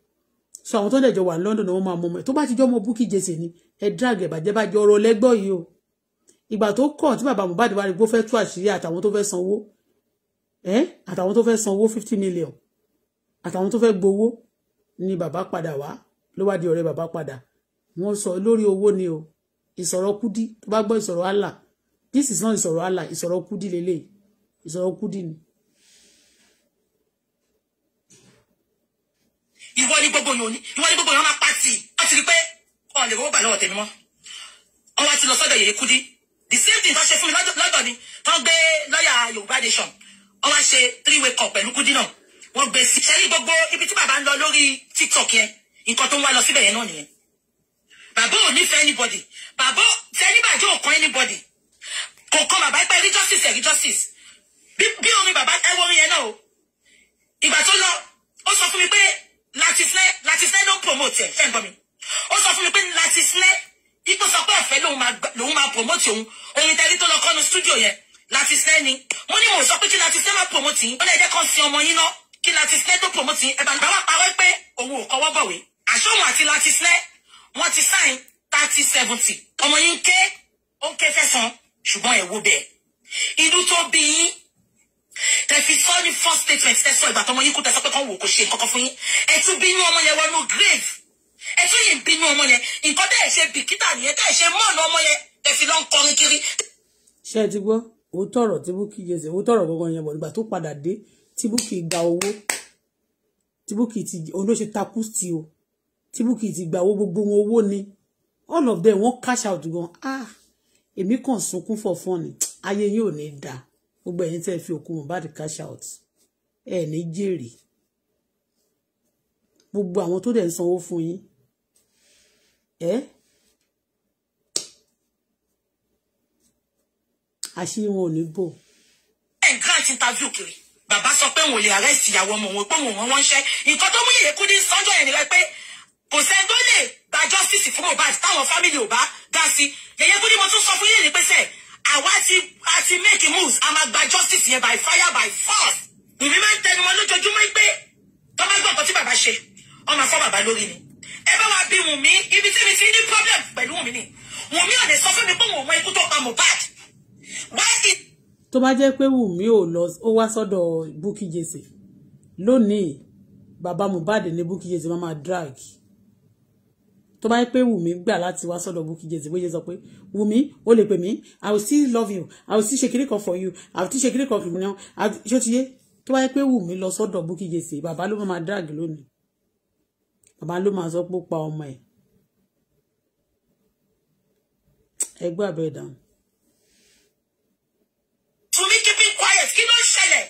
so àwọn tó dẹ̀jọ wà ní London wọn máa mọ ọmọ ẹ̀ tó bá ti jọ ọmọ Bukky Jesse ni ẹ drag ẹ̀bàjẹ́ bá jọ ọ̀rọ̀ lẹ́gbọ́ yìí o ìgbà tó kọ̀ tí bàbá Mohbad wá rí gbó fẹ́ tú àṣírí àtàwọn tó fẹ́ sanwó ẹ́ àtàwọn tó fẹ́ sanwó fifty million àtàwọn tó fẹ́ gbowó ni bàbá padà wá ló wá di ọ̀rẹ́ bàbá padà wọ́n sọ lórí owó ni o ìsọ̀rọ̀ kúdí tó bá gbọ́ ìsọ̀rọ̀ Allah this is not ìsọ̀rọ̀ Allah ìsọ̀rọ̀ kúdí lélẹ̀ ìsọ̀rọ̀ kúdí ni ìwọ ní gbogbo yòó ní ìwọ ní gbogbo yòó máa pa tì á ti rí pé ọ̀ lè rówó bà lọ́wọ́ tèmi mọ́ ọwọ́ ti lọ sọ́dọ̀ yèyé kudi the same thing tó ṣe fún mi lọ́dọ̀ ni tó ń gbé lọ́ọ̀yà yorùbá nation ọwọ́ ṣe three way call pẹ̀lú kudi náà wọ́n gbé sí ṣẹ́rí gbogbo ibi tí bàbá ń lọ lórí tiktok yẹn nǹkan tó ń wá lọ síbẹ̀ yẹn náà nìyẹn bàbá ò nífẹ̀ẹ́ anybody bàbá tẹnibàjẹ́ ò kan anybody kò kan bàbá pẹ́ rí justice ẹ̀ bí orin bàbá ẹ wọ́n rí yẹn náà o ìgbà tó lọ ó sọ fún mi pé Latisle Latisle ló promote ẹ̀ ṣe ń gbọ́ mi ó sọ fún mi pé Latisle ipò sọ pé ọ̀fẹ́ lòun máa promote òun oyin tẹ́lí tó lọ kọ́nu studio yẹn Latisle ni mo ní mò ń sọ pé kí Latisle má promote yín ó lè jẹ́ kàn sí ọmọ yín náà kí Latisle tó promote yín ẹ̀bà nígbà wà parọ́ pé òun ò kọ́wọ́ bọ̀wé àṣọ̀hún àti Latisle wọ́n ti sign thirty seventy ọmọ yín ké ó ké fẹ́ san ṣùgbọ́n ẹ̀ wo bẹ́ẹ̀ inú tó bí yín tẹ fi sọ ní first statement tẹ sọ ìgbà tọmọ yín kú tẹ sọ pé kàn wò kò ṣe nǹkan kan fún yín ẹ bínú ọmọ yẹn wọnú grave ẹ yìí bínú ọmọ yẹn nǹkan tẹ ẹ ṣe bìkítà nìyẹn tẹ ẹ ṣe mọ́ọ̀nù ọmọ yẹn tẹ lọ ń kọrin kiri. ṣé ẹ ti gbọ́ ó tọrọ tí Bukky jẹsẹ̀ ó tọrọ gbọ́ngàn yẹn bọ̀ nígbà tó padà dé tí Bukky gba owó tí Bukky ti olóṣè takú sí o tí Bukky ti gba owó gbogbo wọn owó ni all of them wọ́n cash out gan ah èmi kàn sunkún for fun ni ayé yìí ò ní dáa gbogbo ẹ̀yin tẹ́ fi òkú Mohbad cash out ẹ̀ ní jèrè gbogbo àwọn tó dẹ̀ ń sanwó fún yín ẹ́ àṣírí wọn ò ní bò. ẹ̀ ń grant interview kiri bàbá sọ pé wọn ò lè arrest ìyàwó ọmọ wọn pé wọn wọn wọn ṣẹ́ nǹkan tó mú yèyé kú ní sọ́jọ́ yẹn nìyẹn pé kò sẹ́ni tó gba justice fún Mohbad táwọn family ò bá dá sí yèyé kú mo tún sọ fún yín ní pẹ́sẹ́ I àwa ti a ti make moves a máa gba justice yẹn by fire by force ìmí máa ń tẹnu wọn be. pé tọ́mọ gbọ́ nǹkan tí bàbá ṣe ọmọ afọ bàbá lórí ni ẹ be with me. If ibi tí mi ti ní problem by Wùnmí ni Wùnmí ò lè sọ fún mi pé òun ò mọ ikú tó pa Mohbad wáyé. tó bá jẹ́ pé Wùnmí ò lọ ó wá sọ́dọ̀ Bukky Jesse lónìí bàbá Mohbad ní Bukky Jesse máa drag tó bá yẹ pé Wùnmí gbà láti wá sọ́dọ̀ Bukky Jesse bó ṣe sọ pé Wùmí o lè pè mí I will still love you I will still ṣe kiri for you I will still ṣe kiri for you ṣé o ti yé tó bá yẹ pé Wùmí lọ sọ́dọ̀ Bukky Jesse bàbá ló máa drag lónìí bàbá ló máa sọ pé ó pa ọmọ ẹ̀ ẹgbẹ́ àbẹ̀ ìdáhùn. Wùmí keeping quiet kí ló ń ṣẹlẹ̀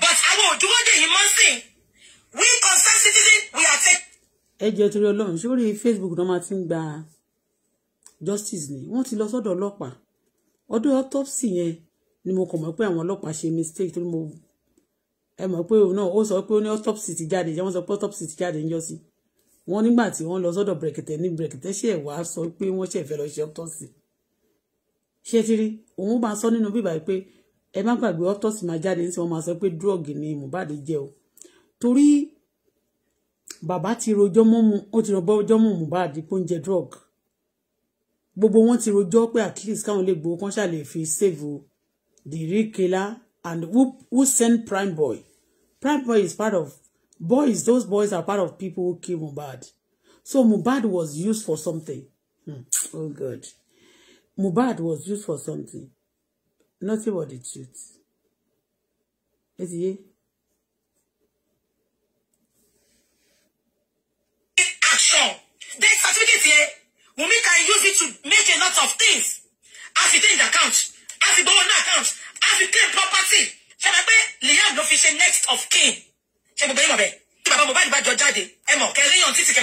but àwọn òdúró dè yìí mọ́ sí we concerned citizen, we are taking. ẹ jẹ́ torí ọlọ́run sórí Facebook náà máa ti ń gba justice ni wọ́n ti lọ sọ́dọ̀ ọlọ́pàá ọdún autopsy yẹn ni mo kàn mọ̀ pé àwọn ọlọ́pàá ṣe mistake torí mo ẹ mọ̀ pé òun náà ó sọ pé ó ní autopsy ti jáde ìjà wọ́n sọ pé autopsy ti jáde níjọ́ sí wọ́n nígbà tí wọ́n lọ sọ́dọ̀ brèkìtẹ́ ní brèkìtẹ́ ṣe ẹ̀ wá sọ pé wọ́n ṣe fẹ́ lọ ṣe autopsy ṣé ti rí òun máa sọ nínú bíbá pé ẹ má gbàgbé autopsy máa jáde nísìnyí wọ́n máa sọ pé drug ni Mohbad jẹ́ o torí bàbá ti rojọ́ mọ́ mu ó ti rojọ́ mọ́ Mohbad pé ó ń jẹ drug gbogbo wọn ti rojọ́ pé at least káwọn lè gbowó kan ṣàlè fi save the real killer and who who send prime boy prime boy is part of boys those boys are part of people who kill Mohbad so Mohbad was used for something hmm. oh God Mohbad was used for something nothing but the truth Is etie. action dey certificate yẹn. Wunmi can use it to make a lot of things. as it in the account, a sì gbowó ní account, as it claim property. Ṣé mo pé Liam ló fi next of kin? Ṣé gbogbo yín mọ̀ bẹ́ẹ̀? Tí bàbá Mohbad bá jọ jáde, ẹ mọ̀ kẹ́ léyàn títì "Ha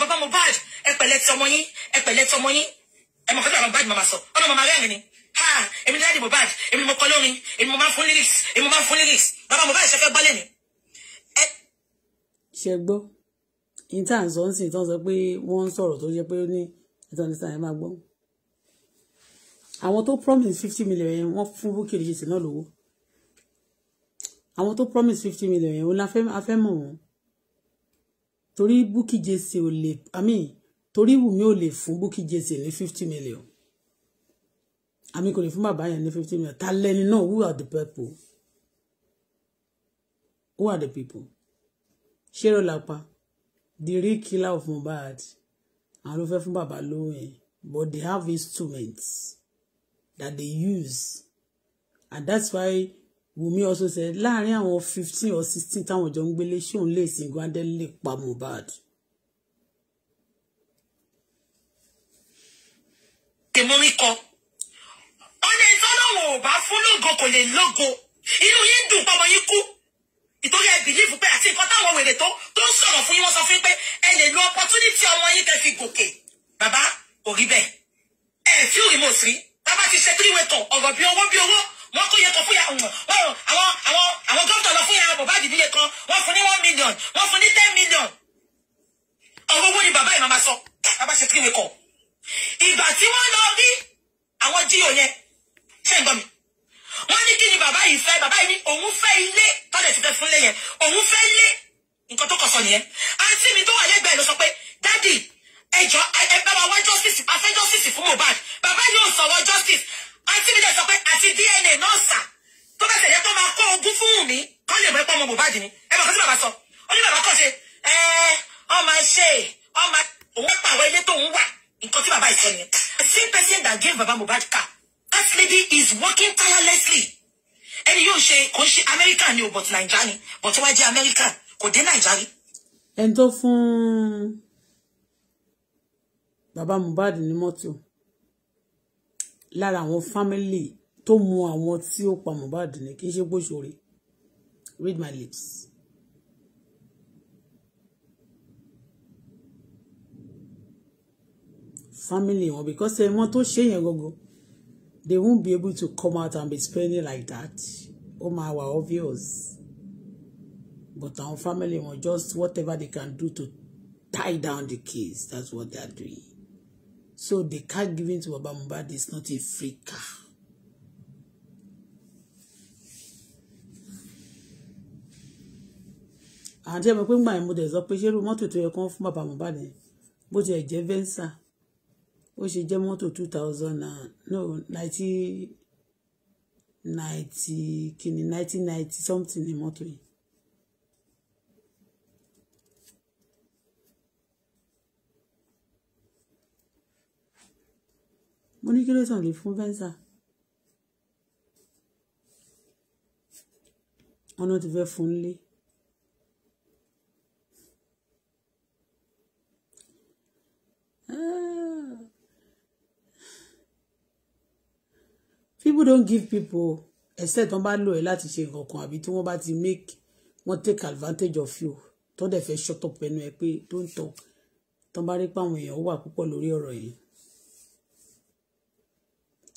bàbá Mohbad, Epe let ti money. Epe let pẹ̀lẹ́ money. ọmọ yín." Ẹ mọ̀ kẹ́ bàbá Mohbad máa sọ, ọ̀nà màmá Ha èmi ní Dádì Mohbad, èmi ni mo kọ lórin, èmi mo máa fún lyrics, èmi mo máa fún lyrics. Bàbá Mohbad ṣe fẹ́ gbọ́ intern sọ ń sìn tó ń sọ pé wọ́n ń sọ̀rọ̀ tó jẹ́ pé ó ní ẹ̀tọ́ ní sàn ẹ̀ máa gbọ́. àwọn tó promise fifty million yẹn wọ́n fún Bukky Jesse náà lówó àwọn tó promise fifty million yẹn òun la fẹ́ mọ̀ wọ́n torí Bukky Jesse ò lè i mean torí Wùmí ò lè fún Bukky Jesse ní fifty million àmì kò lè fún bàbá yẹn ní fifty million ta lẹni náà who are the people who are the people ṣé rọ pa the real killer of Mohbad àwọn ló fẹ́ fún bàbá lówó but they have instruments that they use and that's why Wunmi also said láàrin àwọn fifteen or sixteen táwọn jọ ń gbélé ṣé òun lè sin gbadé lè pa Mohbad. tèmọ́ mi kọ́ ọ̀nà ìtọ́lọ́wọ̀n ò bá fún lógo kò lè lógo inú yín dùn pọ́mọ yín kú ìtorí ẹ bìlíìfù pé àti nǹkan táwọn wèrè tó tó ń sọ̀rọ̀ fún yín wọ́n sọ fún pé ẹ lè lo opportunity ọmọ yín kẹ́ fi gòkè bàbá kò rí bẹ́ẹ̀ ẹ fi òrì mọ̀ sí bàbá ti ṣe three way tán ọ̀rọ̀ bí owó bí owó wọn kó yẹ kan fún yà wọn àwọn àwọn àwọn gómìnà lọ fún yà bàbá àdìbí yẹ kan wọn fún ní one million wọn fún ní ten million ọ̀rọ̀ owó ni bàbá yìí máa sọ bàbá ṣe three way kọ ìgbà tí wọ́n lọ rí àwọn jíyò yẹn ṣé ń gbọ́ mi wọ́n ní kí ni bàbá yìí fẹ́ bàbá yìí ní òun fẹ́ ilé tọ́lẹ̀ ti fẹ́ fún lé yẹn òun fẹ́ lé nǹkan tó kọ sọ nìyẹn àǹtí mi tó wà lẹ́gbẹ̀ẹ́ ló sọ pé dádì ẹjọ́ ẹ bá wa wá justice a fẹ́ justice fún Mohbad bàbá yóò sọ̀rọ̀ justice àǹtí mi dẹ̀ sọ pé àti DNA náà sà tó bẹ́sẹ̀ yẹ tó máa kó ogún fún mi kọ́ lè mọ ẹ̀pọ̀ ọmọ Mohbad ni ẹ bá kọ́ sí bàbá sọ ó ní bàbá kọ́ ṣe ẹ ọmọ ṣe ọmọ òun pàwọ́ ilé tóun wà nǹkan tí bàbá ìsọ nìyẹn the same person that gave bàbá Mohbad car that lady is working tirelessly ẹni yóò ṣe kò ń ṣe Amẹ́ríkà ni o but Nàìjíríà ni but wá jẹ́ Amẹ́ríkà kò dé Nàìjíríà. ẹni tó fún bàbá Mohbad ní mọ́tò lára àwọn fámílì tó mú àwọn tí ó pa Mohbad ní kì í ṣe gbóṣòre read my lips. family wọn because ẹ mọ tó ṣe yẹn gbogbo they won't be able to come out and be spending like that Oh my, we're obvious but our family wọn just whatever they can do to tie down the kids that's what they are doing so the car given to Baba Mohbad is not a free car. And ẹ̀ my pé ń gbà yẹn mo want to pé ṣé irú mọ́tò tó yẹ kán fún Baba Mohbad yẹn bó ti ẹ̀ jẹ́ ó ṣe jẹ́ mọ́tò two thousand and no nineteen ninety kìíní nineteen ninety something ni mọ́tò yìí. mo ní kí ló tàn lè fún fẹ́ǹsà wọn náà ti fẹ́ fún lé ah. people don't give people except wọ́n bá lò ẹ́ láti ṣe nǹkan àbí tí wọ́n bá ti make wọ́n take advantage of you tó dẹ̀ fẹ́ shut up ẹnu ẹ pé don't talk tó bá rí páwọn èèyàn wà púpọ̀ lórí ọ̀rọ̀ yìí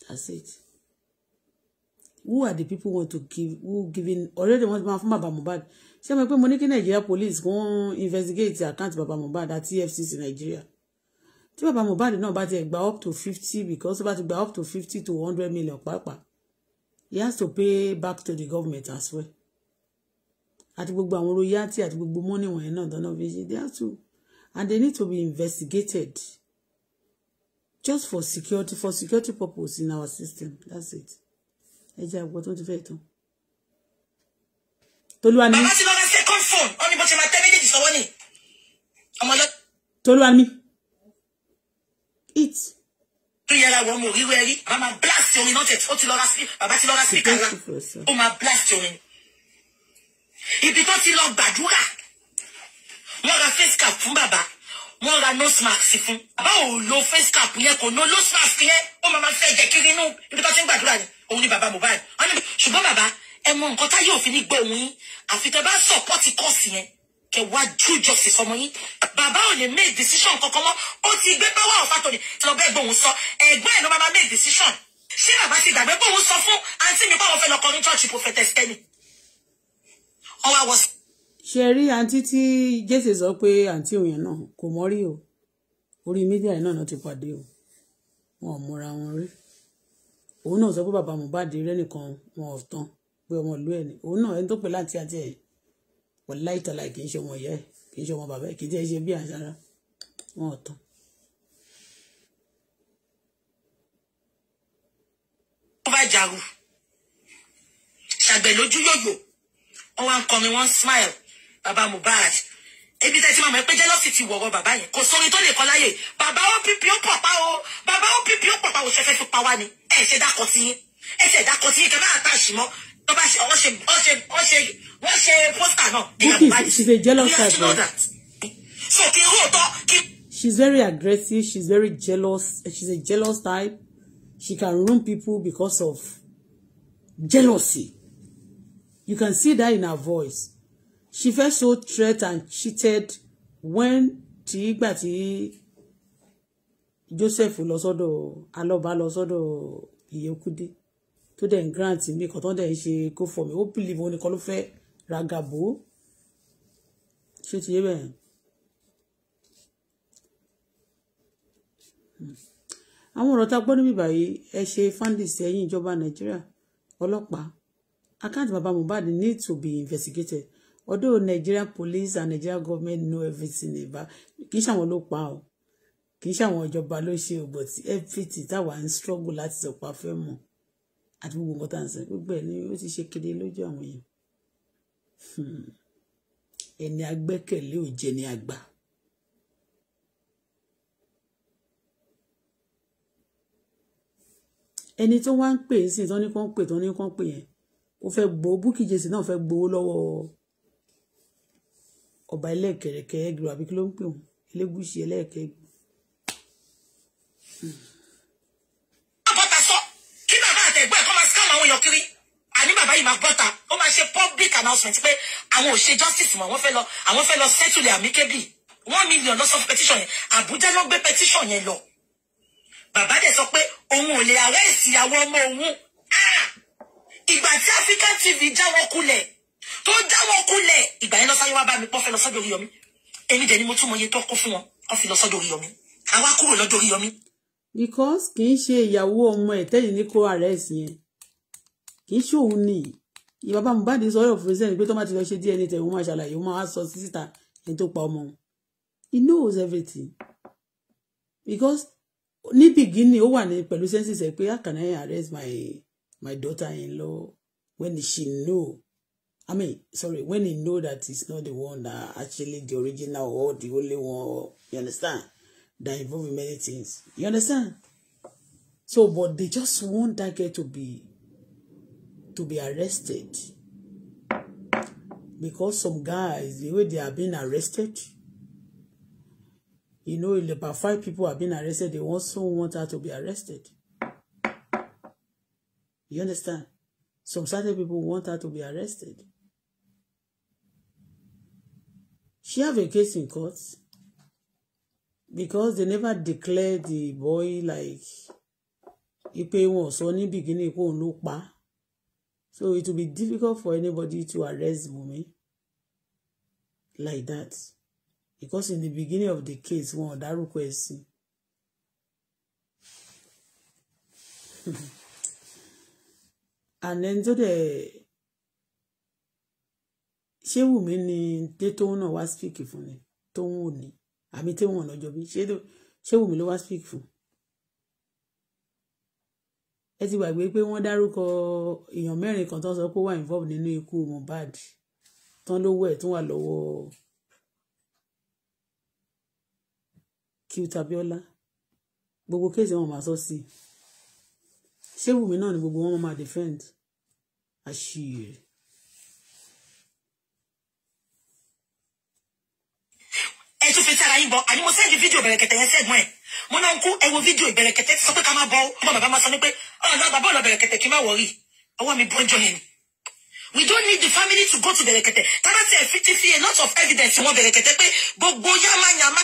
that's it who are the people want to give who giving already wọ́n ti máa fún bàbá Mohbad ṣé mo pé mo ní kí Nigeria police wọ́n investigate account bàbá Mohbad àti EFCC Nigeria tí bàbá Mohbad náà bá ti gba up to fifty because ó bá ti gba up to fifty to hundred million pàápàá he has to pay back to the government as well àti gbogbo àwọn royalty àti gbogbo money wọ̀nyẹn náà dáná fi ṣe they have to and they need to be investigated just for security for security purpose in our system that's it ẹ jẹ́ àgbọ̀ tó ti fẹ́ tán. tolúwa ni. bàbá tí bàbá second phone ọ ní bó ṣe máa tẹ́ méjèèjì sọ́wọ́ ni. tolúwa ni eat. tó yẹra wọn mo ríro ẹrí bàbá máa blast orin náà tẹ̀ ó ti lọ́ra sí bàbá ti lọ́ra sí ìkàrà ó máa blast orin. ibi tó ti lọ gbàdúrà wọ́n ra face cap fún bàbá wọ́n ra nose mask fún bàbá ò lo face cap yẹn kò lo nose mask yẹn ó máa máa fẹ́ jẹ́ kiri inú ibi tó ti ń gbàdúrà ni òun ni bàbá Mohbad ṣùgbọ́n bàbá ẹ mọ nǹkan táyé òfin ní gbọ́ òun yín àfi tẹ bá sọ̀pọ́tì kọ́ọ̀sì yẹn kẹ wá true justice ọmọ yín bàbá ò lè make decision kankan mọ́ ó ti gbé bá wà ọ̀fàtòní tí lọ bẹ́ẹ̀ bóun sọ ẹ̀gbọ́n ẹ̀ ló máa make decision ṣé bàbá ti gbàgbé bóun sọ fún àǹtí mi báwọn fẹ́ lọ kọrin church prophetess kẹ́ni ṣe rí àǹtí tí jésè sọ pé àǹtí òun yẹn náà kò mọ̀ rí o orí mídíà yẹn náà ti pàdé o wọn ò mọra wọn rí òun náà sọ pé bàbá Mohbad rẹ́nìkan wọn ò tán pé ọmọ ìlú ẹ̀ ni òun náà ẹni tó pè láti àti ẹ̀yìn wọ́n láìtàlà kì í ṣe ọmọ ìyá ẹ̀ kì í ṣe ọmọ bàbá ẹ̀ kì í tiẹ̀ ṣe bí àṣàrà wọn ò tán. bá jàrú ṣàgbẹ̀ lójú yòyò wọ́n wá ń kọrin wọ́n smile bàbá Mohbad ebi tẹ́tí máa mọ̀ pé jẹ́lọ́sì ti wọ̀rọ̀ bàbá yẹn kò sórin tó lè kọ́ láyè bàbá ó pípí ó pọ̀pá o bàbá ó pípí ó pọ̀pá o ṣẹ̀fẹ̀ fi pa wá ni ẹ̀ ṣe dákọ̀ sí yín ẹ̀ ṣe dákọ̀ sí yín kẹ́ bá àtàṣì tó bá ṣe ọ̀ṣẹ̀ ọ̀ṣẹ̀ ọ̀ṣẹ̀ wọ́n ṣe pósítà náà. okay she's a jealous type right. so kí n hóòtọ́ kí. she's very aggressive she's very jealous she's a jealous type she can ruin people because of jealousy you can see that in her voice she felt so threat and cheated when tí ìgbà tí Joseph lọ sọ́dọ̀ alọba lọ sọ́dọ̀ ìyókù tó dẹ̀ ń grant mi kan tó dẹ̀ ń ṣe kó fọ̀ mi ó bìlìfù òun nìkan ló fẹ́ ra gàbó ṣé ti yé bẹ́ẹ̀. Hmm. àwọn ọ̀rọ̀ tá a gbọ́ níbí báyìí ẹ ṣe fandis ẹ̀yìn ìjọba nàìjíríà ọlọ́pàá account baba Mohbad need to be investigated although Nigerian police and Nigerian government know everything about kì í ṣàwọn ló pa ọ kì í ṣàwọn ìjọba ló ṣe ògbò tí everything táwa ń struggle láti sọpá fẹ́ mọ̀ àti gbogbo nǹkan tá à ń sọ gbogbo ẹ̀ ni ó ti ṣe kedere lójú àwọn èèyàn hmm. ẹni agbẹ́kẹ̀lé ò jẹ́ ni àgbà. ẹni tó wá ń pè sí tán ní kán pè tán ní kán pè yẹn ó fẹ́ gbowó Bukky Jesse náà fẹ́ gbowó lọ́wọ́ ọba ẹlẹ́ẹ̀kẹ̀rẹ̀kẹ̀ ẹgbẹ̀rún àbí kí ló ń pè wọ́n Elégùṣì ẹlẹ́ẹ̀kẹ̀ ẹgbẹ̀rún. Hmm. yọ kiri àní bàbá yìí máa bọ́ta ó máa ṣe public announcement pé àwọn ò ṣe justice mọ́ àwọn fẹ́ lọ àwọn fẹ́ lọ settle amicably one million lọ petition yẹn Àbújá ló gbé petition yẹn lọ bàbá dẹ̀ sọ pé òun ò lè arrest àwọn ọmọ òun ìgbà tí African TV jáwọ́ kulẹ̀ tó jáwọ́ kulẹ̀ ìgbà yẹn lọ sáyé wá bá mi pọ́ fẹ́ lọ sọ́dọ̀ Oríyọmí èmi dẹ̀ ni mo tún mọ iye tó kó fún wọn wọ́n fi lọ sọ́dọ̀ Oríyọmí àwa kúrò lọ́dọ̀ Oríyọmí. because kì í ṣe ìyàwó ọmọ ẹ̀ tẹ́yìn ní kó arrest yẹn kì í ṣòun ni bàbá Mohbad sọ̀rọ̀ fún sẹ́ni pé tó má ti lọ ṣe DNA tẹ̀ wọ́n máa ṣàlàyé wọ́n máa sọ sí síta ẹni tó pa ọmọ wọn he knows everything because ní beginning ó wà ní pẹ̀lú senses ẹ̀ pé how can I arrest my my daughter in law when she know I mean sorry when he know that he's not the one that actually the original or the only one you understand that involve many things you understand so but they just want that girl to be to be arrested because some guys the way they are being arrested you know about five people have been arrested they also want her to be arrested you understand some certain people want her to be arrested she have a case in court because they never declare the boy like ipe wọn So ní beginning kó òun ló pa á So it will be difficult for anybody to arrest Wunmi like that. Because in the beginning of the case, one of that request, And then tó dẹ̀ ṣé Wunmi ni dé tóun náà wá speak for me tone, ò ní àmì téwọn ọ̀nà jọ bí ṣé Wunmi ló wá speak for ẹ ti gbàgbé pé wọ́n dárúkọ èèyàn mẹ́rin kan tó sọ pé ó wà involved nínú ikú Mohbad tán lówó ẹ̀ tún wà lọ́wọ́ Cute Abiola gbogbo kéèsì wọn máa sọ sí i ṣé Wùmí náà ni gbogbo wọn máa defend àṣìírí. ẹ tún fi sára yín bọ àní mo sẹ́ẹ̀dì fídíò bẹ̀rẹ̀ kẹtẹ̀ yẹn sẹ́gbọ̀n ẹ̀ mo náà ń kú ẹ wo fídíò ìbẹ̀rẹ̀kẹ̀tẹ̀ sọ pé ká má bọ́ ọmọ bàbá máa sọ ní pé ah, ọ̀nà bàbá ọ̀nà bẹ̀rẹ̀kẹ̀tẹ̀ kí má wọ̀rí ọwọ́ mi bọ́ jọ yẹn ni. we don't need the family to go to bẹ̀rẹ̀kẹ̀tẹ̀ tábà tí ẹ fi ti fi a lot of evidence wọn bẹ̀rẹ̀kẹ̀tẹ̀ pé gbogbo yàmá yàmá.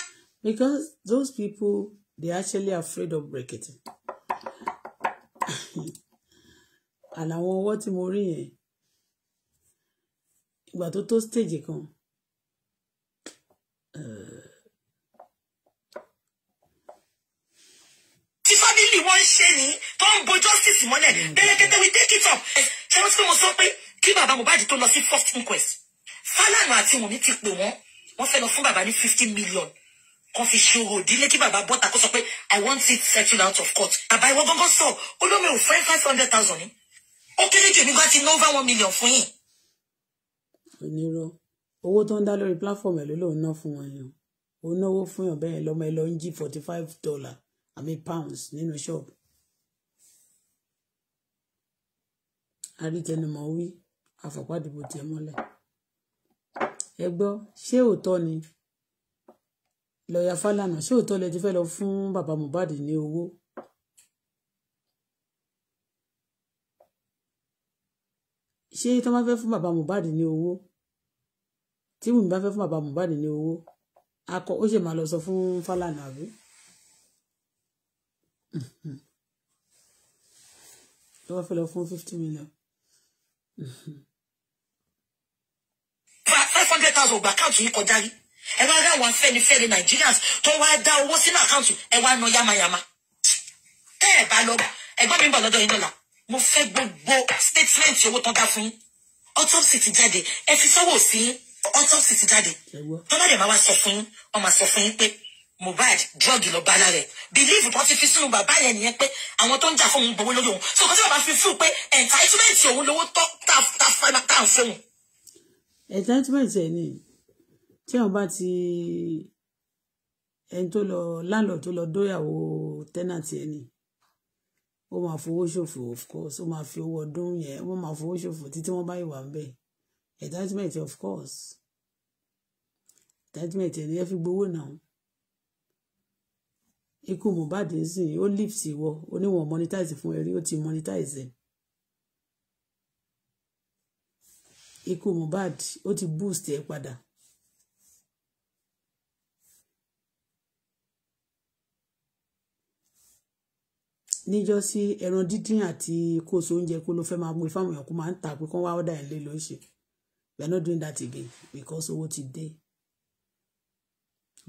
because those people they actually afraid of bẹ̀rẹ̀kẹ̀tẹ̀ and àwọn ọwọ́ tí mo rí yẹn ìgbà tó tó stage kan. Eh, family wọn ń ṣe ní tó ń bo justice mọ́lẹ̀ mm. bẹ́lẹ́kẹ́tẹ́ we take it up eh. ṣé wọ́n ti pé mo sọ pé kí bàbá Mohbad tó lọ sí first inquest Fálànà àti Wùnmí ti pè wọ́n wọ́n fẹ́ lọ fún bàbá ní fifty million kan fi ṣòro ìdílé kí bàbá bọ́ta kó sọ pé i want it settled out of court bàbá ìwọ gángan sọ olómi ò fẹ́ five hundred thousand ni ó kéré jù nígbà tí ná over one million fún yìí. onírọ́ owó tó ń dá lórí platform ẹ̀ ló lóun ná fún wọn yẹn òun náwó fún yàn bẹ́ẹ̀ lọ́mọ ẹ lọ ń jí forty five dollar àbí pounds nínú ṣọ́ọ̀bù àrítẹnumọ̀ wí àfọ̀pádìbò tiẹ̀ mọ́lẹ̀ ẹ gbọ́ ṣé òótọ́ ni lọ́ọ̀yà Fálànà ṣé òótọ́ lẹ ti fẹ́ lọ fún bàbá Mohbad ní owó ṣé tó máa fẹ́ fún bàbá Mohbad ní owó tí Wùmí bá fẹ́ fún bàbá Mohbad ní owó akọ ó ṣe máa lọ sọ fún Fálànà àbí tó bá fẹ́ lọ fún fifty million. five hundred thousand gba àkáǹtì yìí kọjá rí ẹ wá ráwọn afẹ́nifẹ́re Nigerians tó Nigerians to owó sínú àkáǹtì ẹ account? ná yamayama tẹ́ yama. bá lọ ẹ̀gbọ́n mi ń bọ̀ lọ́dọ̀ yín lọ́la mo fẹ́ gbogbo statement owó tán dá fún yín autopsy ti jáde ẹ fi sọ́wọ́ sí autopsy ti jáde tọ́lá dẹ̀ máa wá sọ fún yín ọ máa Mohbad drug lọ bá lára ẹ believe wọn ti fi sínú bàbá yẹn nìyẹn pé àwọn tó ń jà fóun gbowó lórí òun so kò tí bàbá fi fún pé entitlement òun lówó tó tá tá fún tá à ń fóun. entitlement ẹ ní tí wọn bá ti ẹni tó lọ láńlọ tó lọ dóyàwó tẹnanti ẹ ní ó máa fowó ṣòfò of course ó máa fi owó ọdún yẹn ó máa fowó ṣòfò títí wọn bá ìwà ń bẹ entitlement of course entitlement ẹ ní ẹ fi gbowó náà ikú Mohbad ń sìn ó lift wọ oníwọ̀n monetize fún ẹ̀rí ó ti monetize ẹ̀ ikú Mohbad ó ti boost ẹ̀ padà. níjọ́ sí ẹran dídín àti kóso oúnjẹ kó ló fẹ́ máa mú ifáwọn èèyàn kó máa ń tà pé kán wá ọ́dà ẹ̀ lé ló ń ṣe we are not doing that again because owó ti dé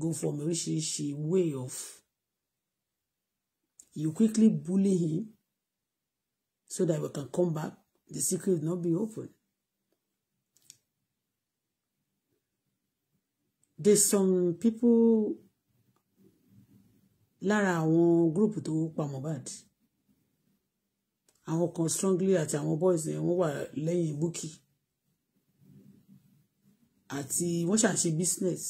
go form oríṣiríṣi way of you quickly bully him so that we can come back. The secret will not be open. There's some people lára àwọn group tó pa Mohbad àwọn kan strongly àti àwọn boys yẹn wọ́n wà lẹ́yìn Bukky àti wọ́n ṣàṣe business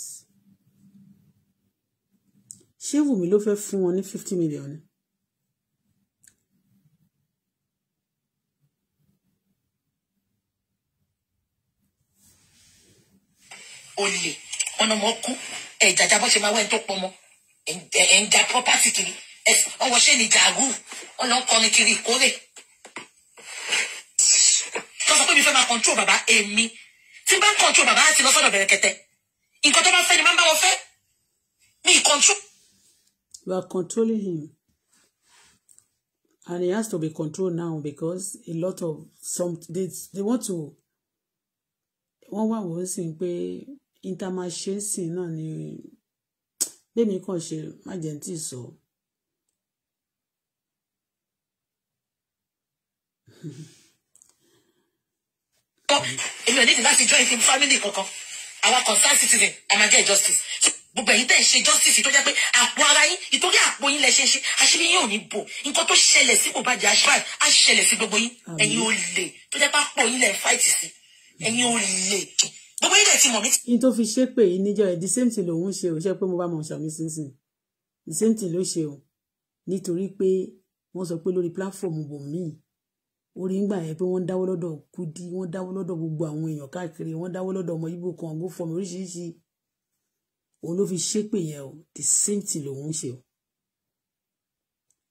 ṣé Wùmí ló fẹ́ fún wọn ní fifty million ni. olè wọn náà kú ẹ jàjà ṣe máa wẹ́n tó pọmọ ẹ property kiri ọwọ́ ṣe ni jàgù wọn kọrin kiri ìkórè tó sọ pé mi fẹ́ máa control bàbá èmi tí bá ń control bàbá àti lọ́sọ̀dọ̀ bẹ̀rẹ̀ kẹtẹ nǹkan tó bá fẹ́ ni máa ń bá wọn fẹ́ mi control. You are controlling him. And he has to be controlled now because a lot of some they, they want to wọn wà wọn sì ń pé intermarchansin náà ni gbẹ̀mí kàn ṣe májèǹtì sọ. èmi ò ní ìdí láti join team family kankan Our concerned citizen a máa jẹ́ justice gbogbo ẹ̀yin tẹ́ ń ṣe justice tó jẹ́ pé àpò ara yín ìtorí àpò yín lẹ ṣe ń ṣe àṣírí yín ò ní bò nǹkan tó ṣẹlẹ̀ sí kò bá jẹ́ àṣírí á ṣẹlẹ̀ sí gbogbo yín ẹ̀yin ò lè tó jẹ́ pé àpò yín lẹ fight sí ẹ̀yin ò lè gbogbo yín dẹ̀ ti mọ̀ mí. kí n tó fi ṣépè yìí níjọ́ ẹ̀ the same thing lòun ṣe ò ṣe pé mo bá mọ ṣàmì sínsìn the same thing ló ṣe o nítorí pé wọ́n sọ pé lórí platform bòmíì orí ń gbà yẹn pé wọ́n dáwọ́ lọ́dọ̀ Kudi wọ́n dáwọ́ lọ́dọ̀ gbogbo àwọn èèyàn káàkiri wọ́n dáwọ́ lọ́dọ̀ ọmọ ibo kan àgbo fọmọ oríṣiríṣi òun ló fi ṣépè yẹn o the same thing lòun ṣe o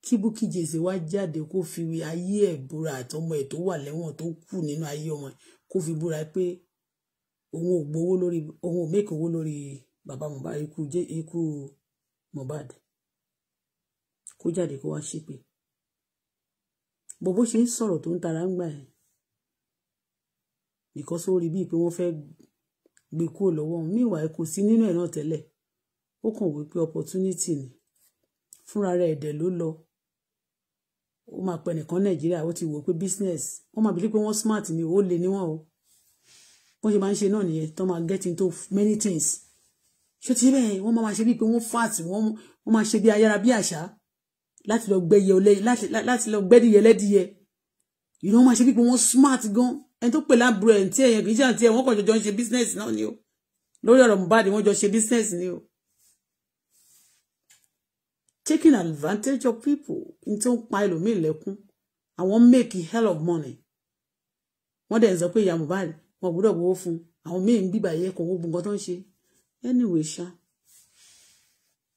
kí Bukky Jesse wá jáde kó fi ayé ẹ̀ búra àtọmọ ẹ̀ tó wà lẹ́wọ̀n tó kù nínú ayé ọmọ kó fi búra pé òun ò gbowó lórí òun ò make owó lórí bàbá Mohbad ikú jẹ ikú Mohbad kó jáde kó wá ṣépè bó bó ṣe ń sọ̀rọ̀ tó ń tara ń gbà ẹ̀ nìkan sórí bíi pé wọ́n fẹ́ gbé kúrò lọ́wọ́ òun míwà ẹ̀ kò sí nínú ẹ̀ náà tẹ́lẹ̀ ó kàn wí pé opportunity ni fúnra rẹ̀ ẹ̀dẹ̀ ló lọ ó máa pẹ́ nìkan Nàìjíríà ó ti wò pé business wọ́n máa bí pé wọ́n smart ni ó lè níwọ̀n o bó ṣe máa ń ṣe náà nìyẹn tó máa get into many things ṣó ti bẹ́ẹ̀ wọ́n máa ṣe bíi pé wọ́n fat wọ́n máa ṣe bíi ayára bíi àṣá láti lọ gbẹ́yẹ ọlẹ́yìn láti lọ gbẹ́dìyẹ lẹ́dìyẹ ìnáwó máa ṣe bíi pé wọ́n smart gan ẹni tó pè lábúrò ẹ̀ tí ẹ̀yẹ kìí ṣàǹtí ẹ̀ wọ́n kàn jọjọ ń ṣe business náà ni o lórí ọ̀rọ̀ Mohbad wọ́n jọ ṣe business ni o. taking advantage of people ní tó ń pa ẹlòmíì lẹ́kún àwọn make hell of money wọ́n dẹ̀ ń sọ pé ìyá Mohbad wọn gbọ́dọ̀ gbowó fún àwọn míì ń bíbà yẹ kó gbogbo nǹkan tó ń ṣe anyway ṣá.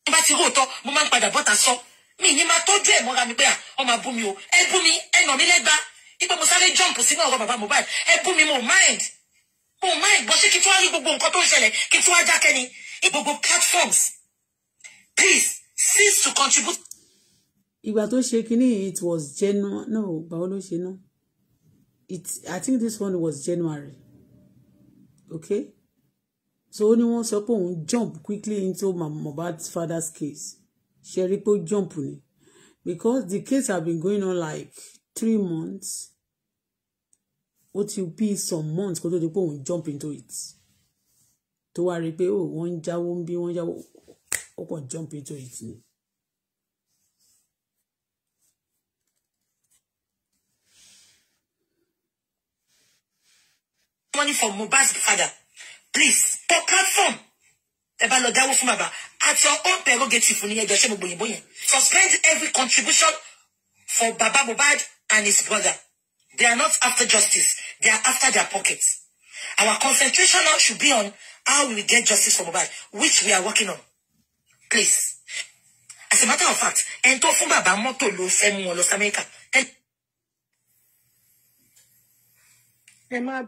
bí bá ti rò tọ́ mo máa ń padà bọ́ta sọ mi ìyẹn máa tọ́jú ẹ̀ mọ́ra mi pé ọmọ abú mi o ẹ bú mi ẹ nà mí lẹ́gbàá ipò mo sáré jọ́ǹpù sínú ọ̀rọ̀ bàbá Mohbad ẹ bú mi mo mind mo mind bọ́ ṣé kí tí wọ́n rí gbogbo nǹkan tó ń ṣẹlẹ̀ kí tí wọ́n jákẹ́ ni gbogbo platforms please cease to contribute. ìgbà tó ṣe kínní it was January no báwo ló ṣe náà it I think this one was January okay so ó ní wọ́n sọ pé òun jump quickly into Mohbad's father's case ṣe rí pé ó jump ni because the case have been going on like three months ó ti bí some months kó tó di pé òun jump into it tó wá rí i pé ó oh, wọ́n ń jáwó ń bí wọ́n jáwó ó pọ̀ jump into it ni money from Mohbad's father please for platform ẹ bá lọ dáwó fún at your own prerogative ní ẹgbẹ́ ṣé gbogbo òyìnbó yẹn suspend every contribution for baba Mohbad and his brother they are not after justice they are after their pockets our concentration now should be on how we get justice for Mohbad which we are working on please as a matter of fact Ento tó fún bàbá mọ́tò ló fẹ́ mú wọn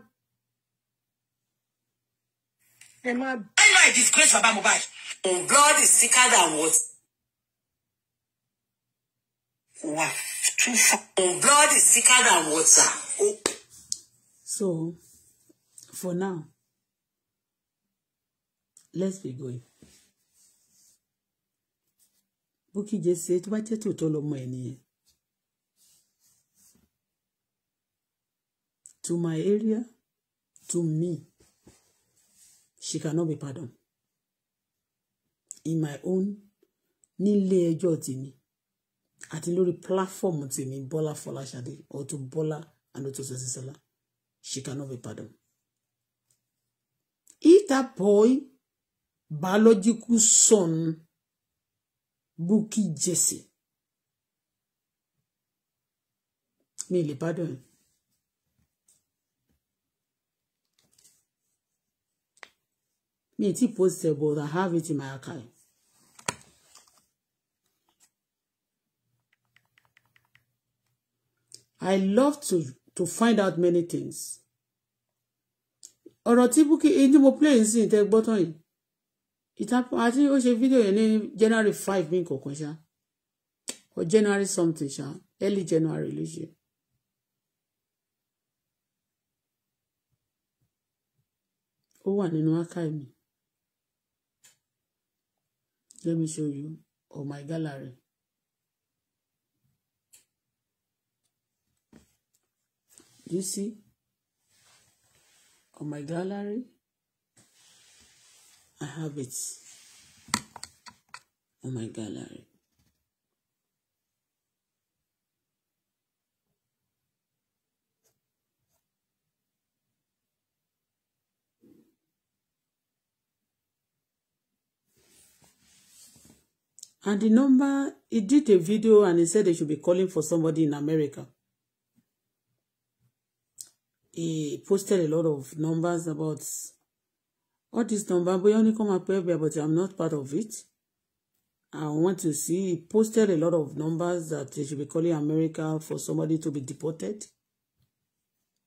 ẹ má. why not i disgrace baba Mohbad. on oh, blood is thicker than water. wà too far. on oh, blood is thicker than water. so for now let's be going. Bukky Jesse tó bá jẹ́ tòótọ́ lọ́mọ ẹ̀ nìyẹn. to my area to me she cannot be pardoned in my own nílé ẹjọ́ tèmi àti lórí pláfọ́ọ̀mù tèmi Bọ́lá Fọláṣadé Auto Bola and Auto Sesisola she cannot be pardoned. If that boy biological son Bukky Jesse mi lè pardon yìí Me ì tí post ẹ̀ I have it in my archive. I love to to find out many things. ọ̀rọ̀ tí Bukky ní mo play sí ìtẹ́ gbọ́tàn yìí ìtàkùn àti ó ṣe fídíò yẹn ní January five ní kọ̀ọ̀kan or January something ṣá early January ló ṣe. ó wà nínú let me show you or oh, my gallery you see on my gallery I have it on my gallery And the number, he did a video and he said they should be calling for somebody in America. He posted a lot of numbers about all this number, but only come up here, but I'm not part of it. I want to see, he posted a lot of numbers that they should be calling America for somebody to be deported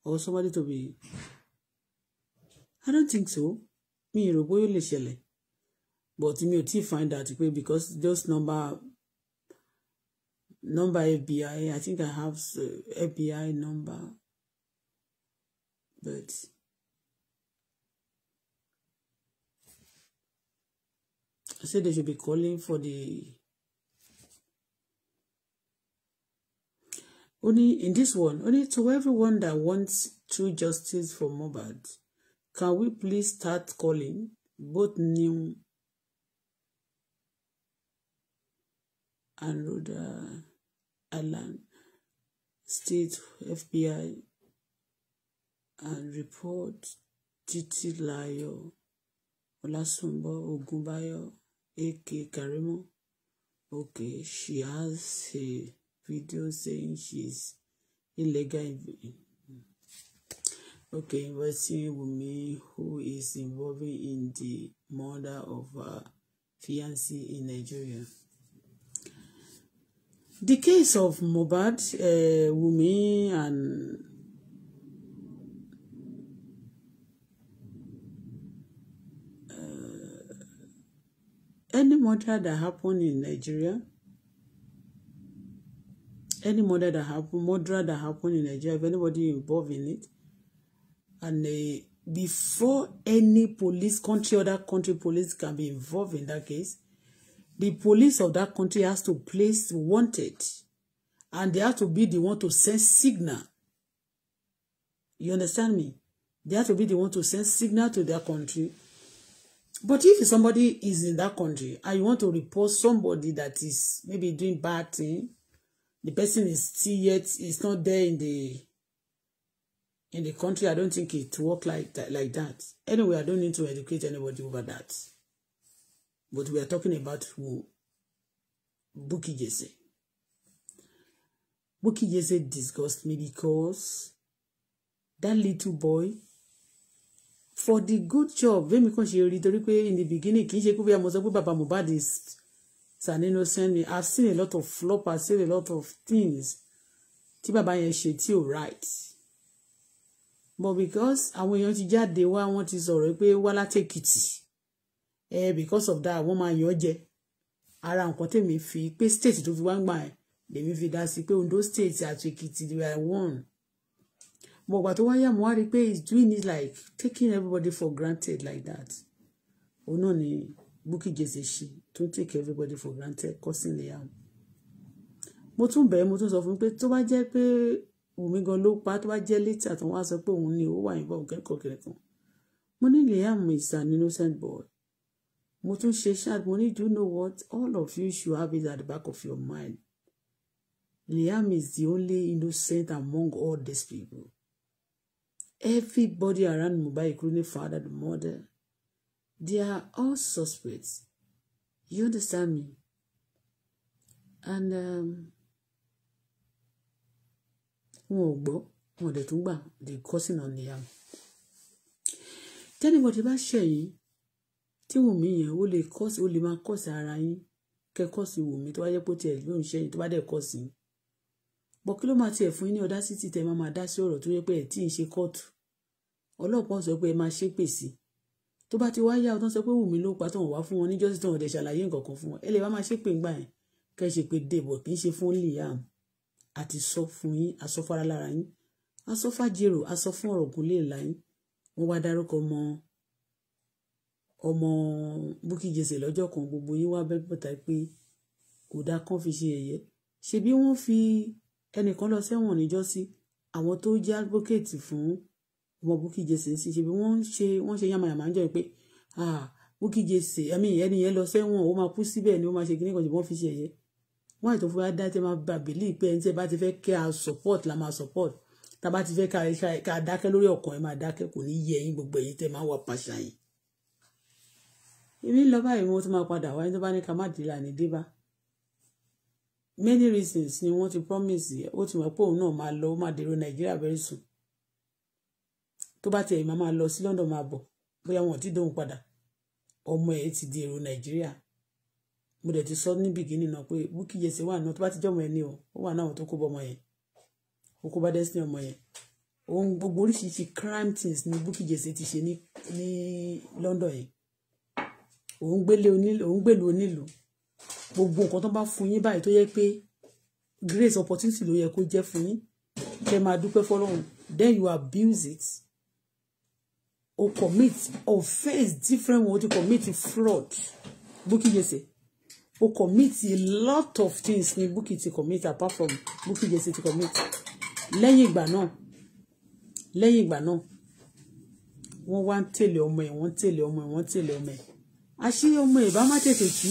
or somebody to be. I don't think so. Mi ò rò bóyá but mi ò tí find out pé because those number number FBI I think I have uh, FBI number but. I said they should be calling for the. Only in this one, only to everyone that wants true justice for Mohbad, can we please start calling both new and Rhode Island State FBI and report Títílayọ̀ Ọlásùnbọ̀ Ògúnbáyọ̀ AK Karimo. Okay, she has a video saying she's illegal. Okay, investing Wunmi who is involved in the murder of her fiancé in Nigeria the case of Mohbad uh, Wunmi and uh, any murder that happened in Nigeria any murder that happened murder that happened in Nigeria if anybody involved in it and uh, before any police country other country police can be involved in that case the police of that country has to place wanted and they have to be the one to send signal you understand me they have to be the one to send signal to their country but if somebody is in that country and you want to report somebody that is maybe doing bad thing the person is still yet is not there in the in the country i don't think it work like like that anyway i don't need to educate anybody over that but we are talking about who Bukky Jesse. Buki Jesse disgusts me because that little boy for the good job when mi kàn ṣe rí torí pé in the beginning kì í ṣe kó bí a mọ̀ sọ pé innocent I've seen a lot of flop I've seen a lot of things tí bàbá yẹn ṣe tí ò right but because to èèyàn the one wá is already. sọ̀rọ̀ pé take it eh, because of that wọ́n máa yàn jẹ ara nǹkan tèmi fi pé state tó fi wá ń gbà ẹ̀ lèmi fi dá sí pé Ondo state àti Èkìtì they were one mo gbà tó wáyà mo wá rí i pé doing it like taking everybody for granted like that òun no, ni Buki jese ṣe tó take everybody for granted causing the harm mo tún bẹ̀ẹ́ mo tún sọ fún mi pé tó bá jẹ́ pé Wùmí gan ló pa tó bá jẹ́ létà tó wá sọ pé òun ni ó wà yìnbọn kẹ́kọ̀ọ́ kẹ́kọ̀ọ́ mo ní Liam is an innocent boy mo tún ṣe ṣáàtì mo ní do you know what all of you should have it at the back of your mind Liam is the only innocent among all these people everybody around mobile, including father the mother they are all suspects you understand me and um, wọn ò gbọ́ wọn ò dẹ̀ tún gbà they cursing on Liam tẹ́nibọ̀dì bá ṣẹ̀yìn tí wùmí yẹn ó lè kọ́sì ó lè máa kọ́sì ara yín kẹ́ kọ́sì wùmí tó bá jẹ́ pé ó tiẹ̀ ló ń ṣe yín tó bá dẹ̀ kọ́sì yín bọ̀ kí ló máa tiẹ̀ fún yín ní ọ̀dá sí ti tẹ̀ máa máa dá sí ọ̀rọ̀ tó yẹ pé ẹ̀ tí ì ṣe kóòtù ọlọ́pàá sọ pé ẹ máa ṣe pèsè tó bá ti wá yá ọtán sọ pé wùmí ló pa tọ̀hún wá fún wọn níjọ́sí tọ̀hún ọ̀dẹ̀ ṣàlàyé nǹkan kan fún wọn ẹ lè wá máa ṣe pé ńgbà yẹn kẹ́ ṣe pé dèbọ̀ kì í ṣe fún Liam àti sọ fún yín asọ́fara lára yín asọ́fàjèrò asọ́ fún ọ̀rọ̀ gúnlé ọmọ Bukky jese lọ́jọ́ kan gbogbo yín wá bẹ́ẹ̀ bọ̀tà pé kò dáa kán fi ṣe ẹ̀yẹ ṣebí wọ́n fi ẹnìkan lọ sẹ́wọ̀n níjọ́sí àwọn tó jẹ́ advocate fún ọmọ Bukky Jesse sí ṣebí wọ́n ṣe wọ́n ṣe yamayama ń jọ pé ah Bukky jese ẹ̀mí ẹni yẹn lọ sẹ́wọ̀n ó máa kú síbẹ̀ ni ó máa ṣe kíní kan ṣe wọ́n fi ṣe ẹ̀yẹ wọ́n àìtó fún dá tẹ́ máa bá bèlí pé ẹni tẹ́ bá ti fẹ́ kẹ́ a support la máa support tá a bá ti fẹ́ ká dákẹ́ lórí ọkàn ẹ máa dákẹ́ kò ní yẹ yín gbogbo ẹ̀yin tẹ́ máa wà pàṣà yìí èmi lọ báyìí wọ́n ti máa padà wáyé tó bá ní ká má dìlà ní débà many reasons ni wọ́n ti promise yẹ ó ti mọ̀ pé òun náà máa lọ ó máa dèrò nàìjíríà very soon tó bá tiẹ̀ máa máa lọ sí London máa bọ̀ bóyá wọn ò tí ì dóhun padà ọmọ ẹ̀ ti di èrò nàìjíríà mo dẹ̀ ti sọ ní bìgínì náà pé Bukky Jesse wà náà tó bá ti jẹ́ ọmọ ẹ̀ ní o ó wà náà àwọn tó kó bọ ọmọ yẹn ó kó bá destiny ọmọ yẹn òun gbogbo oríṣiríṣi crime things ni Bukky Jesse ti ṣe ní London yìí òun gbélé onílù òun gbèlú onílù gbogbo nǹkan tó bá fún yín báyìí tó yẹ pé grace opportunity ló yẹ kó jẹ́ fún yín kẹ́ máa dúpẹ́ fọ́lọ́run then you abuse it o commit offence different one o commit fraud Bukky Jesse o commit a lot of things ni Bukky ti commit apart from Bukky Jesse ti commit lẹ́yìn ìgbà náà lẹ́yìn ìgbà náà wọ́n wá ń tẹ̀lé ọmọ ẹ̀ wọ́n ń tẹ̀lé ọmọ ẹ̀ wọ́n ń tẹ̀lé ọmọ ẹ̀ àṣírí ọmọ ẹ̀ bá má tètè tú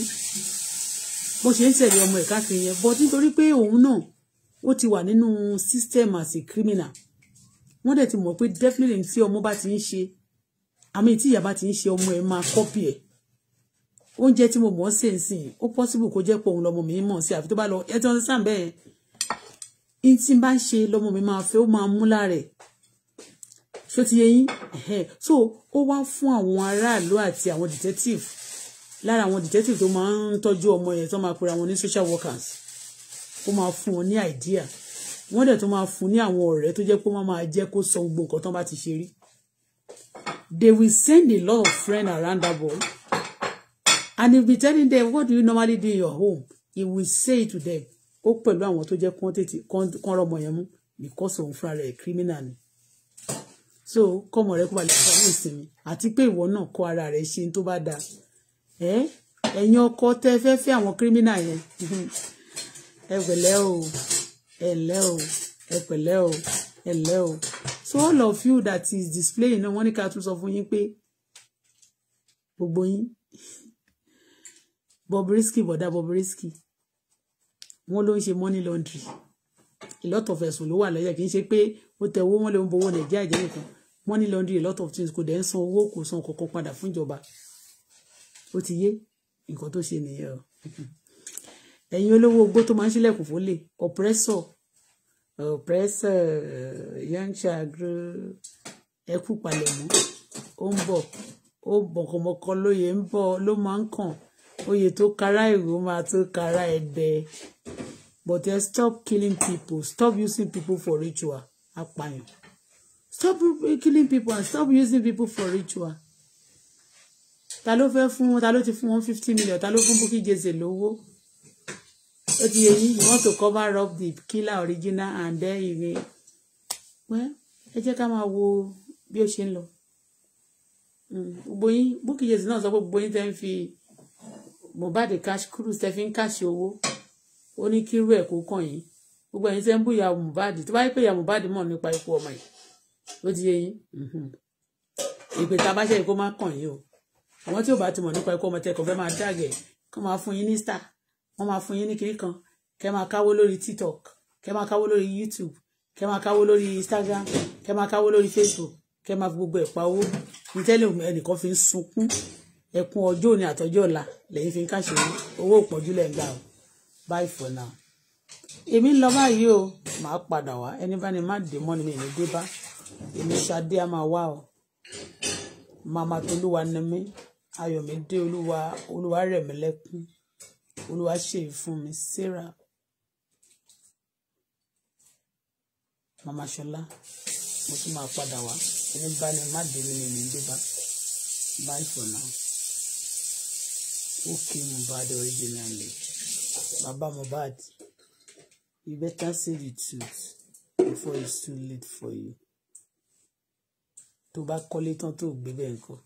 bó ṣe ń tẹ̀lé ọmọ ẹ̀ káàkiri yẹn but nítorí pé òun náà ó ti wà nínú system as a criminal wọ́n dẹ̀ ti mọ̀ pé definitely tí ọmọ bá ti ń ṣe àmì tí ìyá bá ti ń ṣe ọmọ ẹ̀ máa kọ́pì ẹ̀ oúnjẹ tí mo mọ̀ ọ́ sè ń sìn ó possible kó jẹ́ pé òun lọmọ mi mọ̀ sí àfi tó bá lọ ẹ ti wọn sàn bẹ́ẹ̀ n tí n bá ṣe lọmọ mi máa fẹ́ ó máa mú lára ẹ̀ ṣó ti yẹ yín so ó wá fún àwọn aráàlú àti àwọn detective lára àwọn detective tó máa ń tọ́jú ọmọ yẹn tó máa pera wọn ní social workers ó máa fún wọn ní idea wọ́n dẹ̀ tó máa fún ní àwọn ọ̀rẹ́ tó jẹ́ pé wọ́n máa jẹ́ kó sọ gbogbo nǹkan tán bá ti ṣe rí they will send a lot of friends around that boy and he be telling them what do you normally do in your home he will say to them ó pẹ̀lú àwọn tó jẹ́ kán tètè kán yẹn mú because òun fúnra rẹ̀ criminal ni so kọ́mọ rẹ̀ kó balẹ̀ fún ìsinmi àti pé ìwọ náà kọ́ ara rẹ̀ ṣe tó bá dáa ẹ̀yin ọkọ tẹ́ fẹ́ fẹ́ àwọn kírímínà yẹn ẹ pẹ̀lẹ́ o ẹ lẹ́ o ẹ pẹ̀lẹ́ o ẹ lẹ́ o so all of you that is displaying náà wọ́n ní ká tún sọ fún yín pé gbogbo yín Bobrisky bọ̀dá Bobrisky wọ́n ló ń ṣe money laundry a lot of ẹ̀sùn ló wà lọ́yẹ̀ kì í ṣe pé ó tẹ owó wọn lè ń bọ owó Nàìjíríà jẹ́ nìkan money laundry a lot of things kò dẹ̀ ń san owó kò san kọ̀ọ̀kan padà fún ìjọba ó ti yé nǹkan tó ṣe nìyẹn o ẹ̀yin olówó ogbó tó máa ń ṣílẹ̀kùn fólè oppressor oppressor yancha agro ẹkú palẹ̀mọ́ ó ń bọ̀ ó bọ̀kọ̀bọ̀kọ̀ lóye ń bọ̀ ló máa ń kàn oyè tó kara èrò máa tó kara ẹ̀dẹ̀ but uh, stop killing people stop using people for ritual apààyàn stop killing people and stop using people for ritual ta ló fẹ́ fún ta ló ti fún one fifty million ta ló fún Bukky Jesse lówó ó ti yẹ yín you want to cover up the killer original and then you may well ẹ jẹ́ ká máa wo bí ó ṣe ń lọ mm, gbogbo yín Bukky Jesse náà sọ pé gbogbo yín tẹ́ ń fi Mohbad cash cruise tẹ́ fi ń káṣí owó ó ní kírú ẹ̀ kó kàn yín gbogbo ẹ̀yin tẹ́ ń bú ìyá Mohbad tó bá yẹ pé ìyá Mohbad mọ̀ nípa ikú ọmọ yìí ó ti yẹ yín mm-hmm. ìpè tá a bá ṣe kó má kàn yín o àwọn tí ò bá ti mọ̀ nípa ikú ọmọ tẹ́kọ̀ọ́ fẹ́ máa dàgẹ̀ kó máa fún yín ní star wọ́n máa fún yín ní kiri kan kẹ́ máa káwó lórí tiktok kẹ́ máa káwó lórí youtube kẹ́ máa káwó lórí instagram kẹ́ máa káwó lórí facebook kẹ́ máa fi gbogbo ẹ̀ pa owó ní tẹ́lẹ̀ ẹnìkan fi ń sunkún ẹkún ọjọ́ òní àtọjọ́ ọ̀la lẹ́yìn fi ń káṣe owó òpọ̀jù lẹ́ ń gbà o bye for now èmi ń lọ báyìí o màá padà wá ẹni bá ní má dé mọ́ ni mi ní dé bá èmi ṣadé a máa wá o màmá tolúwa ni mí ayọ̀mídé olúwa olúwa rẹ̀ mí olúwa ṣe fún mi sarah mama ṣọlá mo tún máa padà wá ẹni bá ní má dé mi ní ìgbé bá bye for now okay Mohbad originally baba Mohbad you better say the truth before it's too late for you tó bá kọ́lé tán tó gbé bẹ́ẹ̀ nǹkan.